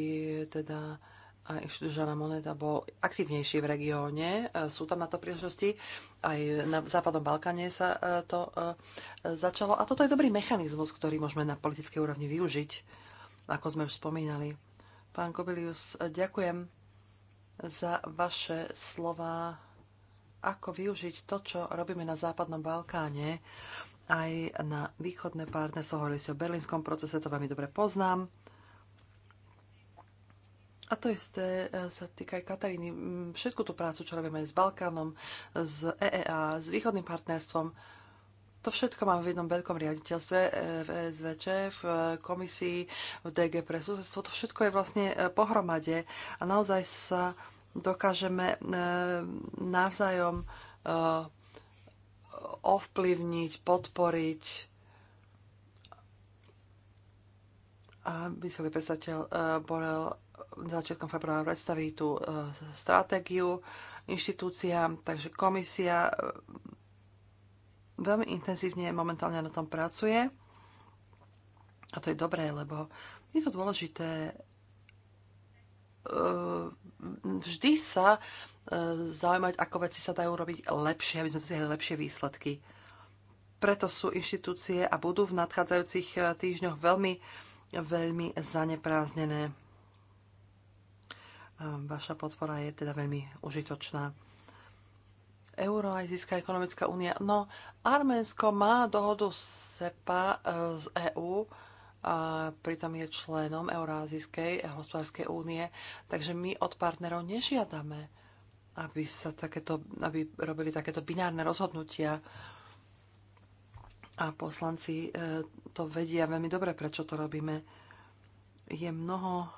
teda aj e, Žana Moneta bol aktívnejší v regióne. E, sú tam na to príležitosti. Aj na Západnom Balkáne sa to začalo. A toto je dobrý mechanizmus, ktorý môžeme na politickej úrovni využiť, ako sme už spomínali. Pán Kobilius, ďakujem za vaše slova, ako využiť to, čo robíme na Západnom Balkáne, aj na východné párne Hovorili ste o berlínskom procese, to veľmi dobre poznám. A to isté e, sa týka aj Kataríny. Mm, všetku tú prácu, čo robíme s Balkánom, s EEA, s východným partnerstvom, to všetko mám v jednom veľkom riaditeľstve e, v SVČ, v komisii, v DG pre súzestvo. To všetko je vlastne e, pohromade a naozaj sa dokážeme e, navzájom ovplyvniť, podporiť. A vysoký predstaviteľ Borel začiatkom februára predstaví tú stratégiu inštitúciám, takže komisia Veľmi intenzívne momentálne na tom pracuje. A to je dobré, lebo je to dôležité e, vždy sa e, zaujímať, ako veci sa dajú robiť lepšie, aby sme dosiahli lepšie výsledky. Preto sú inštitúcie a budú v nadchádzajúcich e, týždňoch veľmi, veľmi zaneprázdnené. Vaša podpora je teda veľmi užitočná. Euroazijská ekonomická únia. No, Arménsko má dohodu SEPA e, z EÚ, a pritom je členom Eurázijskej hospodárskej únie, takže my od partnerov nežiadame, aby, sa takéto, aby robili takéto binárne rozhodnutia. A poslanci e, to vedia veľmi dobre, prečo to robíme. Je mnoho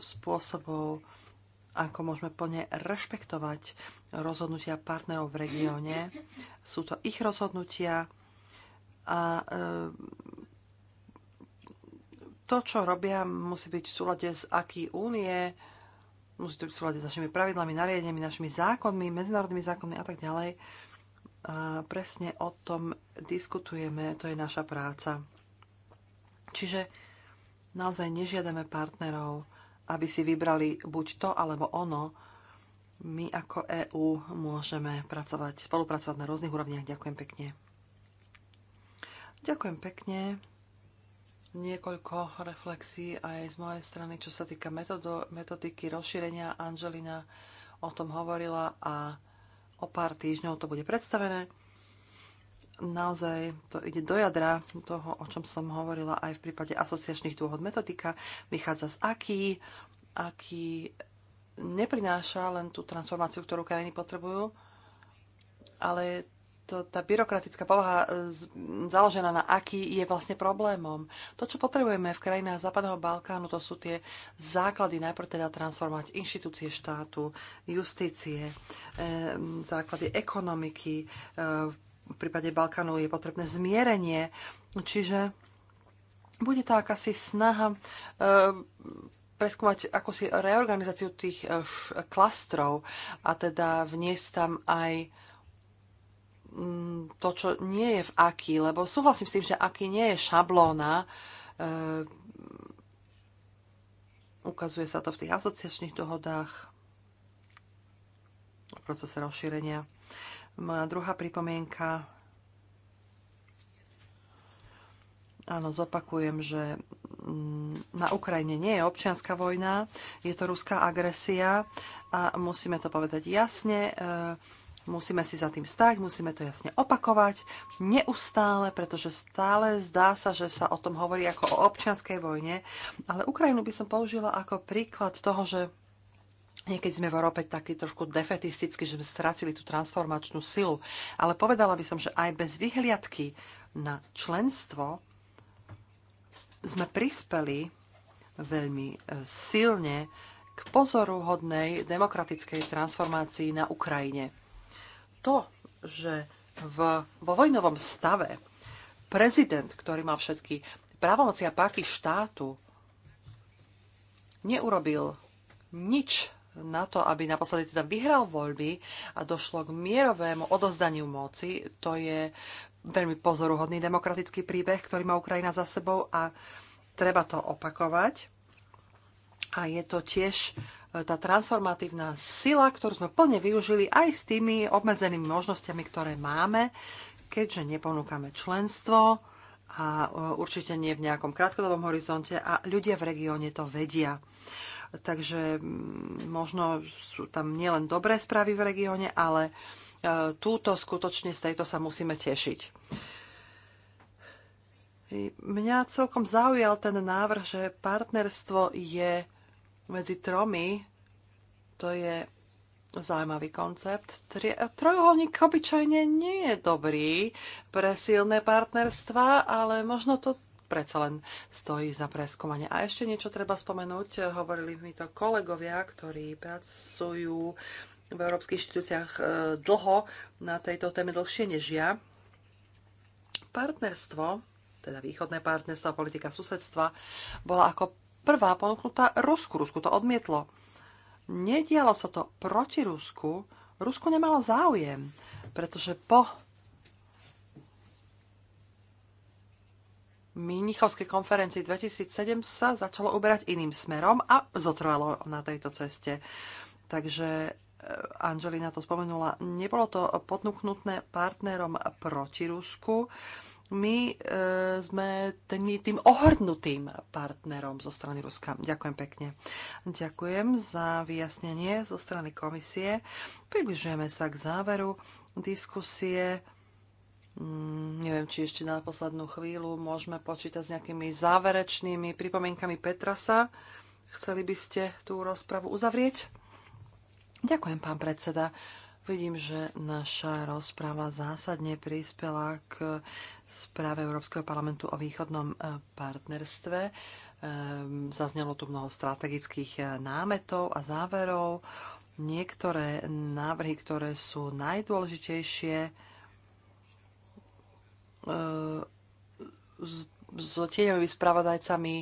spôsobov, ako môžeme plne rešpektovať rozhodnutia partnerov v regióne. Sú to ich rozhodnutia a e, to, čo robia, musí byť v súlade s aký únie, musí to byť v súlade s našimi pravidlami, nariadeniami, našimi zákonmi, medzinárodnými zákonmi a tak ďalej. A presne o tom diskutujeme, to je naša práca. Čiže naozaj nežiadame partnerov, aby si vybrali buď to alebo ono. My ako EÚ môžeme pracovať, spolupracovať na rôznych úrovniach. Ďakujem pekne. Ďakujem pekne. Niekoľko reflexí aj z mojej strany, čo sa týka metodo, metodiky rozšírenia. Angelina o tom hovorila a o pár týždňov to bude predstavené naozaj to ide do jadra toho, o čom som hovorila aj v prípade asociačných dôvod. Metodika vychádza z aký, aký neprináša len tú transformáciu, ktorú krajiny potrebujú, ale to, tá byrokratická povaha e, z, založená na aký je vlastne problémom. To, čo potrebujeme v krajinách Západného Balkánu, to sú tie základy najprv teda transformovať inštitúcie štátu, justície, e, základy ekonomiky, e, v prípade Balkánu je potrebné zmierenie. Čiže bude to akási snaha e, preskúmať akúsi reorganizáciu tých e, š, klastrov a teda vniesť tam aj mm, to, čo nie je v AKI, lebo súhlasím s tým, že AKI nie je šablóna. E, ukazuje sa to v tých asociačných dohodách, v procese rozšírenia. Moja hm, druhá pripomienka. Áno, zopakujem, že hm, na Ukrajine nie je občianská vojna, je to ruská agresia a musíme to povedať jasne, eh, musíme si za tým stať, musíme to jasne opakovať, neustále, pretože stále zdá sa, že sa o tom hovorí ako o občianskej vojne, ale Ukrajinu by som použila ako príklad toho, že Niekedy sme v Európe takí trošku defetisticky, že sme strácili tú transformačnú silu. Ale povedala by som, že aj bez vyhliadky na členstvo sme prispeli veľmi e, silne k pozoruhodnej demokratickej transformácii na Ukrajine. To, že v, vo vojnovom stave prezident, ktorý mal všetky právomoci a páky štátu, neurobil nič na to, aby naposledy teda vyhral voľby a došlo k mierovému odozdaniu moci, to je veľmi pozoruhodný demokratický príbeh, ktorý má Ukrajina za sebou a treba to opakovať. A je to tiež e, tá transformatívna sila, ktorú sme plne využili aj s tými obmedzenými možnosťami, ktoré máme, keďže neponúkame členstvo a e, určite nie v nejakom krátkodobom horizonte a ľudia v regióne to vedia takže mm, možno sú tam nielen dobré správy v regióne, ale e, túto skutočne z tejto sa musíme tešiť. Mňa celkom zaujal ten návrh, že partnerstvo je medzi tromi. To je zaujímavý koncept. Tri, trojuholník obyčajne nie je dobrý pre silné partnerstva, ale možno to predsa len stojí za preskúmanie. A ešte niečo treba spomenúť. Hovorili mi to kolegovia, ktorí pracujú v európskych inštitúciách e, dlho na tejto téme dlhšie než ja. Partnerstvo, teda východné partnerstvo a politika susedstva, bola ako prvá ponúknutá Rusku. Rusku to odmietlo. Nedialo sa to proti Rusku. Rusku nemalo záujem, pretože po Mnichovskej konferencii 2007 sa začalo uberať iným smerom a zotrvalo na tejto ceste. Takže e, Angelina to spomenula, nebolo to podnuknutné partnerom proti Rusku. My e, sme tým, tým ohrdnutým partnerom zo strany Ruska. Ďakujem pekne. Ďakujem za vyjasnenie zo strany komisie. Približujeme sa k záveru diskusie. Mm, neviem, či ešte na poslednú chvíľu môžeme počítať s nejakými záverečnými pripomienkami Petrasa. Chceli by ste tú rozpravu uzavrieť? Ďakujem, pán predseda. Vidím, že naša rozpráva zásadne prispela k správe Európskeho parlamentu o východnom e, partnerstve. E, zaznelo tu mnoho strategických e, námetov a záverov. Niektoré návrhy, ktoré sú najdôležitejšie, s, s tieňovými spravodajcami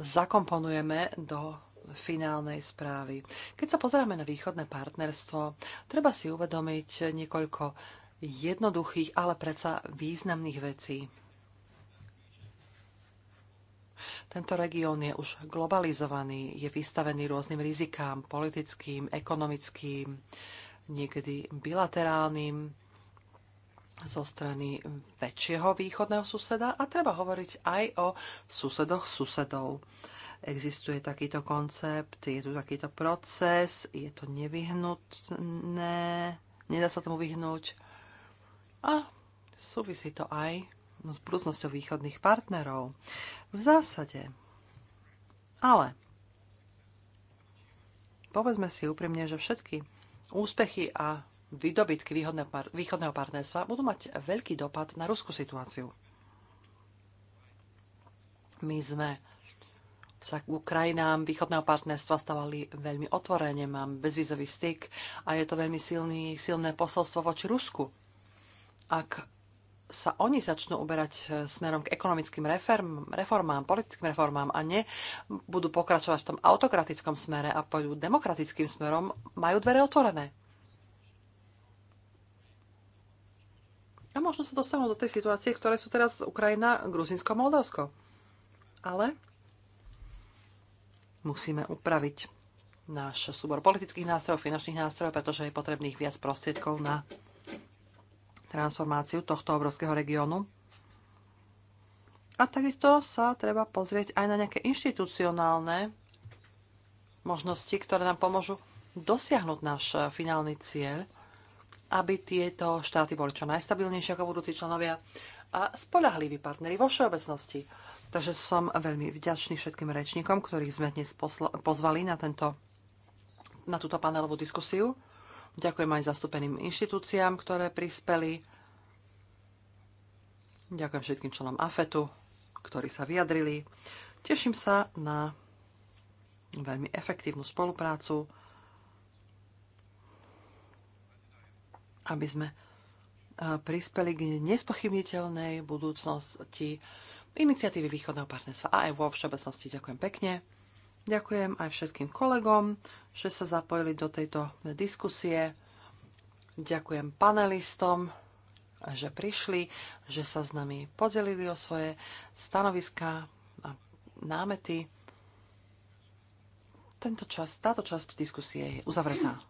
zakomponujeme do finálnej správy. Keď sa pozeráme na východné partnerstvo, treba si uvedomiť niekoľko jednoduchých, ale predsa významných vecí. Tento región je už globalizovaný, je vystavený rôznym rizikám politickým, ekonomickým, niekedy bilaterálnym zo strany väčšieho východného suseda a treba hovoriť aj o susedoch susedov. Existuje takýto koncept, je tu takýto proces, je to nevyhnutné, nedá sa tomu vyhnúť. A súvisí to aj s budúcnosťou východných partnerov. V zásade. Ale povedzme si úprimne, že všetky úspechy a výdobytky východného partnerstva budú mať veľký dopad na ruskú situáciu. My sme sa k Ukrajinám východného partnerstva stavali veľmi otvorene, mám bezvízový styk a je to veľmi silný, silné posolstvo voči Rusku. Ak sa oni začnú uberať e, smerom k ekonomickým reform, reformám, politickým reformám a ne budú pokračovať v tom autokratickom smere a pôjdu demokratickým smerom, majú dvere otvorené. A možno sa dostanú do tej situácie, ktoré sú teraz Ukrajina, Gruzinsko, Moldavsko. Ale musíme upraviť náš súbor politických nástrojov, finančných nástrojov, pretože je potrebných viac prostriedkov na transformáciu tohto obrovského regiónu. A takisto sa treba pozrieť aj na nejaké inštitucionálne možnosti, ktoré nám pomôžu dosiahnuť náš finálny cieľ – aby tieto štáty boli čo najstabilnejšie ako budúci členovia a spolahliví partneri vo všeobecnosti. Takže som veľmi vďačný všetkým rečníkom, ktorých sme dnes pozvali na, tento, na túto panelovú diskusiu. Ďakujem aj zastúpeným inštitúciám, ktoré prispeli. Ďakujem všetkým členom AFETu, ktorí sa vyjadrili. Teším sa na veľmi efektívnu spoluprácu aby sme prispeli k nespochybniteľnej budúcnosti iniciatívy východného partnerstva a aj vo všeobecnosti. Ďakujem pekne. Ďakujem aj všetkým kolegom, že sa zapojili do tejto diskusie. Ďakujem panelistom, že prišli, že sa s nami podelili o svoje stanoviská a námety. Tento čas, táto časť diskusie je uzavretá.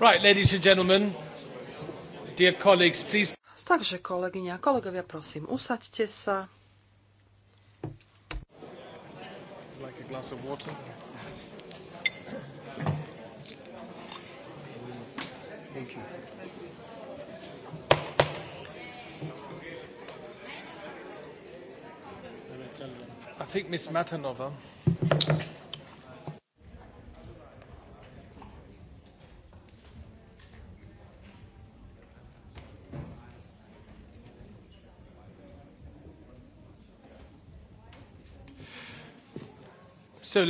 Right, ladies and gentlemen, dear colleagues, please... Takže kolegyňa a kolegovia, prosím, usaďte sa. Like a glass of water. I think Miss Matanova. So,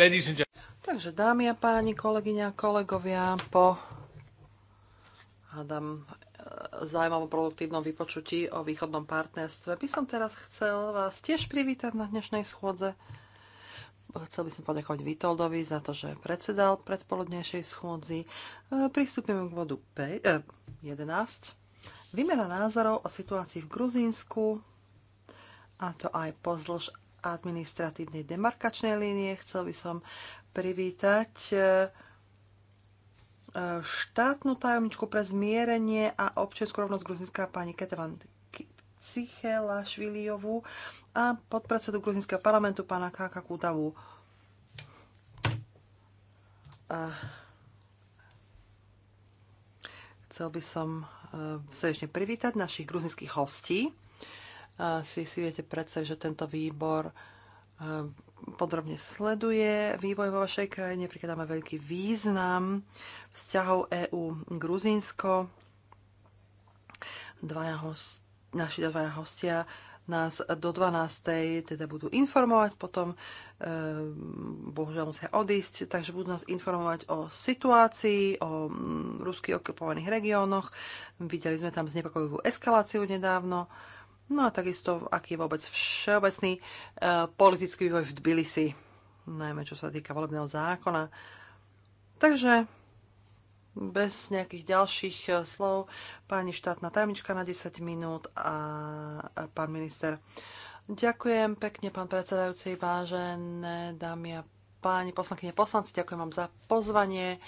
Takže dámy a páni, kolegyňa a kolegovia, po hádam zaujímavom produktívnom vypočutí o východnom partnerstve. By som teraz chcel vás tiež privítať na dnešnej schôdze. Chcel by som poďakovať Vitoldovi za to, že predsedal predpoludnejšej schôdzi. E, pristúpime k bodu 11. E, Výmena názorov o situácii v Gruzínsku, a to aj pozdĺž administratívnej demarkačnej línie. Chcel by som privítať e, E, štátnu tajomničku pre zmierenie a občianskú rovnosť Gruzinská pani Ketevan Cichela Šviliovu a podpredsedu Gruzinského parlamentu pána Káka Kutavu. A chcel by som ešte privítať našich gruzinských hostí. Si si viete predstaviť, že tento výbor e, podrobne sleduje vývoj vo vašej krajine, prikladáme veľký význam vzťahov EÚ-Gruzínsko. Dvaja host, naši dvaja hostia nás do 12. teda budú informovať, potom e, bohužiaľ musia odísť, takže budú nás informovať o situácii, o mm, rusky okupovaných regiónoch. Videli sme tam znepokojivú eskaláciu nedávno. E, No a takisto, aký je vôbec všeobecný e, politický vývoj v Tbilisi, najmä čo sa týka volebného zákona. Takže bez nejakých ďalších e, slov pani štátna tajomnička na 10 minút a pán minister. Ďakujem pekne, pán predsedajúci, vážené dámy a páni poslankyne poslanci, ďakujem vám za pozvanie.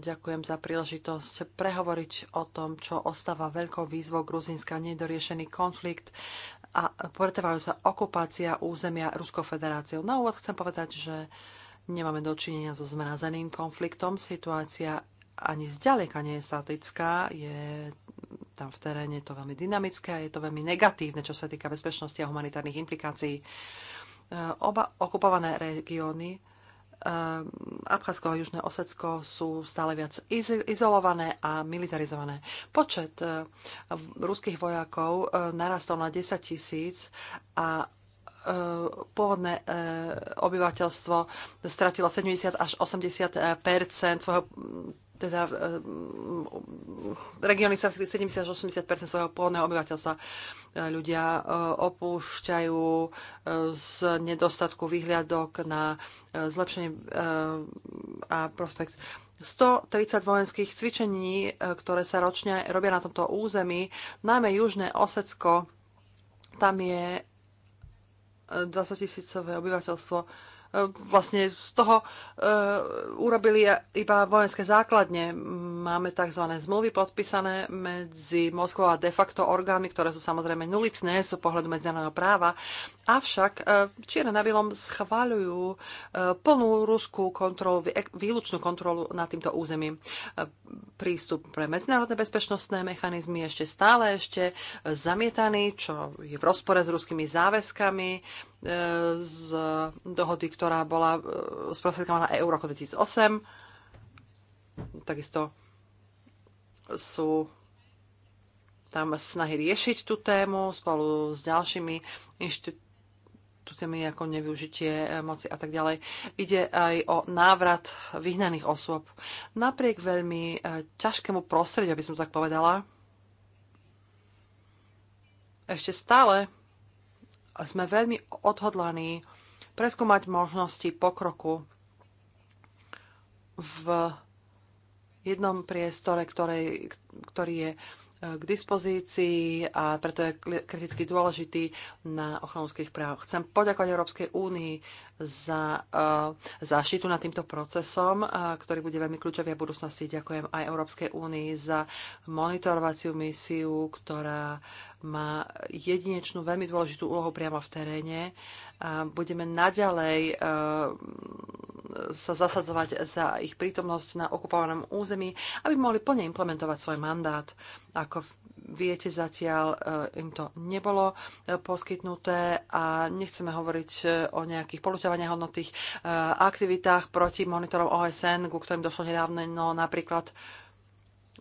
Ďakujem za príležitosť prehovoriť o tom, čo ostáva veľkou výzvou Gruzínska, nedoriešený konflikt a sa okupácia územia Ruskou federáciou. Na úvod chcem povedať, že nemáme dočinenia so zmrazeným konfliktom. Situácia ani zďaleka nie je statická, je tam v teréne to veľmi dynamické a je to veľmi negatívne, čo sa týka bezpečnosti a humanitárnych implikácií. Oba okupované regióny Ehm, Abcházsko a Južné Osecko sú stále viac izolované a militarizované. Počet ehm, ruských vojakov ehm, narastol na 10 tisíc a pôvodné obyvateľstvo stratilo 70 až 80 svojho teda eh, mm, regióny sa 70-80 svojho pôvodného obyvateľstva eh, ľudia eh, opúšťajú z nedostatku výhľadok na zlepšenie a prospekt 130 vojenských cvičení, ktoré sa ročne robia na tomto území, najmä Južné Osecko, tam je 20 tisícové obyvateľstvo E, vlastne z toho e, urobili iba vojenské základne. Máme tzv. zmluvy podpísané medzi Moskvou a de facto orgánmi, ktoré sú samozrejme nulicné z pohľadu medzinárodného práva. Avšak e, čierne na bielom schváľujú plnú ruskú kontrolu, výlučnú kontrolu nad týmto územím. Prístup pre medzinárodné bezpečnostné mechanizmy je ešte stále ešte zamietaný, čo je v rozpore s ruskými záväzkami E, z dohody, ktorá bola e, sprostredkovaná EU roku 2008. Takisto sú tam snahy riešiť tú tému spolu s ďalšími inštitúciami ako nevyužitie e, moci a tak ďalej. Ide aj o návrat vyhnaných osôb. Napriek veľmi ťažkému prostrediu, aby som tak povedala, ešte stále sme veľmi odhodlaní preskúmať možnosti pokroku v jednom priestore, ktorý je k dispozícii a preto je kriticky dôležitý na ochranu ľudských práv. Chcem poďakovať Európskej únii za eh, záštitu nad týmto procesom, eh, ktorý bude veľmi kľúčový v budúcnosti. Ďakujem aj Európskej únii za monitorovaciu misiu, ktorá má jedinečnú, veľmi dôležitú úlohu priamo v teréne a budeme naďalej eh, sa zasadzovať za ich prítomnosť na okupovanom území, aby mohli plne implementovať svoj mandát. Ako viete, zatiaľ eh, im to nebolo eh, poskytnuté a nechceme hovoriť o nejakých poluťovania hodnotých aktivitách proti monitorom OSN, ku ktorým došlo nedávno, no napríklad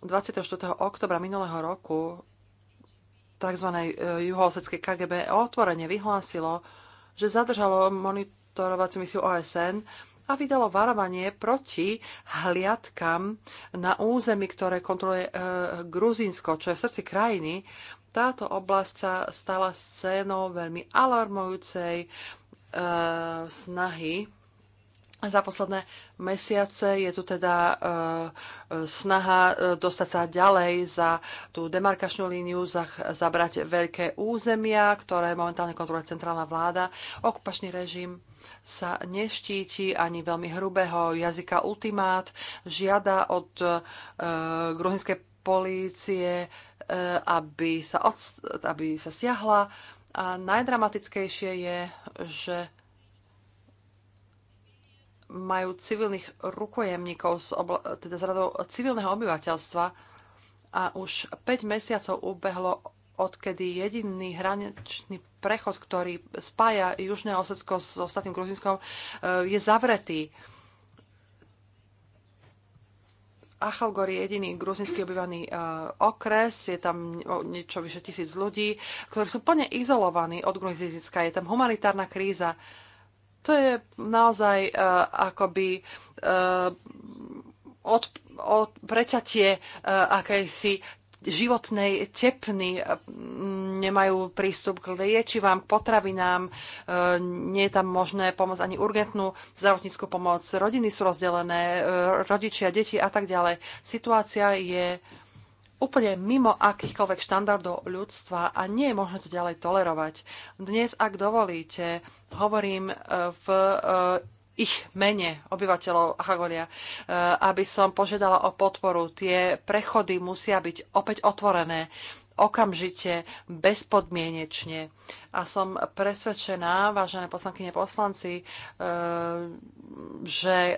24. oktobra minulého roku tzv. juhoosecké KGB otvorene vyhlásilo, že zadržalo monitorovaciu misiu OSN a vydalo varovanie proti hliadkam na území, ktoré kontroluje e, Gruzínsko, čo je v srdci krajiny. Táto oblasť sa stala scénou veľmi alarmujúcej e, snahy za posledné mesiace je tu teda e, e snaha e, dostať sa ďalej za tú demarkačnú líniu, za, zabrať veľké územia, ktoré momentálne kontroluje centrálna vláda. Okupačný režim sa neštíti ani veľmi hrubého jazyka ultimát. Žiada od e, polície, e, aby, sa aby sa stiahla. A najdramatickejšie je, že majú civilných rukojemníkov z, teda z radov civilného obyvateľstva a už 5 mesiacov ubehlo, odkedy jediný hraničný prechod, ktorý spája Južné Osecko s ostatným Gruzinskom, e, je zavretý. Achalgor je jediný gruzinský obývaný e, okres, je tam niečo vyše tisíc ľudí, ktorí sú plne izolovaní od Gruzinska. Je tam humanitárna kríza. Uh, to je naozaj uh, akoby uh, od, od preťatie uh, akejsi životnej tepny, nemajú prístup k liečivám, k potravinám, nie je tam možné pomôcť ani urgentnú zdravotníckú pomoc, rodiny sú rozdelené, rodičia, deti a tak ďalej. Situácia je úplne mimo akýchkoľvek štandardov ľudstva a nie je možné to ďalej tolerovať. Dnes, ak dovolíte, hovorím e, v e, ich mene obyvateľov Hagolia, e, aby som požiadala o podporu. Tie prechody musia byť opäť otvorené okamžite, bezpodmienečne. A som presvedčená, vážené poslankyne poslanci, e, že e,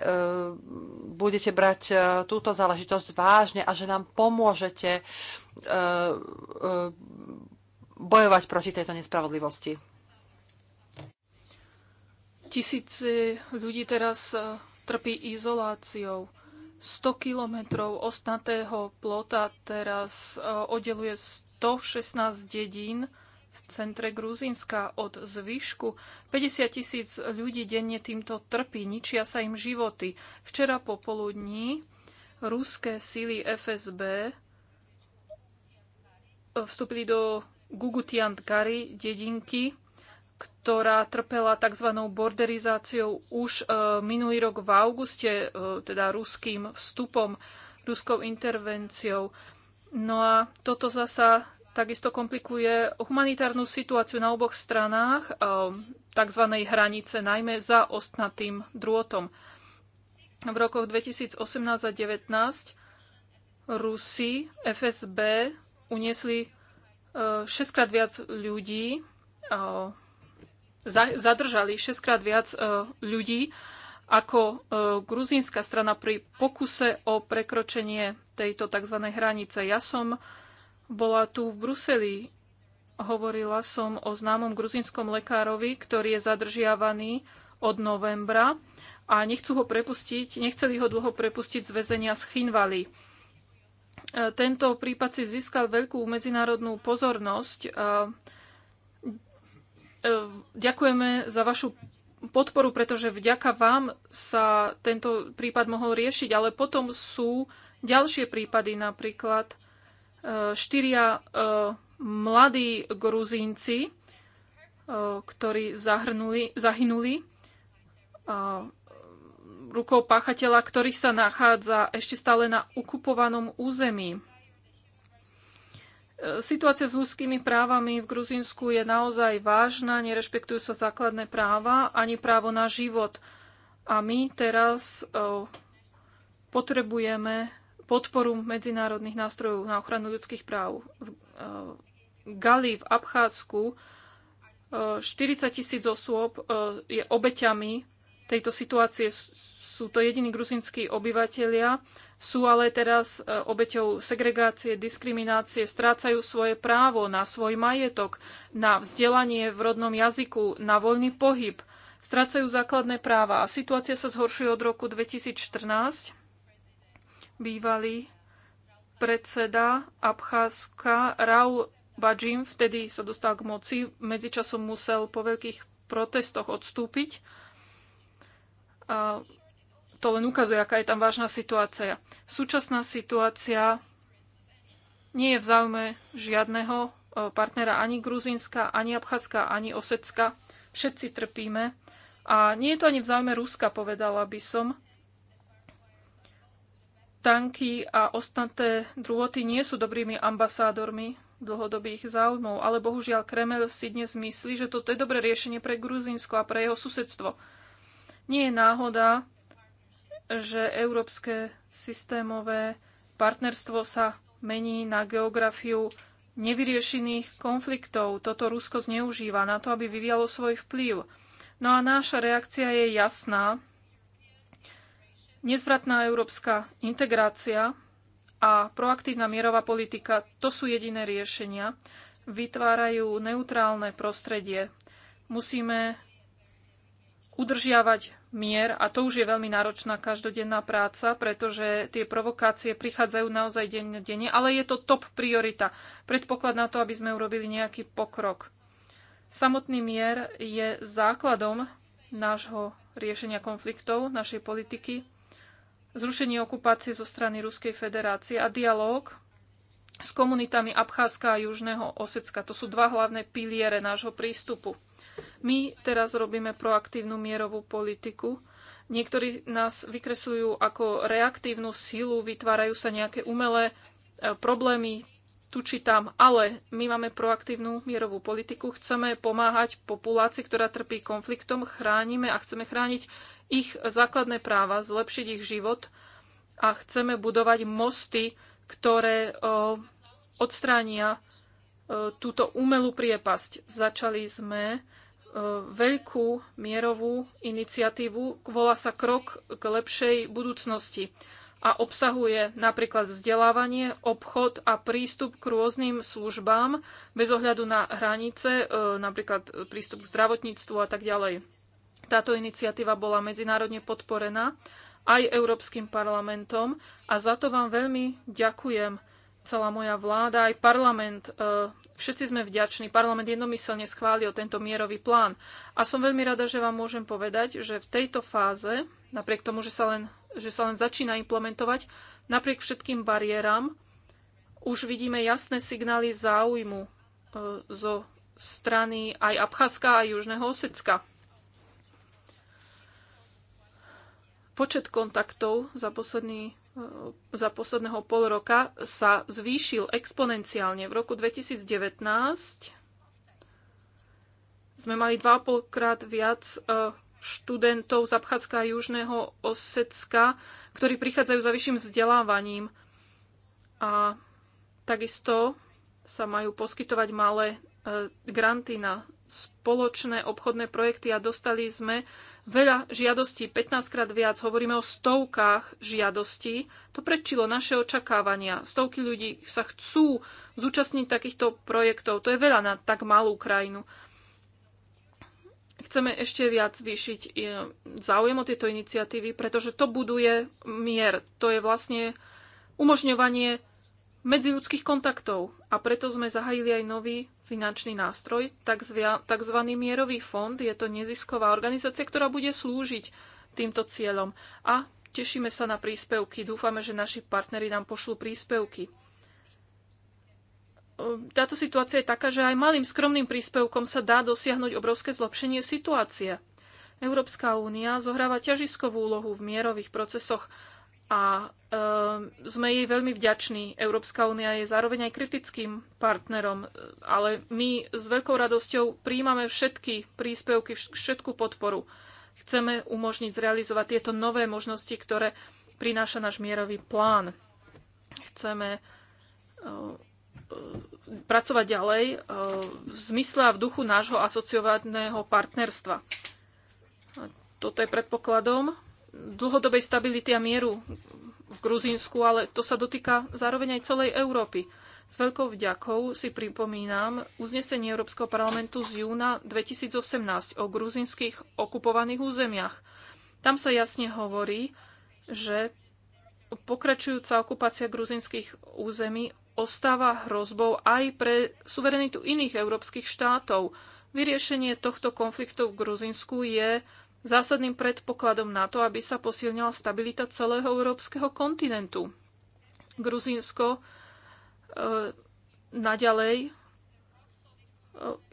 budete brať e, túto záležitosť vážne a že nám pomôžete bojovať proti tejto nespravodlivosti. Tisíci ľudí teraz trpí izoláciou. 100 kilometrov ostnatého plota teraz oddeluje 116 dedín v centre Gruzinska od zvyšku. 50 tisíc ľudí denne týmto trpí, ničia sa im životy. Včera popoludní ruské síly FSB vstúpili do Gugutiantkary dedinky, ktorá trpela tzv. borderizáciou už e, minulý rok v auguste, e, teda ruským vstupom, ruskou intervenciou. No a toto zasa takisto komplikuje humanitárnu situáciu na oboch stranách tzv. hranice, najmä za ostnatým drôtom. V rokoch 2018 a 2019 Rusi, FSB uniesli 6 e, krát viac ľudí zadržali šestkrát viac e, ľudí ako e, gruzínska strana pri pokuse o prekročenie tejto tzv. hranice. Ja som bola tu v Bruseli, hovorila som o známom gruzínskom lekárovi, ktorý je zadržiavaný od novembra a nechcú ho prepustiť, nechceli ho dlho prepustiť z väzenia z Chinvali. E, tento prípad si získal veľkú medzinárodnú pozornosť. E, ďakujeme za vašu podporu, pretože vďaka vám sa tento prípad mohol riešiť, ale potom sú ďalšie prípady, napríklad e, štyria e, mladí Gruzínci, e, ktorí zahrnuli, zahynuli rukou páchateľa, ktorý sa nachádza ešte stále na okupovanom území. Situácia s ľudskými právami v Gruzínsku je naozaj vážna, nerešpektujú sa základné práva ani právo na život. A my teraz potrebujeme podporu medzinárodných nástrojov na ochranu ľudských práv. V Gali v Abcházsku 40 tisíc osôb je obeťami tejto situácie sú to jediní gruzinskí obyvateľia, sú ale teraz e, obeťou segregácie, diskriminácie, strácajú svoje právo na svoj majetok, na vzdelanie v rodnom jazyku, na voľný pohyb, strácajú základné práva. A situácia sa zhoršuje od roku 2014. Bývalý predseda Abcházska Raul Bajim vtedy sa dostal k moci, medzičasom musel po veľkých protestoch odstúpiť to len ukazuje, aká je tam vážna situácia. Súčasná situácia nie je v záujme žiadneho e, partnera ani Gruzínska, ani Abcházska, ani Osecka. Všetci trpíme. A nie je to ani v záujme Ruska, povedala by som. Tanky a ostatné druhoty nie sú dobrými ambasádormi dlhodobých záujmov, ale bohužiaľ Kremel si dnes myslí, že toto je dobré riešenie pre Gruzínsko a pre jeho susedstvo. Nie je náhoda, že európske systémové partnerstvo sa mení na geografiu nevyriešených konfliktov. Toto Rusko zneužíva na to, aby vyvialo svoj vplyv. No a náša reakcia je jasná. Nezvratná európska integrácia a proaktívna mierová politika to sú jediné riešenia. Vytvárajú neutrálne prostredie. Musíme udržiavať mier a to už je veľmi náročná každodenná práca, pretože tie provokácie prichádzajú naozaj denne, ale je to top priorita. Predpoklad na to, aby sme urobili nejaký pokrok. Samotný mier je základom nášho riešenia konfliktov, našej politiky, zrušenie okupácie zo strany Ruskej federácie a dialog s komunitami Abcházska a Južného Osecka. To sú dva hlavné piliere nášho prístupu. My teraz robíme proaktívnu mierovú politiku. Niektorí nás vykresujú ako reaktívnu silu, vytvárajú sa nejaké umelé e, problémy tu či tam, ale my máme proaktívnu mierovú politiku, chceme pomáhať populácii, ktorá trpí konfliktom, chránime a chceme chrániť ich základné práva, zlepšiť ich život a chceme budovať mosty, ktoré o, odstránia e, túto umelú priepasť. Začali sme E, veľkú mierovú iniciatívu. Volá sa Krok k lepšej budúcnosti a obsahuje napríklad vzdelávanie, obchod a prístup k rôznym službám bez ohľadu na hranice, e, napríklad prístup k zdravotníctvu a tak ďalej. Táto iniciatíva bola medzinárodne podporená aj Európskym parlamentom a za to vám veľmi ďakujem. Celá moja vláda, aj parlament e, Všetci sme vďační. Parlament jednomyselne schválil tento mierový plán. A som veľmi rada, že vám môžem povedať, že v tejto fáze, napriek tomu, že sa len, že sa len začína implementovať, napriek všetkým bariéram, už vidíme jasné signály záujmu e, zo strany aj Abcházska a Južného Osecka. Počet kontaktov za posledný E, za posledného pol roka sa zvýšil exponenciálne. V roku 2019 sme mali 2,5 krát viac e, študentov z Abcházska a Južného Osecka, ktorí prichádzajú za vyšším vzdelávaním. A takisto sa majú poskytovať malé E, granty na spoločné obchodné projekty a dostali sme veľa žiadostí, 15 krát viac, hovoríme o stovkách žiadostí. To predčilo naše očakávania. Stovky ľudí sa chcú zúčastniť takýchto projektov. To je veľa na tak malú krajinu. Chceme ešte viac vyšiť e, záujem o tieto iniciatívy, pretože to buduje mier. To je vlastne umožňovanie medziľudských kontaktov a preto sme zahajili aj nový finančný nástroj, tzv. mierový fond. Je to nezisková organizácia, ktorá bude slúžiť týmto cieľom a tešíme sa na príspevky. Dúfame, že naši partneri nám pošlú príspevky. Táto situácia je taká, že aj malým skromným príspevkom sa dá dosiahnuť obrovské zlepšenie situácie. Európska únia zohráva ťažiskovú úlohu v mierových procesoch a um, sme jej veľmi vďační. Európska únia je zároveň aj kritickým partnerom, ale my s veľkou radosťou príjmame všetky príspevky, všetku podporu. Chceme umožniť zrealizovať tieto nové možnosti, ktoré prináša náš mierový plán. Chceme uh, pracovať ďalej uh, v zmysle a v duchu nášho asociovaného partnerstva. Toto je predpokladom dlhodobej stability a mieru v Gruzínsku, ale to sa dotýka zároveň aj celej Európy. S veľkou vďakou si pripomínam uznesenie Európskeho parlamentu z júna 2018 o gruzinských okupovaných územiach. Tam sa jasne hovorí, že pokračujúca okupácia gruzinských území ostáva hrozbou aj pre suverenitu iných európskych štátov. Vyriešenie tohto konfliktu v Gruzinsku je zásadným predpokladom na to, aby sa posilnila stabilita celého európskeho kontinentu. Gruzínsko e, naďalej e,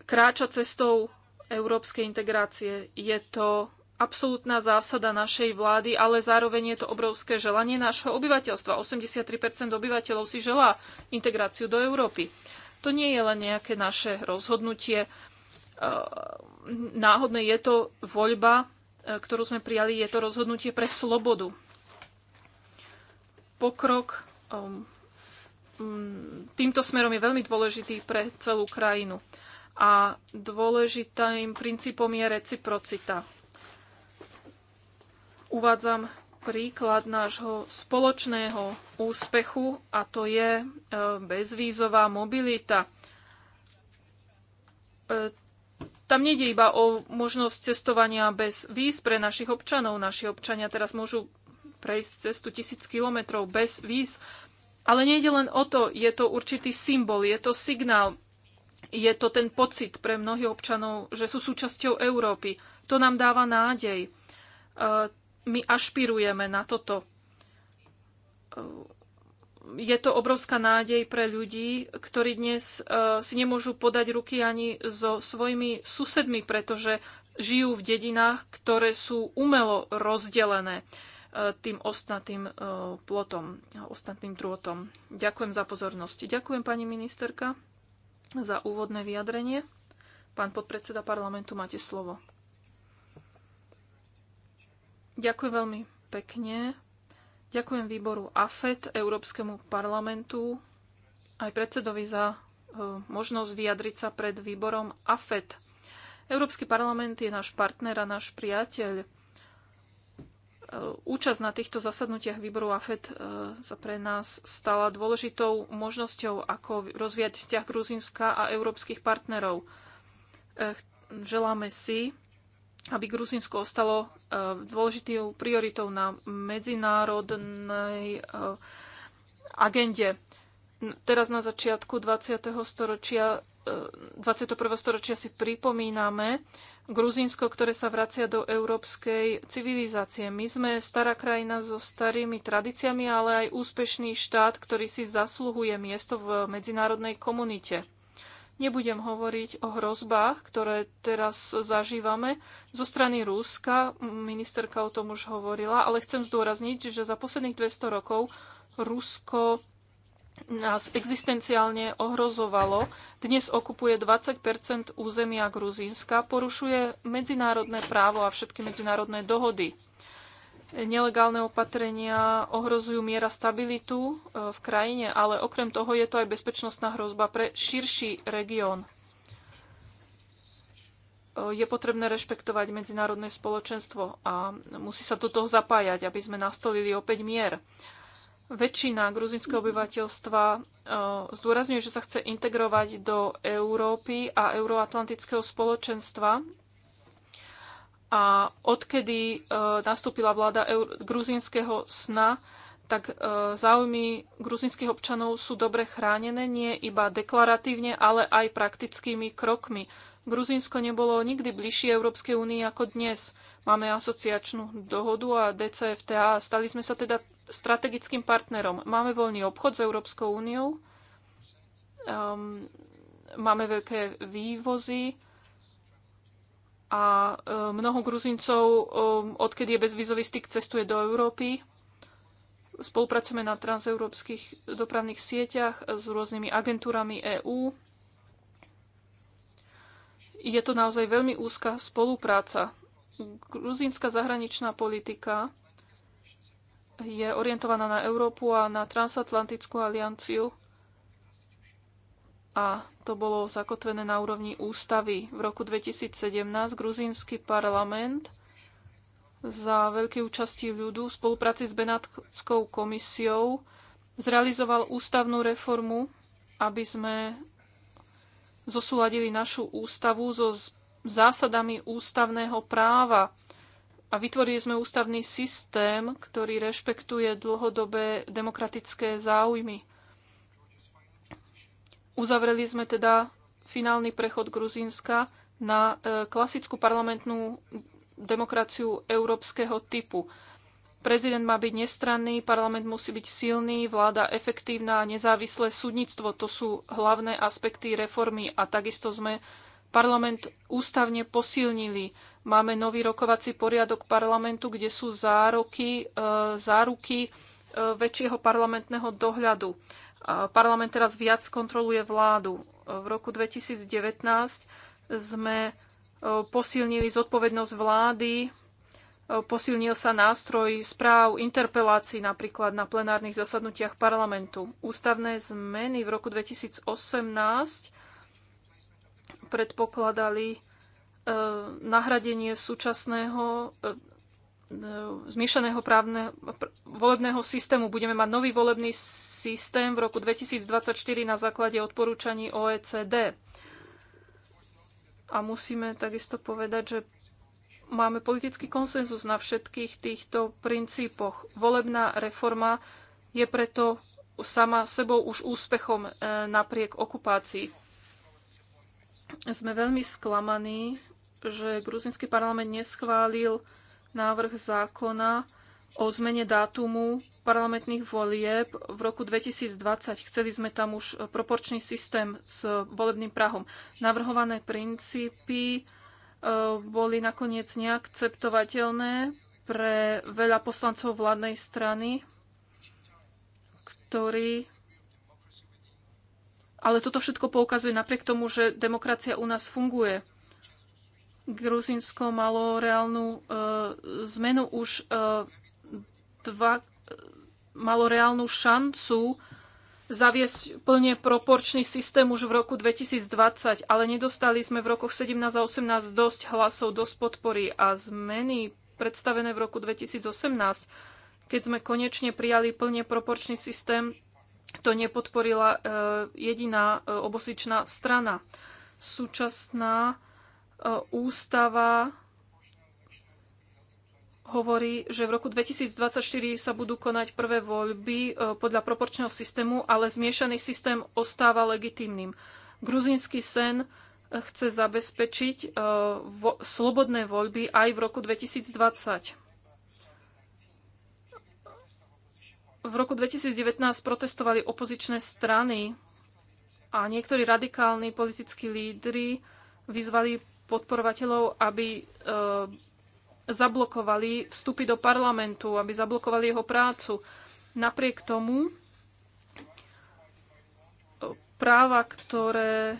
kráča cestou európskej integrácie. Je to absolútna zásada našej vlády, ale zároveň je to obrovské želanie nášho obyvateľstva. 83% obyvateľov si želá integráciu do Európy. To nie je len nejaké naše rozhodnutie. E, náhodné je to voľba ktorú sme prijali, je to rozhodnutie pre slobodu. Pokrok um, mm, týmto smerom je veľmi dôležitý pre celú krajinu. A dôležitým princípom je reciprocita. Uvádzam príklad nášho spoločného úspechu a to je e, bezvízová mobilita e, tam nejde iba o možnosť cestovania bez víz pre našich občanov. Naši občania teraz môžu prejsť cestu tisíc kilometrov bez víz. Ale nejde len o to, je to určitý symbol, je to signál, je to ten pocit pre mnohých občanov, že sú súčasťou Európy. To nám dáva nádej. E, my ašpirujeme na toto e, je to obrovská nádej pre ľudí, ktorí dnes e, si nemôžu podať ruky ani so svojimi susedmi, pretože žijú v dedinách, ktoré sú umelo rozdelené e, tým ostatným e, plotom, ostatným drôtom. Ďakujem za pozornosť. Ďakujem pani ministerka za úvodné vyjadrenie. Pán podpredseda parlamentu, máte slovo. Ďakujem veľmi pekne. Ďakujem výboru AFET, Európskemu parlamentu, aj predsedovi za e, možnosť vyjadriť sa pred výborom AFET. Európsky parlament je náš partner a náš priateľ. E, účasť na týchto zasadnutiach výboru AFET e, sa pre nás stala dôležitou možnosťou, ako rozvíjať vzťah Gruzinska a európskych partnerov. Želáme si, aby Gruzinsko ostalo e, dôležitou prioritou na medzinárodnej e, agende. Teraz na začiatku 20. storočia 21. E, storočia si pripomíname Gruzinsko, ktoré sa vracia do európskej civilizácie. My sme stará krajina so starými tradíciami, ale aj úspešný štát, ktorý si zasluhuje miesto v medzinárodnej komunite. Nebudem hovoriť o hrozbách, ktoré teraz zažívame. Zo strany Ruska, ministerka o tom už hovorila, ale chcem zdôrazniť, že za posledných 200 rokov Rusko nás existenciálne ohrozovalo. Dnes okupuje 20 územia Gruzínska, porušuje medzinárodné právo a všetky medzinárodné dohody. Nelegálne opatrenia ohrozujú miera stabilitu e, v krajine, ale okrem toho je to aj bezpečnostná hrozba pre širší región. E, je potrebné rešpektovať medzinárodné spoločenstvo a musí sa do toho zapájať, aby sme nastolili opäť mier. Väčšina gruzinského obyvateľstva e, zdôrazňuje, že sa chce integrovať do Európy a euroatlantického spoločenstva a odkedy eh, nastúpila vláda gruzinského sna, tak eh, záujmy gruzinských občanov sú dobre chránené nie iba deklaratívne, ale aj praktickými krokmi. Gruzínsko nebolo nikdy bližšie Európskej únii ako dnes. Máme asociačnú dohodu a DCFTA. Stali sme sa teda strategickým partnerom. Máme voľný obchod s Európskou úniou. Um, máme veľké vývozy a e, mnoho Gruzincov, e, odkedy je bezvizový styk, cestuje do Európy. Spolupracujeme na transeurópskych dopravných sieťach s rôznymi agentúrami EÚ. Je to naozaj veľmi úzka spolupráca. Gruzínska zahraničná politika je orientovaná na Európu a na transatlantickú alianciu a to bolo zakotvené na úrovni ústavy. V roku 2017 gruzínsky parlament za veľké účasti ľudu v spolupráci s Benátskou komisiou zrealizoval ústavnú reformu, aby sme zosúladili našu ústavu so zásadami ústavného práva a vytvorili sme ústavný systém, ktorý rešpektuje dlhodobé demokratické záujmy. Uzavreli sme teda finálny prechod Gruzínska na e, klasickú parlamentnú demokraciu európskeho typu. Prezident má byť nestranný, parlament musí byť silný, vláda efektívna a nezávislé súdnictvo. To sú hlavné aspekty reformy a takisto sme parlament ústavne posilnili. Máme nový rokovací poriadok parlamentu, kde sú zároky, e, záruky e, väčšieho parlamentného dohľadu. Parlament teraz viac kontroluje vládu. V roku 2019 sme e, posilnili zodpovednosť vlády, e, posilnil sa nástroj správ, interpelácií napríklad na plenárnych zasadnutiach parlamentu. Ústavné zmeny v roku 2018 predpokladali e, nahradenie súčasného E, zmiešaného právneho, volebného systému. Budeme mať nový volebný systém v roku 2024 na základe odporúčaní OECD. A musíme takisto povedať, že máme politický konsenzus na všetkých týchto princípoch. Volebná reforma je preto sama sebou už úspechom e, napriek okupácii. Sme veľmi sklamaní, že gruzinský parlament neschválil návrh zákona o zmene dátumu parlamentných volieb v roku 2020. Chceli sme tam už proporčný systém s volebným prahom. Navrhované princípy e, boli nakoniec neakceptovateľné pre veľa poslancov vládnej strany, ktorí ale toto všetko poukazuje napriek tomu, že demokracia u nás funguje. Gruzinsko malo reálnu uh, zmenu už uh, dva, uh, malo reálnu šancu zaviesť plne proporčný systém už v roku 2020, ale nedostali sme v rokoch 17 a 18 dosť hlasov, dosť podpory a zmeny predstavené v roku 2018, keď sme konečne prijali plne proporčný systém, to nepodporila uh, jediná uh, obosičná strana. Súčasná E, ústava hovorí, že v roku 2024 sa budú konať prvé voľby e, podľa proporčného systému, ale zmiešaný systém ostáva legitimným. Gruzínsky sen e, chce zabezpečiť vo slobodné voľby aj v roku 2020. V roku 2019 protestovali opozičné strany a niektorí radikálni politickí lídry vyzvali podporovateľov, aby e, zablokovali vstupy do parlamentu, aby zablokovali jeho prácu. Napriek tomu eh, práva, ktoré e,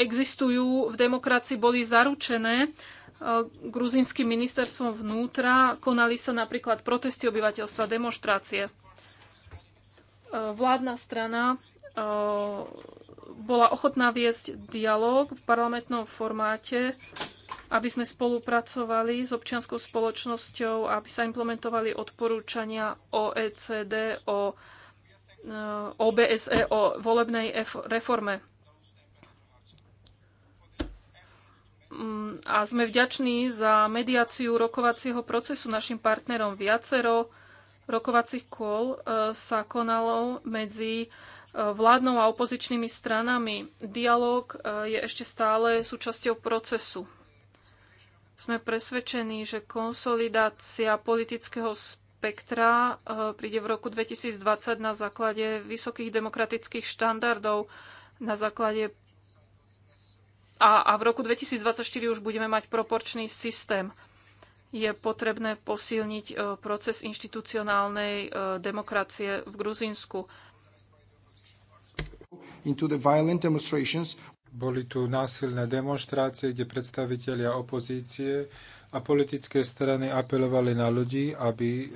existujú v demokracii, boli zaručené gruzinským ministerstvom vnútra. Konali sa napríklad protesty obyvateľstva, demonstrácie. Vládna strana bola ochotná viesť dialog v parlamentnom formáte, aby sme spolupracovali s občianskou spoločnosťou, aby sa implementovali odporúčania OECD o OBSE e, e, o volebnej reforme. Mm, a sme vďační za mediáciu rokovacieho procesu našim partnerom. Viacero rokovacích kôl e, sa konalo medzi vládnou a opozičnými stranami. Dialóg e, je ešte stále súčasťou procesu. Sme presvedčení, že konsolidácia politického spektra e, príde v roku 2020 na základe vysokých demokratických štandardov, na základe a, a v roku 2024 už budeme mať proporčný systém. Je potrebné posilniť e, proces inštitucionálnej demokracie v Gruzínsku into the violent demonstrations. Boli tu násilné demonstrácie, kde predstavitelia opozície a politické strany apelovali na ľudí, aby eh,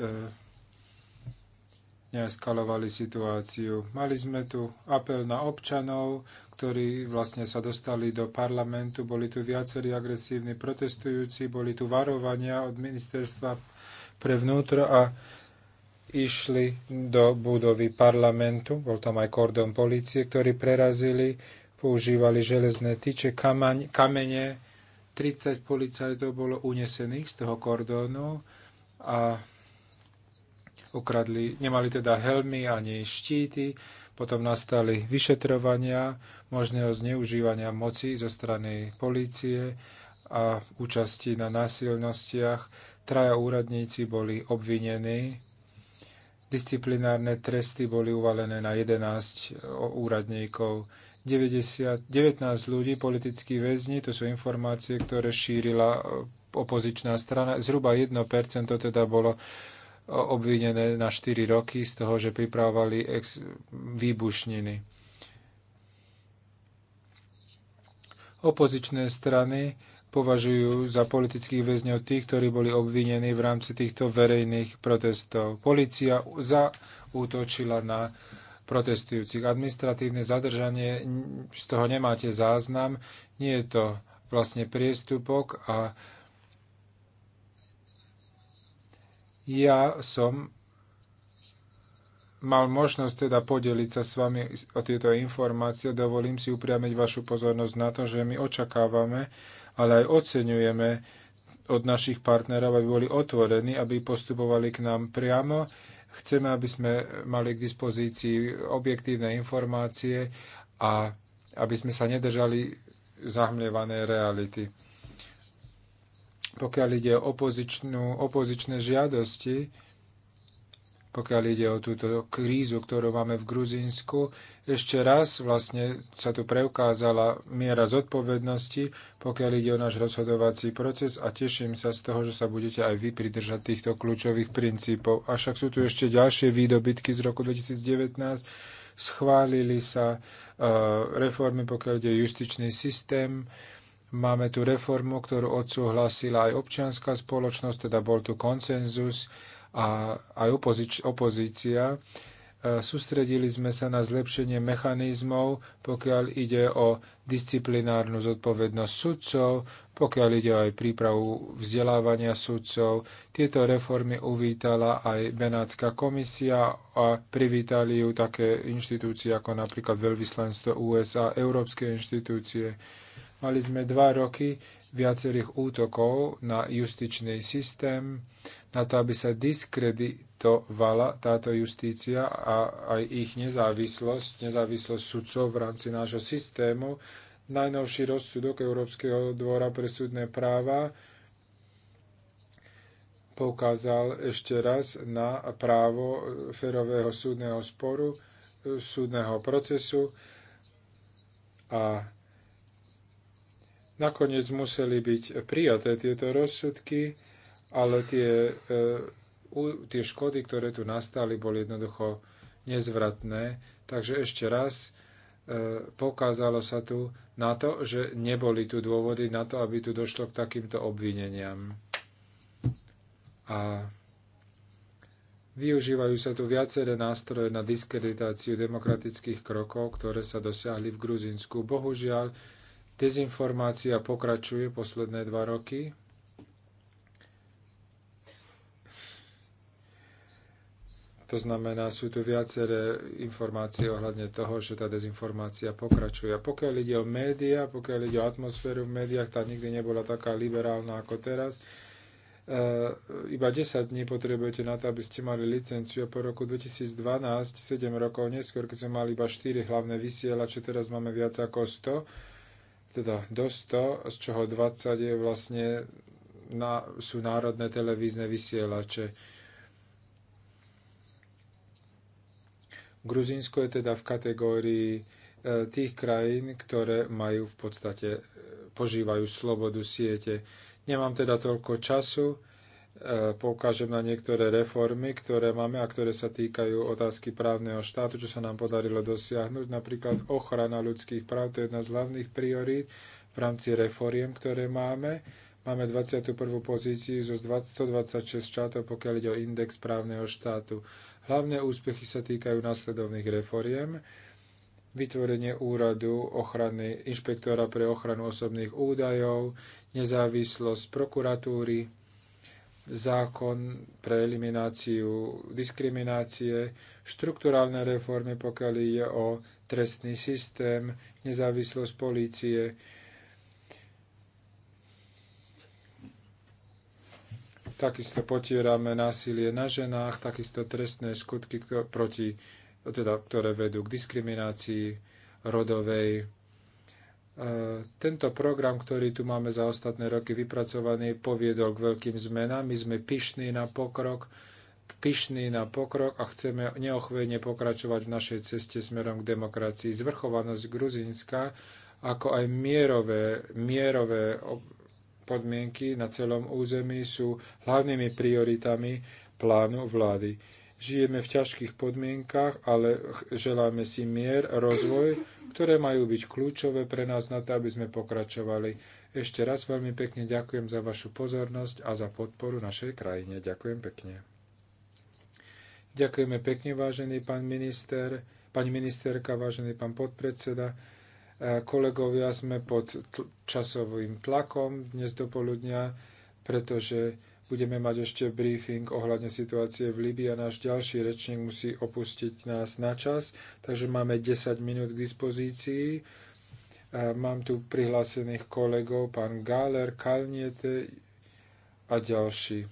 neeskalovali situáciu. Mali sme tu apel na občanov, ktorí vlastne sa dostali do parlamentu, boli tu viacerí agresívni protestujúci, boli tu varovania od ministerstva pre vnútro a išli do budovy parlamentu, bol tam aj kordon policie, ktorí prerazili, používali železné tyče, kamaň, kamene, 30 policajtov bolo unesených z toho kordónu a ukradli, nemali teda helmy ani štíty, potom nastali vyšetrovania možného zneužívania moci zo strany polície a účasti na násilnostiach. Traja úradníci boli obvinení Disciplinárne tresty boli uvalené na 11 úradníkov. 90, 19 ľudí, politickí väzni, to sú informácie, ktoré šírila e, opozičná strana. Zhruba 1% to teda bolo e, obvinené na 4 roky z toho, že pripravovali ex- výbušniny. Opozičné strany považujú za politických väzňov tých, ktorí boli obvinení v rámci týchto verejných protestov. Polícia zaútočila na protestujúcich. Administratívne zadržanie, z toho nemáte záznam, nie je to vlastne priestupok a ja som mal možnosť teda podeliť sa s vami o tieto informácie. Dovolím si upriamiť vašu pozornosť na to, že my očakávame, ale aj oceňujeme od našich partnerov, aby boli otvorení, aby postupovali k nám priamo. Chceme, aby sme mali k dispozícii objektívne informácie a aby sme sa nedržali zahmlievanej reality. Pokiaľ ide o opozičné žiadosti, pokiaľ ide o túto krízu, ktorú máme v Gruzínsku. Ešte raz vlastne sa tu preukázala miera zodpovednosti, pokiaľ ide o náš rozhodovací proces a teším sa z toho, že sa budete aj vy pridržať týchto kľúčových princípov. A však sú tu ešte ďalšie výdobytky z roku 2019. Schválili sa e, reformy, pokiaľ ide o justičný systém, Máme tu reformu, ktorú odsúhlasila aj občianská spoločnosť, teda bol tu konsenzus a aj opozič, opozícia. E, sústredili sme sa na zlepšenie mechanizmov, pokiaľ ide o disciplinárnu zodpovednosť sudcov, pokiaľ ide aj prípravu vzdelávania sudcov. Tieto reformy uvítala aj Benátska komisia a privítali ju také inštitúcie ako napríklad veľvyslanstvo USA, európske inštitúcie. Mali sme dva roky viacerých útokov na justičný systém na to, aby sa diskreditovala táto justícia a aj ich nezávislosť, nezávislosť sudcov v rámci nášho systému. Najnovší rozsudok Európskeho dvora pre súdne práva poukázal ešte raz na právo ferového súdneho sporu, súdneho procesu a nakoniec museli byť prijaté tieto rozsudky ale tie, e, tie škody, ktoré tu nastali, boli jednoducho nezvratné. Takže ešte raz, e, pokázalo sa tu na to, že neboli tu dôvody na to, aby tu došlo k takýmto obvineniam. A využívajú sa tu viaceré nástroje na diskreditáciu demokratických krokov, ktoré sa dosiahli v Gruzinsku. Bohužiaľ, dezinformácia pokračuje posledné dva roky To znamená, sú tu viaceré informácie ohľadne toho, že tá dezinformácia pokračuje. pokiaľ ide o médiá, pokiaľ ide o atmosféru v médiách, tá nikdy nebola taká liberálna ako teraz. E, iba 10 dní potrebujete na to, aby ste mali licenciu po roku 2012, 7 rokov neskôr, keď sme mali iba 4 hlavné vysielače, teraz máme viac ako 100, teda do 100, z čoho 20 je vlastne na, sú národné televízne vysielače Gruzínsko je teda v kategórii e, tých krajín, ktoré majú v podstate, e, požívajú slobodu siete. Nemám teda toľko času, e, poukážem na niektoré reformy, ktoré máme a ktoré sa týkajú otázky právneho štátu, čo sa nám podarilo dosiahnuť. Napríklad ochrana ľudských práv, to je jedna z hlavných priorít v rámci reforiem, ktoré máme. Máme 21. pozíciu zo 126 štátov, pokiaľ ide o index právneho štátu. Hlavné úspechy sa týkajú následovných reforiem, vytvorenie úradu ochrany, inšpektora pre ochranu osobných údajov, nezávislosť prokuratúry, zákon pre elimináciu diskriminácie, štruktúrálne reformy, pokiaľ ide o trestný systém, nezávislosť polície, takisto potierame násilie na ženách, takisto trestné skutky ktoré, proti, teda, ktoré vedú k diskriminácii rodovej. E, tento program, ktorý tu máme za ostatné roky vypracovaný, poviedol k veľkým zmenám. My sme pyšní na pokrok, pyšní na pokrok a chceme neochvejne pokračovať v našej ceste smerom k demokracii. Zvrchovanosť Gruzínska, ako aj mierové, mierové podmienky na celom území sú hlavnými prioritami plánu vlády. Žijeme v ťažkých podmienkach, ale želáme si mier, rozvoj, ktoré majú byť kľúčové pre nás na to, aby sme pokračovali. Ešte raz veľmi pekne ďakujem za vašu pozornosť a za podporu našej krajine. Ďakujem pekne. Ďakujeme pekne, vážený pán minister, pani ministerka, vážený pán podpredseda. Kolegovia sme pod časovým tlakom dnes do poludnia, pretože budeme mať ešte briefing ohľadne situácie v Libii a náš ďalší rečník musí opustiť nás na čas, takže máme 10 minút k dispozícii. Mám tu prihlásených kolegov, pán Gáler, Kalniete a ďalší.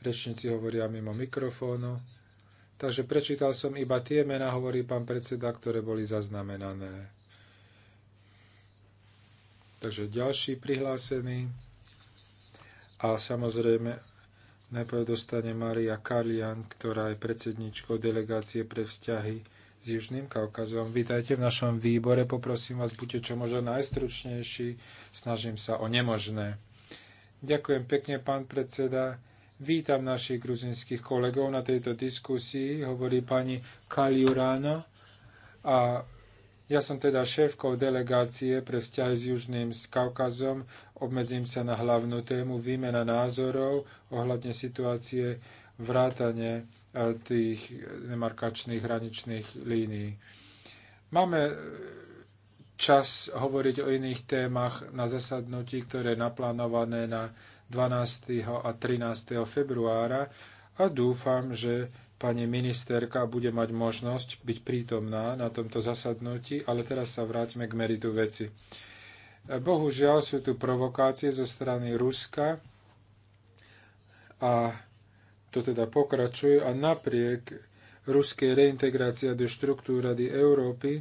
Rečníci hovoria mimo mikrofónu. Takže prečítal som iba tie mená, hovorí pán predseda, ktoré boli zaznamenané. Takže ďalší prihlásený. A samozrejme, najprv dostane Maria Kalian, ktorá je predsedničkou delegácie pre vzťahy s Južným Kaukazom. Vítajte v našom výbore. Poprosím vás, buďte čo možno najstručnejší. Snažím sa o nemožné. Ďakujem pekne, pán predseda. Vítam našich gruzinských kolegov na tejto diskusii, hovorí pani Kaliurana. A ja som teda šéfkou delegácie pre vzťahy s Južným s Kaukazom. Obmedzím sa na hlavnú tému výmena názorov ohľadne situácie vrátane eh, tých demarkačných hraničných línií. Máme eh, čas hovoriť o iných témach na zasadnutí, ktoré je naplánované na 12. a 13. februára a dúfam, že pani ministerka bude mať možnosť byť prítomná na tomto zasadnutí, ale teraz sa vráťme k meritu veci. Bohužiaľ sú tu provokácie zo strany Ruska a to teda pokračuje a napriek ruskej reintegrácii do štruktúr Rady Európy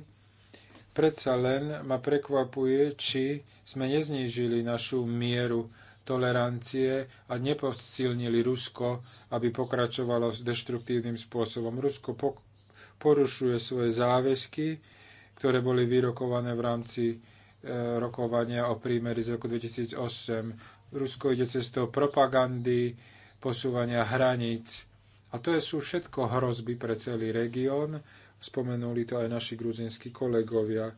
predsa len ma prekvapuje, či sme neznížili našu mieru tolerancie a neposilnili Rusko, aby pokračovalo s deštruktívnym spôsobom. Rusko porušuje svoje záväzky, ktoré boli vyrokované v rámci e, rokovania o prímeri z roku 2008. Rusko ide cestou propagandy, posúvania hraníc. A to sú všetko hrozby pre celý región. Spomenuli to aj naši gruzinskí kolegovia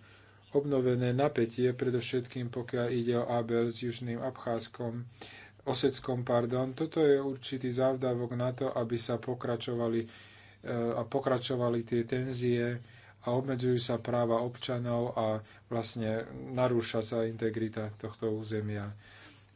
obnovené napätie, predovšetkým pokiaľ ide o Abel s Južným Abcházkom, Oseckom, pardon. Toto je určitý závdavok na to, aby sa pokračovali eh, a pokračovali tie tenzie a obmedzujú sa práva občanov a vlastne narúša sa integrita tohto územia.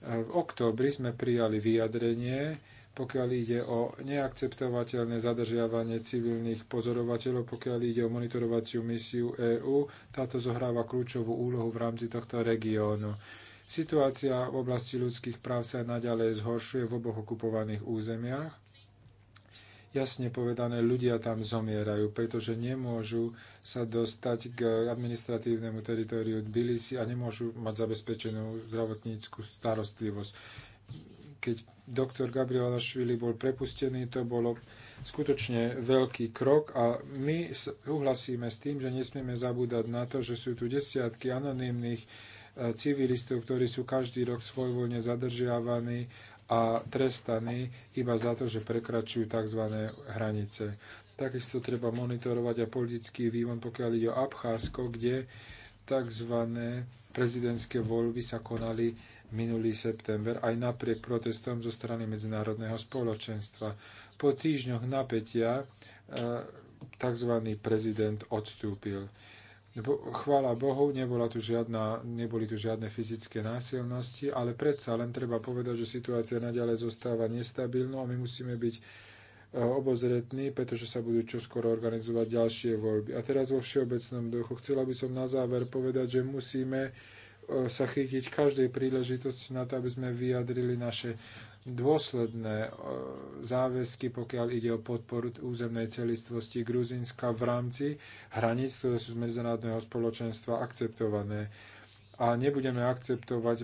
Eh, v októbri sme prijali vyjadrenie, pokiaľ ide o neakceptovateľné zadržiavanie civilných pozorovateľov, pokiaľ ide o monitorovaciu misiu EÚ, táto zohráva kľúčovú úlohu v rámci tohto regiónu. Situácia v oblasti ľudských práv sa naďalej zhoršuje v oboch okupovaných územiach. Jasne povedané, ľudia tam zomierajú, pretože nemôžu sa dostať k administratívnemu teritoriu Tbilisi a nemôžu mať zabezpečenú zdravotníckú starostlivosť keď doktor Gabriel Švili bol prepustený, to bolo skutočne veľký krok a my uhlasíme s tým, že nesmieme zabúdať na to, že sú tu desiatky anonymných e, civilistov, ktorí sú každý rok svojvoľne zadržiavaní a trestaní iba za to, že prekračujú tzv. hranice. Takisto treba monitorovať aj politický vývon, pokiaľ ide o Abcházko, kde tzv. prezidentské voľby sa konali minulý september aj napriek protestom zo strany medzinárodného spoločenstva. Po týždňoch napätia e, tzv. prezident odstúpil. Chvála Bohu, nebola tu žiadna, neboli tu žiadne fyzické násilnosti, ale predsa len treba povedať, že situácia naďalej zostáva nestabilnou a my musíme byť e, obozretní, pretože sa budú čoskoro organizovať ďalšie voľby. A teraz vo všeobecnom duchu chcela by som na záver povedať, že musíme E, sa chytiť každej príležitosti na to, aby sme vyjadrili naše dôsledné e, záväzky, pokiaľ ide o podporu územnej celistvosti Gruzinska v rámci hraníc, ktoré sú z medzinárodného spoločenstva akceptované a nebudeme akceptovať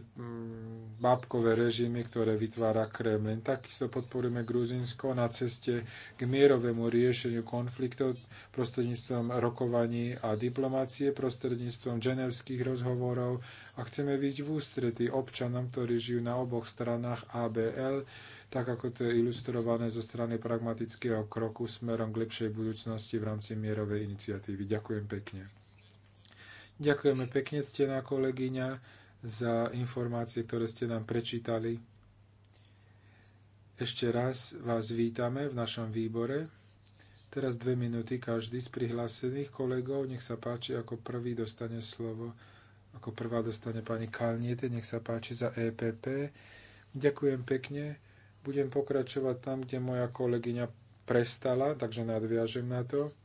bábkové mm, režimy, ktoré vytvára Kremlin. Takisto podporujeme Gruzinsko na ceste k mierovému riešeniu konfliktov prostredníctvom rokovaní a diplomácie, prostredníctvom ženevských rozhovorov a chceme výjsť v ústrety občanom, ktorí žijú na oboch stranách ABL, tak ako to je ilustrované zo strany pragmatického kroku smerom k lepšej budúcnosti v rámci mierovej iniciatívy. Ďakujem pekne. Ďakujeme pekne, stená kolegyňa, za informácie, ktoré ste nám prečítali. Ešte raz vás vítame v našom výbore. Teraz dve minúty každý z prihlásených kolegov. Nech sa páči, ako prvý dostane slovo. Ako prvá dostane pani Kalniete. Nech sa páči za EPP. Ďakujem pekne. Budem pokračovať tam, kde moja kolegyňa prestala, takže nadviažem na to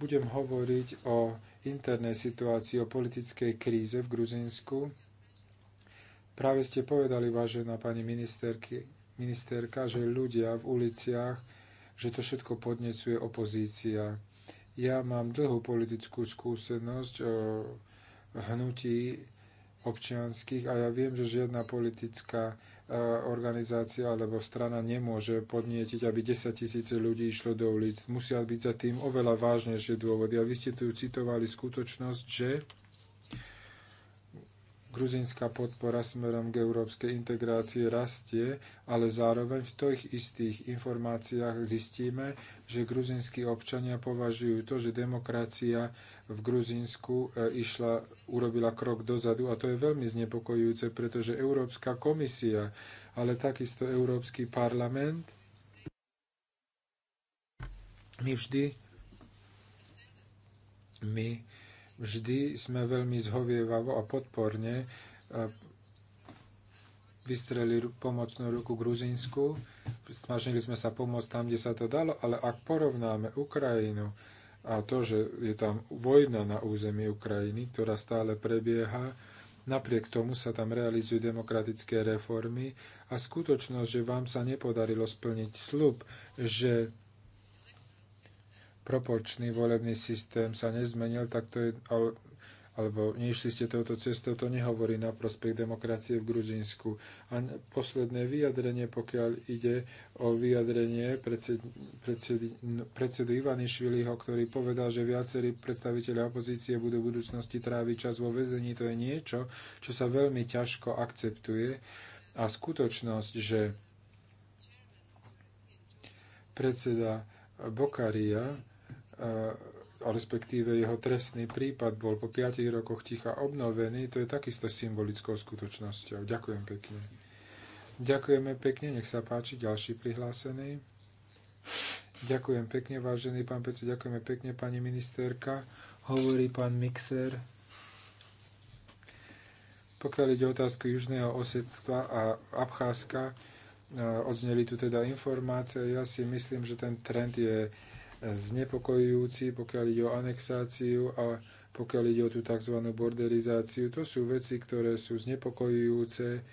budem hovoriť o internej situácii, o politickej kríze v Gruzinsku. Práve ste povedali, vážená pani ministerky, ministerka, že ľudia v uliciach, že to všetko podnecuje opozícia. Ja mám dlhú politickú skúsenosť o eh, hnutí občianských a ja viem, že žiadna politická e, organizácia alebo strana nemôže podnietiť, aby 10 tisíce ľudí išlo do ulic. Musia byť za tým oveľa vážnejšie dôvody. A vy ste tu citovali skutočnosť, že gruzinská podpora smerom k európskej integrácii rastie, ale zároveň v tých istých informáciách zistíme, že gruzinskí občania považujú to, že demokracia v Gruzínsku e, išla, urobila krok dozadu a to je veľmi znepokojujúce, pretože Európska komisia, ale takisto Európsky parlament my vždy my vždy sme veľmi zhovievavo a podporne e, vystreli pomocnú ruku Gruzínsku. Snažili sme sa pomôcť tam, kde sa to dalo, ale ak porovnáme Ukrajinu a to, že je tam vojna na území Ukrajiny, ktorá stále prebieha, napriek tomu sa tam realizujú demokratické reformy a skutočnosť, že vám sa nepodarilo splniť slub, že proporčný volebný systém sa nezmenil, tak to je, alebo nešli ste touto cestou, to nehovorí na prospech demokracie v Gruzínsku. A posledné vyjadrenie, pokiaľ ide o vyjadrenie predsed, predsed, predsedu Ivanišviliho, ktorý povedal, že viacerí predstaviteľi opozície budú v budúcnosti tráviť čas vo väzení, to je niečo, čo sa veľmi ťažko akceptuje. A skutočnosť, že predseda Bokaria respektíve jeho trestný prípad bol po 5 rokoch ticha obnovený, to je takisto symbolickou skutočnosťou. Ďakujem pekne. Ďakujeme pekne, nech sa páči ďalší prihlásený. Ďakujem pekne, vážený pán Pece, ďakujeme pekne, pani ministerka. Hovorí pán Mixer. Pokiaľ ide otázku Južného osedstva a Abcházska, odzneli tu teda informácie. Ja si myslím, že ten trend je znepokojujúci, pokiaľ ide o anexáciu a pokiaľ ide o tú tzv. borderizáciu. To sú veci, ktoré sú znepokojujúce,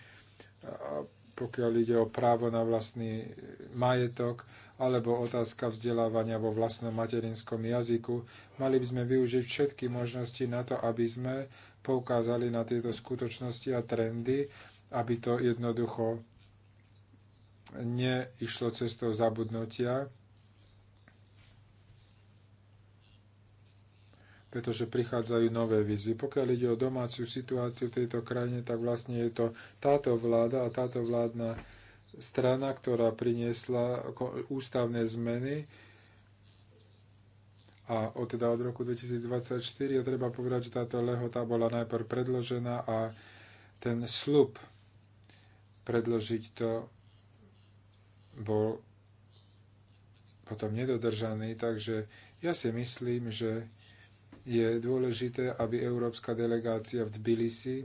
a pokiaľ ide o právo na vlastný majetok alebo otázka vzdelávania vo vlastnom materinskom jazyku. Mali by sme využiť všetky možnosti na to, aby sme poukázali na tieto skutočnosti a trendy, aby to jednoducho neišlo cestou zabudnutia pretože prichádzajú nové výzvy. Pokiaľ ide o domácu situáciu v tejto krajine, tak vlastne je to táto vláda a táto vládna strana, ktorá priniesla ústavné zmeny a od, teda od roku 2024 a treba povedať, že táto lehota bola najprv predložená a ten slub predložiť to bol potom nedodržaný, takže ja si myslím, že je dôležité, aby európska delegácia v Tbilisi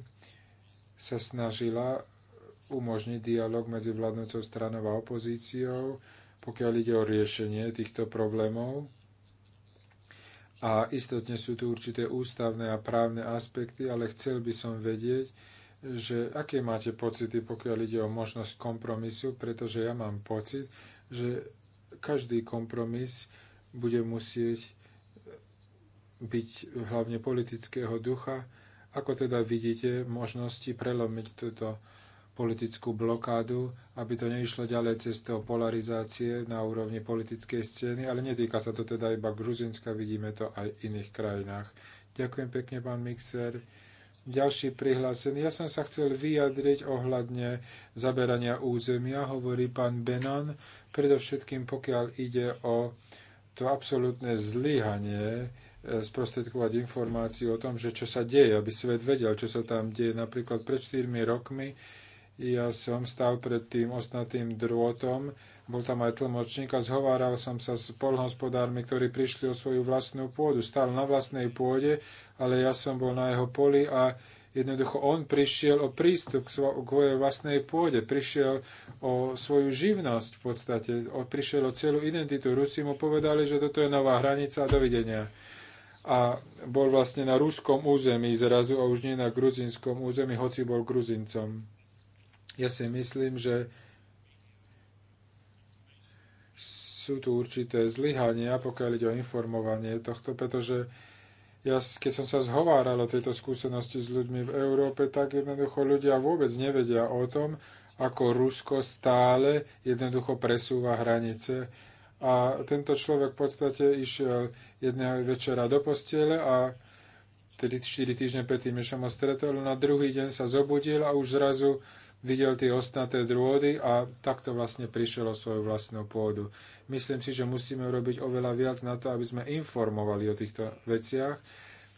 sa snažila umožniť dialog medzi vládnúcou stranou a opozíciou, pokiaľ ide o riešenie týchto problémov. A istotne sú tu určité ústavné a právne aspekty, ale chcel by som vedieť, že aké máte pocity, pokiaľ ide o možnosť kompromisu, pretože ja mám pocit, že každý kompromis bude musieť byť hlavne politického ducha. Ako teda vidíte možnosti prelomiť túto politickú blokádu, aby to neišlo ďalej cez toho polarizácie na úrovni politickej scény, ale netýka sa to teda iba Gruzinska, vidíme to aj v iných krajinách. Ďakujem pekne, pán Mixer. Ďalší prihlásený. Ja som sa chcel vyjadriť ohľadne zaberania územia, hovorí pán Benan, predovšetkým pokiaľ ide o to absolútne zlyhanie sprostredkovať informáciu o tom, že čo sa deje, aby svet vedel, čo sa tam deje. Napríklad pred 4 rokmi ja som stal pred tým ostnatým drôtom, bol tam aj tlmočník a zhováral som sa s polhospodármi, ktorí prišli o svoju vlastnú pôdu. Stal na vlastnej pôde, ale ja som bol na jeho poli a jednoducho on prišiel o prístup k svojej vlastnej pôde, prišiel o svoju živnosť v podstate, prišiel o celú identitu. Rusi mu povedali, že toto je nová hranica a dovidenia a bol vlastne na ruskom území zrazu a už nie na gruzinskom území, hoci bol gruzincom. Ja si myslím, že sú tu určité zlyhania, pokiaľ ide o informovanie tohto, pretože ja, keď som sa zhováral o tejto skúsenosti s ľuďmi v Európe, tak jednoducho ľudia vôbec nevedia o tom, ako Rusko stále jednoducho presúva hranice a tento človek v podstate išiel jedného večera do postele a 4 týždne predtým, než ho stretol, na druhý deň sa zobudil a už zrazu videl tie ostnaté drôdy a takto vlastne prišiel o svoju vlastnú pôdu. Myslím si, že musíme robiť oveľa viac na to, aby sme informovali o týchto veciach,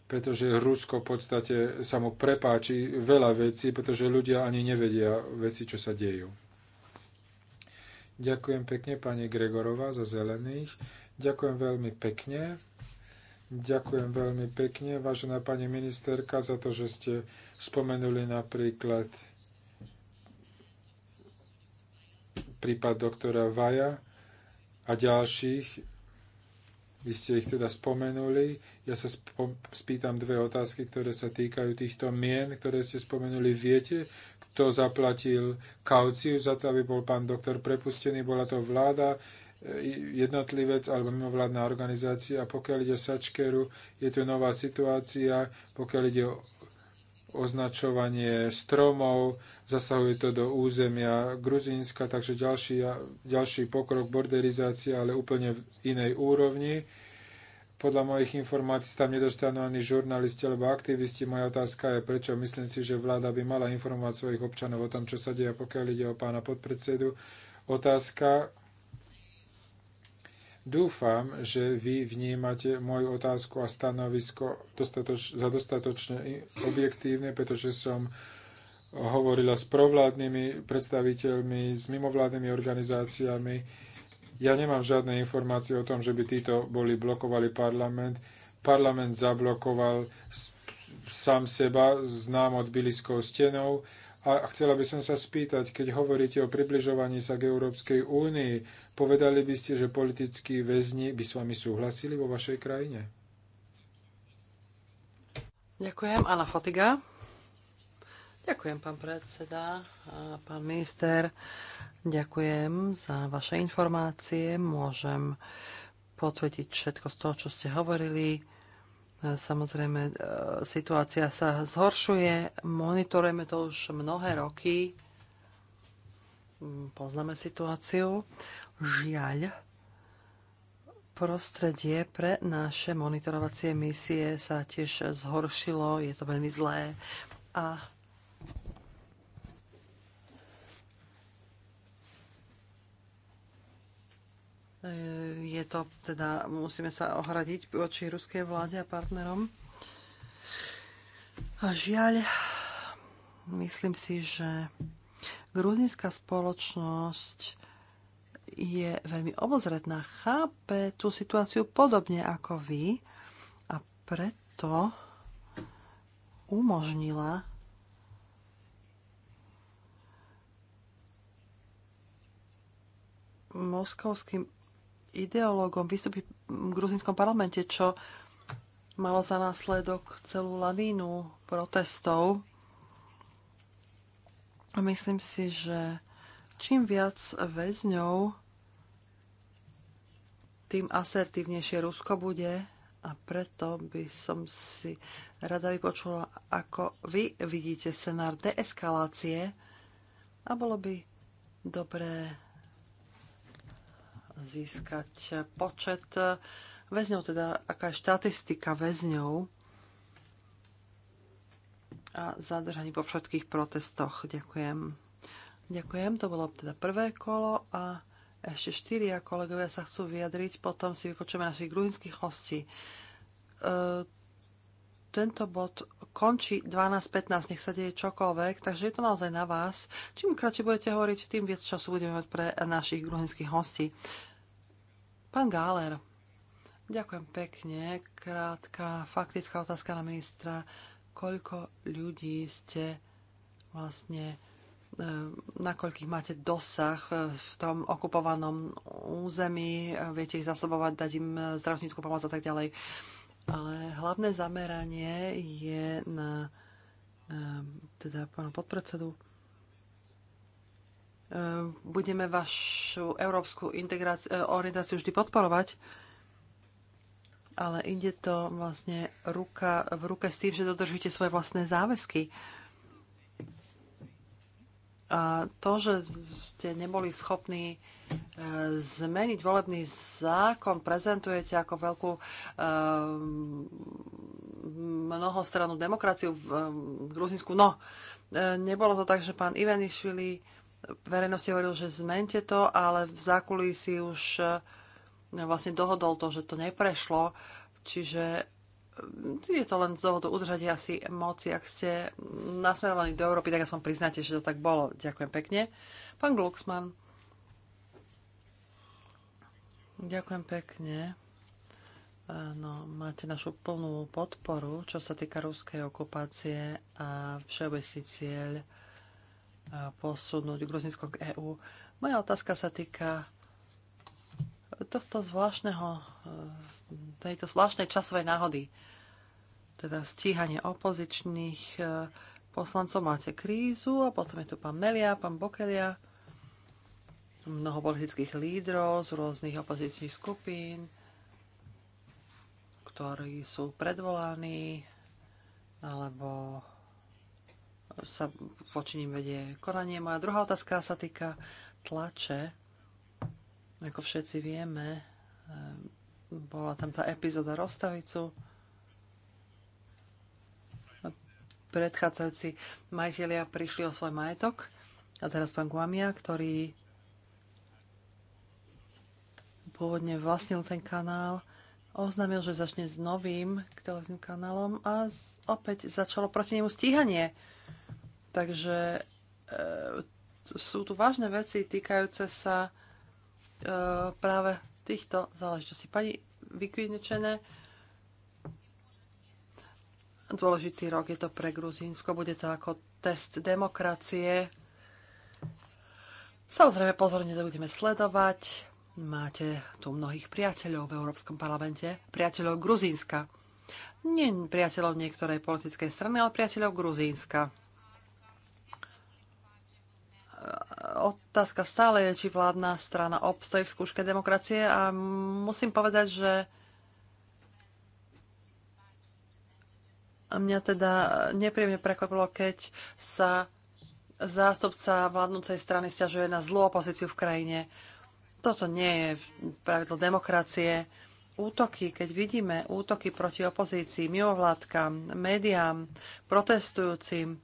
pretože Rusko v podstate sa mu prepáči veľa vecí, pretože ľudia ani nevedia veci, čo sa dejú. Ďakujem pekne pani Gregorová za zelených. Ďakujem veľmi pekne. Ďakujem veľmi pekne, vážená pani ministerka, za to, že ste spomenuli napríklad prípad doktora Vaja a ďalších. Vy ste ich teda spomenuli. Ja sa spýtam dve otázky, ktoré sa týkajú týchto mien, ktoré ste spomenuli. Viete, to zaplatil kauciu za to, aby bol pán doktor prepustený. Bola to vláda, e, jednotlivec alebo mimovládna organizácia. A pokiaľ ide o Sačkeru, je tu nová situácia. Pokiaľ ide o označovanie stromov, zasahuje to do územia Gruzínska, takže ďalší, ďalší pokrok borderizácia, ale úplne v inej úrovni podľa mojich informácií tam nedostanú ani žurnalisti alebo aktivisti. Moja otázka je, prečo myslím si, že vláda by mala informovať svojich občanov o tom, čo sa deje, pokiaľ ide o pána podpredsedu. Otázka. Dúfam, že vy vnímate moju otázku a stanovisko dostatoč, za dostatočne objektívne, pretože som hovorila s provládnymi predstaviteľmi, s mimovládnymi organizáciami ja nemám žiadne informácie o tom, že by títo boli blokovali parlament. Parlament zablokoval sám seba, znám od biliskou stenou. A chcela by som sa spýtať, keď hovoríte o približovaní sa k Európskej únii, povedali by ste, že politickí väzni by s vami súhlasili vo vašej krajine? Ďakujem. Anna Fotiga. Ďakujem, pán predseda a pán minister. Ďakujem za vaše informácie. Môžem potvrdiť všetko z toho, čo ste hovorili. E, samozrejme, e, situácia sa zhoršuje. Monitorujeme to už mnohé roky. Mm, poznáme situáciu. Žiaľ, prostredie pre naše monitorovacie misie sa tiež zhoršilo, je to veľmi zlé a Eh, je to teda, musíme sa ohradiť voči ruskej vláde a partnerom. A žiaľ, myslím si, že gruzinská spoločnosť je veľmi obozretná, chápe tú situáciu podobne ako vy a preto umožnila moskovským ideológom vystúpi v gruzinskom parlamente, čo malo za následok celú lavínu protestov. Myslím si, že čím viac väzňov, tým asertívnejšie Rusko bude a preto by som si rada vypočula, ako vy vidíte scenár deeskalácie a bolo by dobré získať počet väzňov, teda aká je štatistika väzňov a zadržaní po všetkých protestoch. Ďakujem. Ďakujem, to bolo teda prvé kolo a ešte štyria kolegovia sa chcú vyjadriť, potom si vypočujeme našich gruzinských hostí. E, tento bod končí 12.15, nech sa deje čokoľvek, takže je to naozaj na vás. Čím kratšie budete hovoriť, tým viac času budeme mať pre našich gruhinských hostí. Pán Gáler, ďakujem pekne. Krátka faktická otázka na ministra. Koľko ľudí ste vlastne eh, na koľkých máte dosah eh, v tom okupovanom území, viete ich zasobovať, dať im eh, zdravotníckú pomoc a tak ďalej ale hlavné zameranie je na ehm, teda pána podpredsedu. Ehm, budeme vašu európsku eh, orientáciu vždy podporovať, ale ide to vlastne ruka v ruke s tým, že dodržíte svoje vlastné záväzky. A to, že ste neboli schopní zmeniť volebný zákon prezentujete ako veľkú mnohostranú ehm, mnohostrannú demokraciu v ehm, Gruzinsku. No, e, nebolo to tak, že pán Ivanišvili verejnosti hovoril, že zmente to, ale v zákulisí už e, vlastne dohodol to, že to neprešlo. Čiže e, je to len z dôvodu udržať asi moci. Ak ste nasmerovaní do Európy, tak aspoň priznáte, že to tak bolo. Ďakujem pekne. Pán Glucksmann. Ďakujem pekne. No, máte našu plnú podporu, čo sa týka ruskej okupácie a všeobecný cieľ posunúť Gruzinsko k EÚ. Moja otázka sa týka tohto zvláštneho, e, tejto zvláštnej časovej náhody, teda stíhanie opozičných e, poslancov. Máte krízu a potom je tu pán Melia, pán Bokelia mnoho politických lídrov z rôznych opozičných skupín, ktorí sú predvolaní alebo sa voči ním vedie konanie. Moja druhá otázka sa týka tlače. Ako všetci vieme, bola tam tá epizóda Rostavicu. Predchádzajúci majiteľia prišli o svoj majetok a teraz pán Guamia, ktorý pôvodne vlastnil ten kanál, oznámil, že začne s novým televíznym kanálom a opäť začalo proti nemu stíhanie. Takže e, sú tu vážne veci týkajúce sa e, práve týchto záležitostí. Pani Vykvinečené, dôležitý rok je to pre Gruzínsko, bude to ako test demokracie. Samozrejme, pozorne to budeme sledovať Máte tu mnohých priateľov v Európskom parlamente, priateľov Gruzínska. Nie priateľov niektorej politickej strany, ale priateľov Gruzínska. E, otázka stále je, či vládna strana obstojí v skúške demokracie a musím povedať, že mňa teda nepríjemne prekvapilo, keď sa zástupca vládnúcej strany stiažuje na zlú opozíciu v krajine. Toto nie je pravidlo demokracie. Útoky, keď vidíme útoky proti opozícii, mimovládkam, médiám, protestujúcim,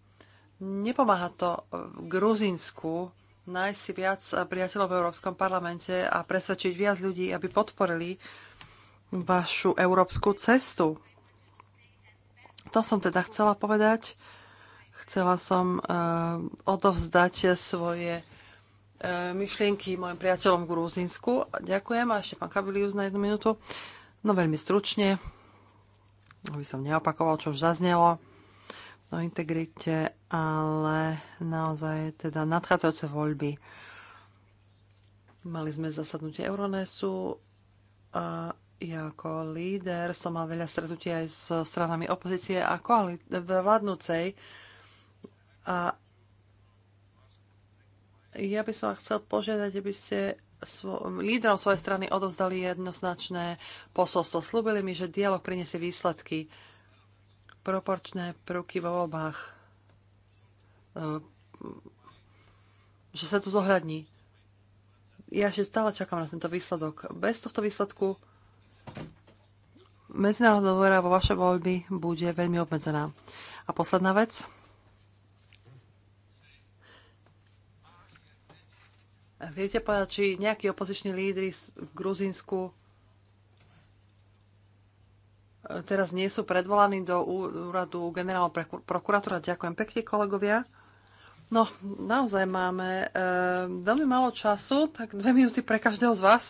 nepomáha to Gruzinsku nájsť si viac priateľov v Európskom parlamente a presvedčiť viac ľudí, aby podporili vašu európsku cestu. To som teda chcela povedať. Chcela som uh, odovzdať svoje E, myšlienky mojim priateľom v Gruzínsku. Ďakujem a ešte pán Kabilius na jednu minútu. No veľmi stručne, aby som neopakoval, čo už zaznelo o integrite, ale naozaj teda nadchádzajúce voľby. Mali sme zasadnutie Euronesu a ja ako líder som mal veľa stretnutí aj s stranami opozície a koali- vládnúcej. A ja by som chcel požiadať, aby ste svo- lídrom svojej strany odovzdali jednoznačné posolstvo. Slúbili mi, že dialog priniesie výsledky, proporčné prvky vo voľbách, e, že sa to zohľadní. Ja ešte stále čakám na tento výsledok. Bez tohto výsledku medzinárodná dôvera vo vaše voľby bude veľmi obmedzená. A posledná vec – Viete povedať, či nejakí opoziční lídry v Gruzínsku e, teraz nie sú predvolaní do úradu generálneho prokurátora. Ďakujem pekne, kolegovia. No, naozaj máme e, veľmi málo času, tak dve minúty pre každého z vás.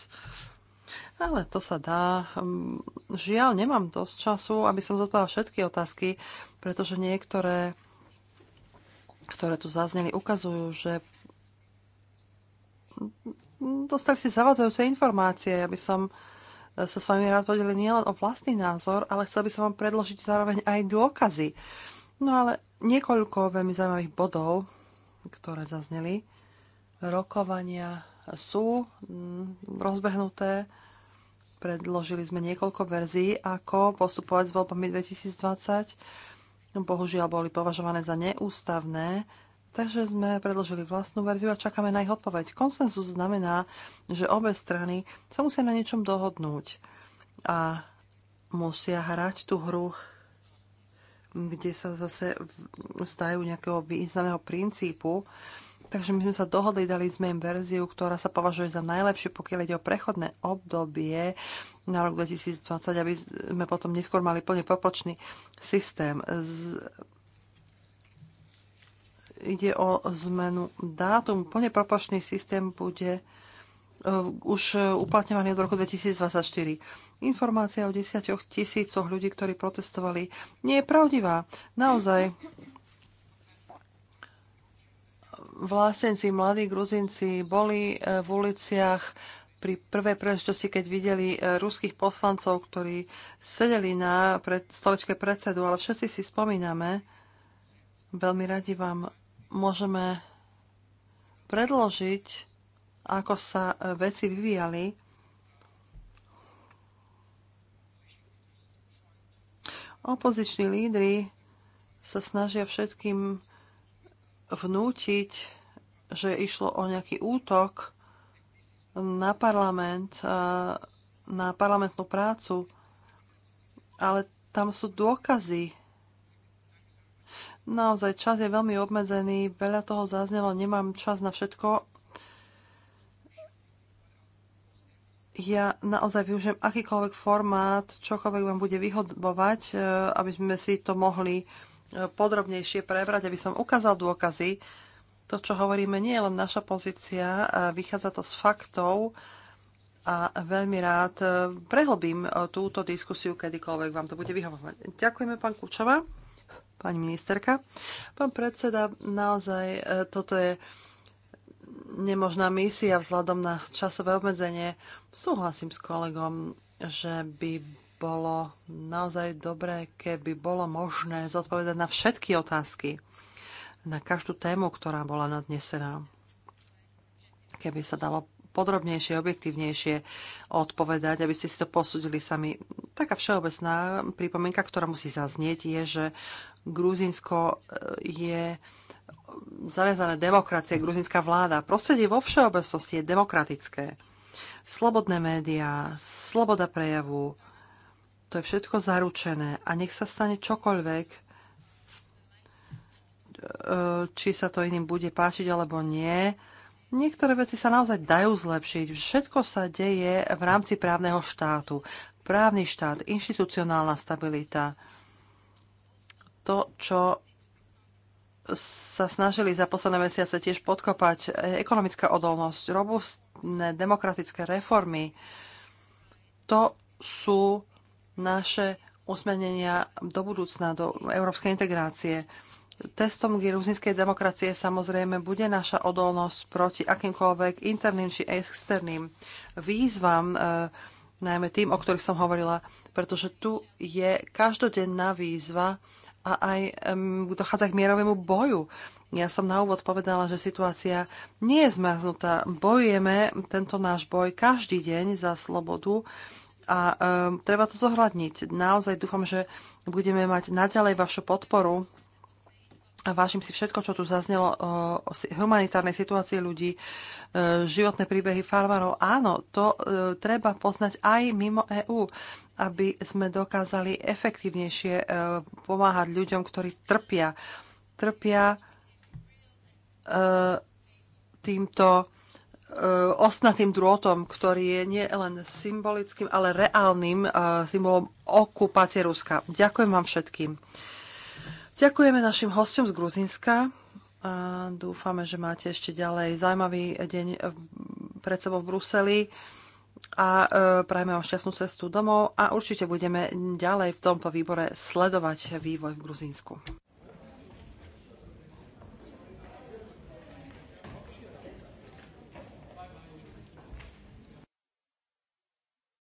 Ale to sa dá. Mm, žiaľ, nemám dosť času, aby som zodpovedala všetky otázky, pretože niektoré, ktoré tu zazneli, ukazujú, že dostali ste zavadzajúce informácie. Ja by som eh, sa s vami rád podelil nielen o vlastný názor, ale chcel by som vám predložiť zároveň aj dôkazy. No ale niekoľko veľmi zaujímavých bodov, ktoré zazneli. Rokovania sú mm, rozbehnuté. Predložili sme niekoľko verzií, ako postupovať s voľbami 2020. Bohužiaľ boli považované za neústavné Takže sme predložili vlastnú verziu a čakáme na ich odpoveď. Konsenzus znamená, že obe strany sa musia na niečom dohodnúť a musia hrať tú hru, kde sa zase vzdajú nejakého významného princípu. Takže my sme sa dohodli, dali sme im verziu, ktorá sa považuje za najlepšiu, pokiaľ ide o prechodné obdobie na rok 2020, aby sme potom neskôr mali plne popočný systém. Z ide o zmenu dátum. Plne propačný systém bude e, už uplatňovaný od roku 2024. Informácia o desiatoch tisícoch ľudí, ktorí protestovali, nie je pravdivá. Naozaj, vlásenci, mladí gruzinci boli e, v uliciach pri prvej príležitosti, keď videli e, ruských poslancov, ktorí sedeli na pred, stolečke predsedu, ale všetci si spomíname, veľmi radi vám môžeme predložiť, ako sa e, veci vyvíjali. Opoziční lídry sa snažia všetkým vnútiť, že išlo o nejaký útok na parlament, e, na parlamentnú prácu, ale tam sú dôkazy Naozaj čas je veľmi obmedzený, veľa toho zaznelo, nemám čas na všetko. Ja naozaj využijem akýkoľvek formát, čokoľvek vám bude vyhodbovať, e, aby sme si to mohli e, podrobnejšie prebrať, aby som ukázal dôkazy. To, čo hovoríme, nie je len naša pozícia, e, vychádza to z faktov a veľmi rád prehlbím túto diskusiu, kedykoľvek vám to bude vyhovovať. Ďakujeme, pán Kučova pani ministerka. Pán predseda, naozaj e, toto je nemožná misia vzhľadom na časové obmedzenie. Súhlasím s kolegom, že by bolo naozaj dobré, keby bolo možné zodpovedať na všetky otázky, na každú tému, ktorá bola nadnesená. Keby sa dalo podrobnejšie, objektívnejšie odpovedať, aby ste si to posudili sami. Taká všeobecná pripomienka, ktorá musí zaznieť, je, že Gruzinsko e, je zaviazané demokracie, gruzinská vláda. Prostredie vo všeobecnosti je demokratické. Slobodné médiá, sloboda prejavu, to je všetko zaručené. A nech sa stane čokoľvek, e, či sa to iným bude páčiť alebo nie, Niektoré veci sa naozaj dajú zlepšiť. Všetko sa deje v rámci právneho štátu. Právny štát, inštitucionálna stabilita, to, čo sa snažili za posledné mesiace tiež podkopať ekonomická odolnosť, robustné demokratické reformy. To sú naše usmenenia do budúcna, do európskej integrácie. Testom gruzinskej demokracie samozrejme bude naša odolnosť proti akýmkoľvek interným či externým výzvam, e, najmä tým, o ktorých som hovorila, pretože tu je každodenná výzva a aj um, dochádza k mierovému boju. Ja som na úvod povedala, že situácia nie je zmrznutá. Bojujeme tento náš boj každý deň za slobodu a um, treba to zohľadniť. Naozaj dúfam, že budeme mať naďalej vašu podporu a vážim si všetko, čo tu zaznelo o humanitárnej situácii ľudí, e, životné príbehy farmárov. Áno, to e, treba poznať aj mimo EÚ, aby sme dokázali efektívnejšie e, pomáhať ľuďom, ktorí trpia. Trpia týmto osnatým drôtom, ktorý je nie len symbolickým, ale reálnym symbolom okupácie Ruska. Ďakujem vám všetkým. Ďakujeme našim hostom z Gruzinska. A dúfame, že máte ešte ďalej zaujímavý deň pred sebou v Bruseli a e, prajeme vám šťastnú cestu domov a určite budeme ďalej v tomto výbore sledovať vývoj v Gruzínsku.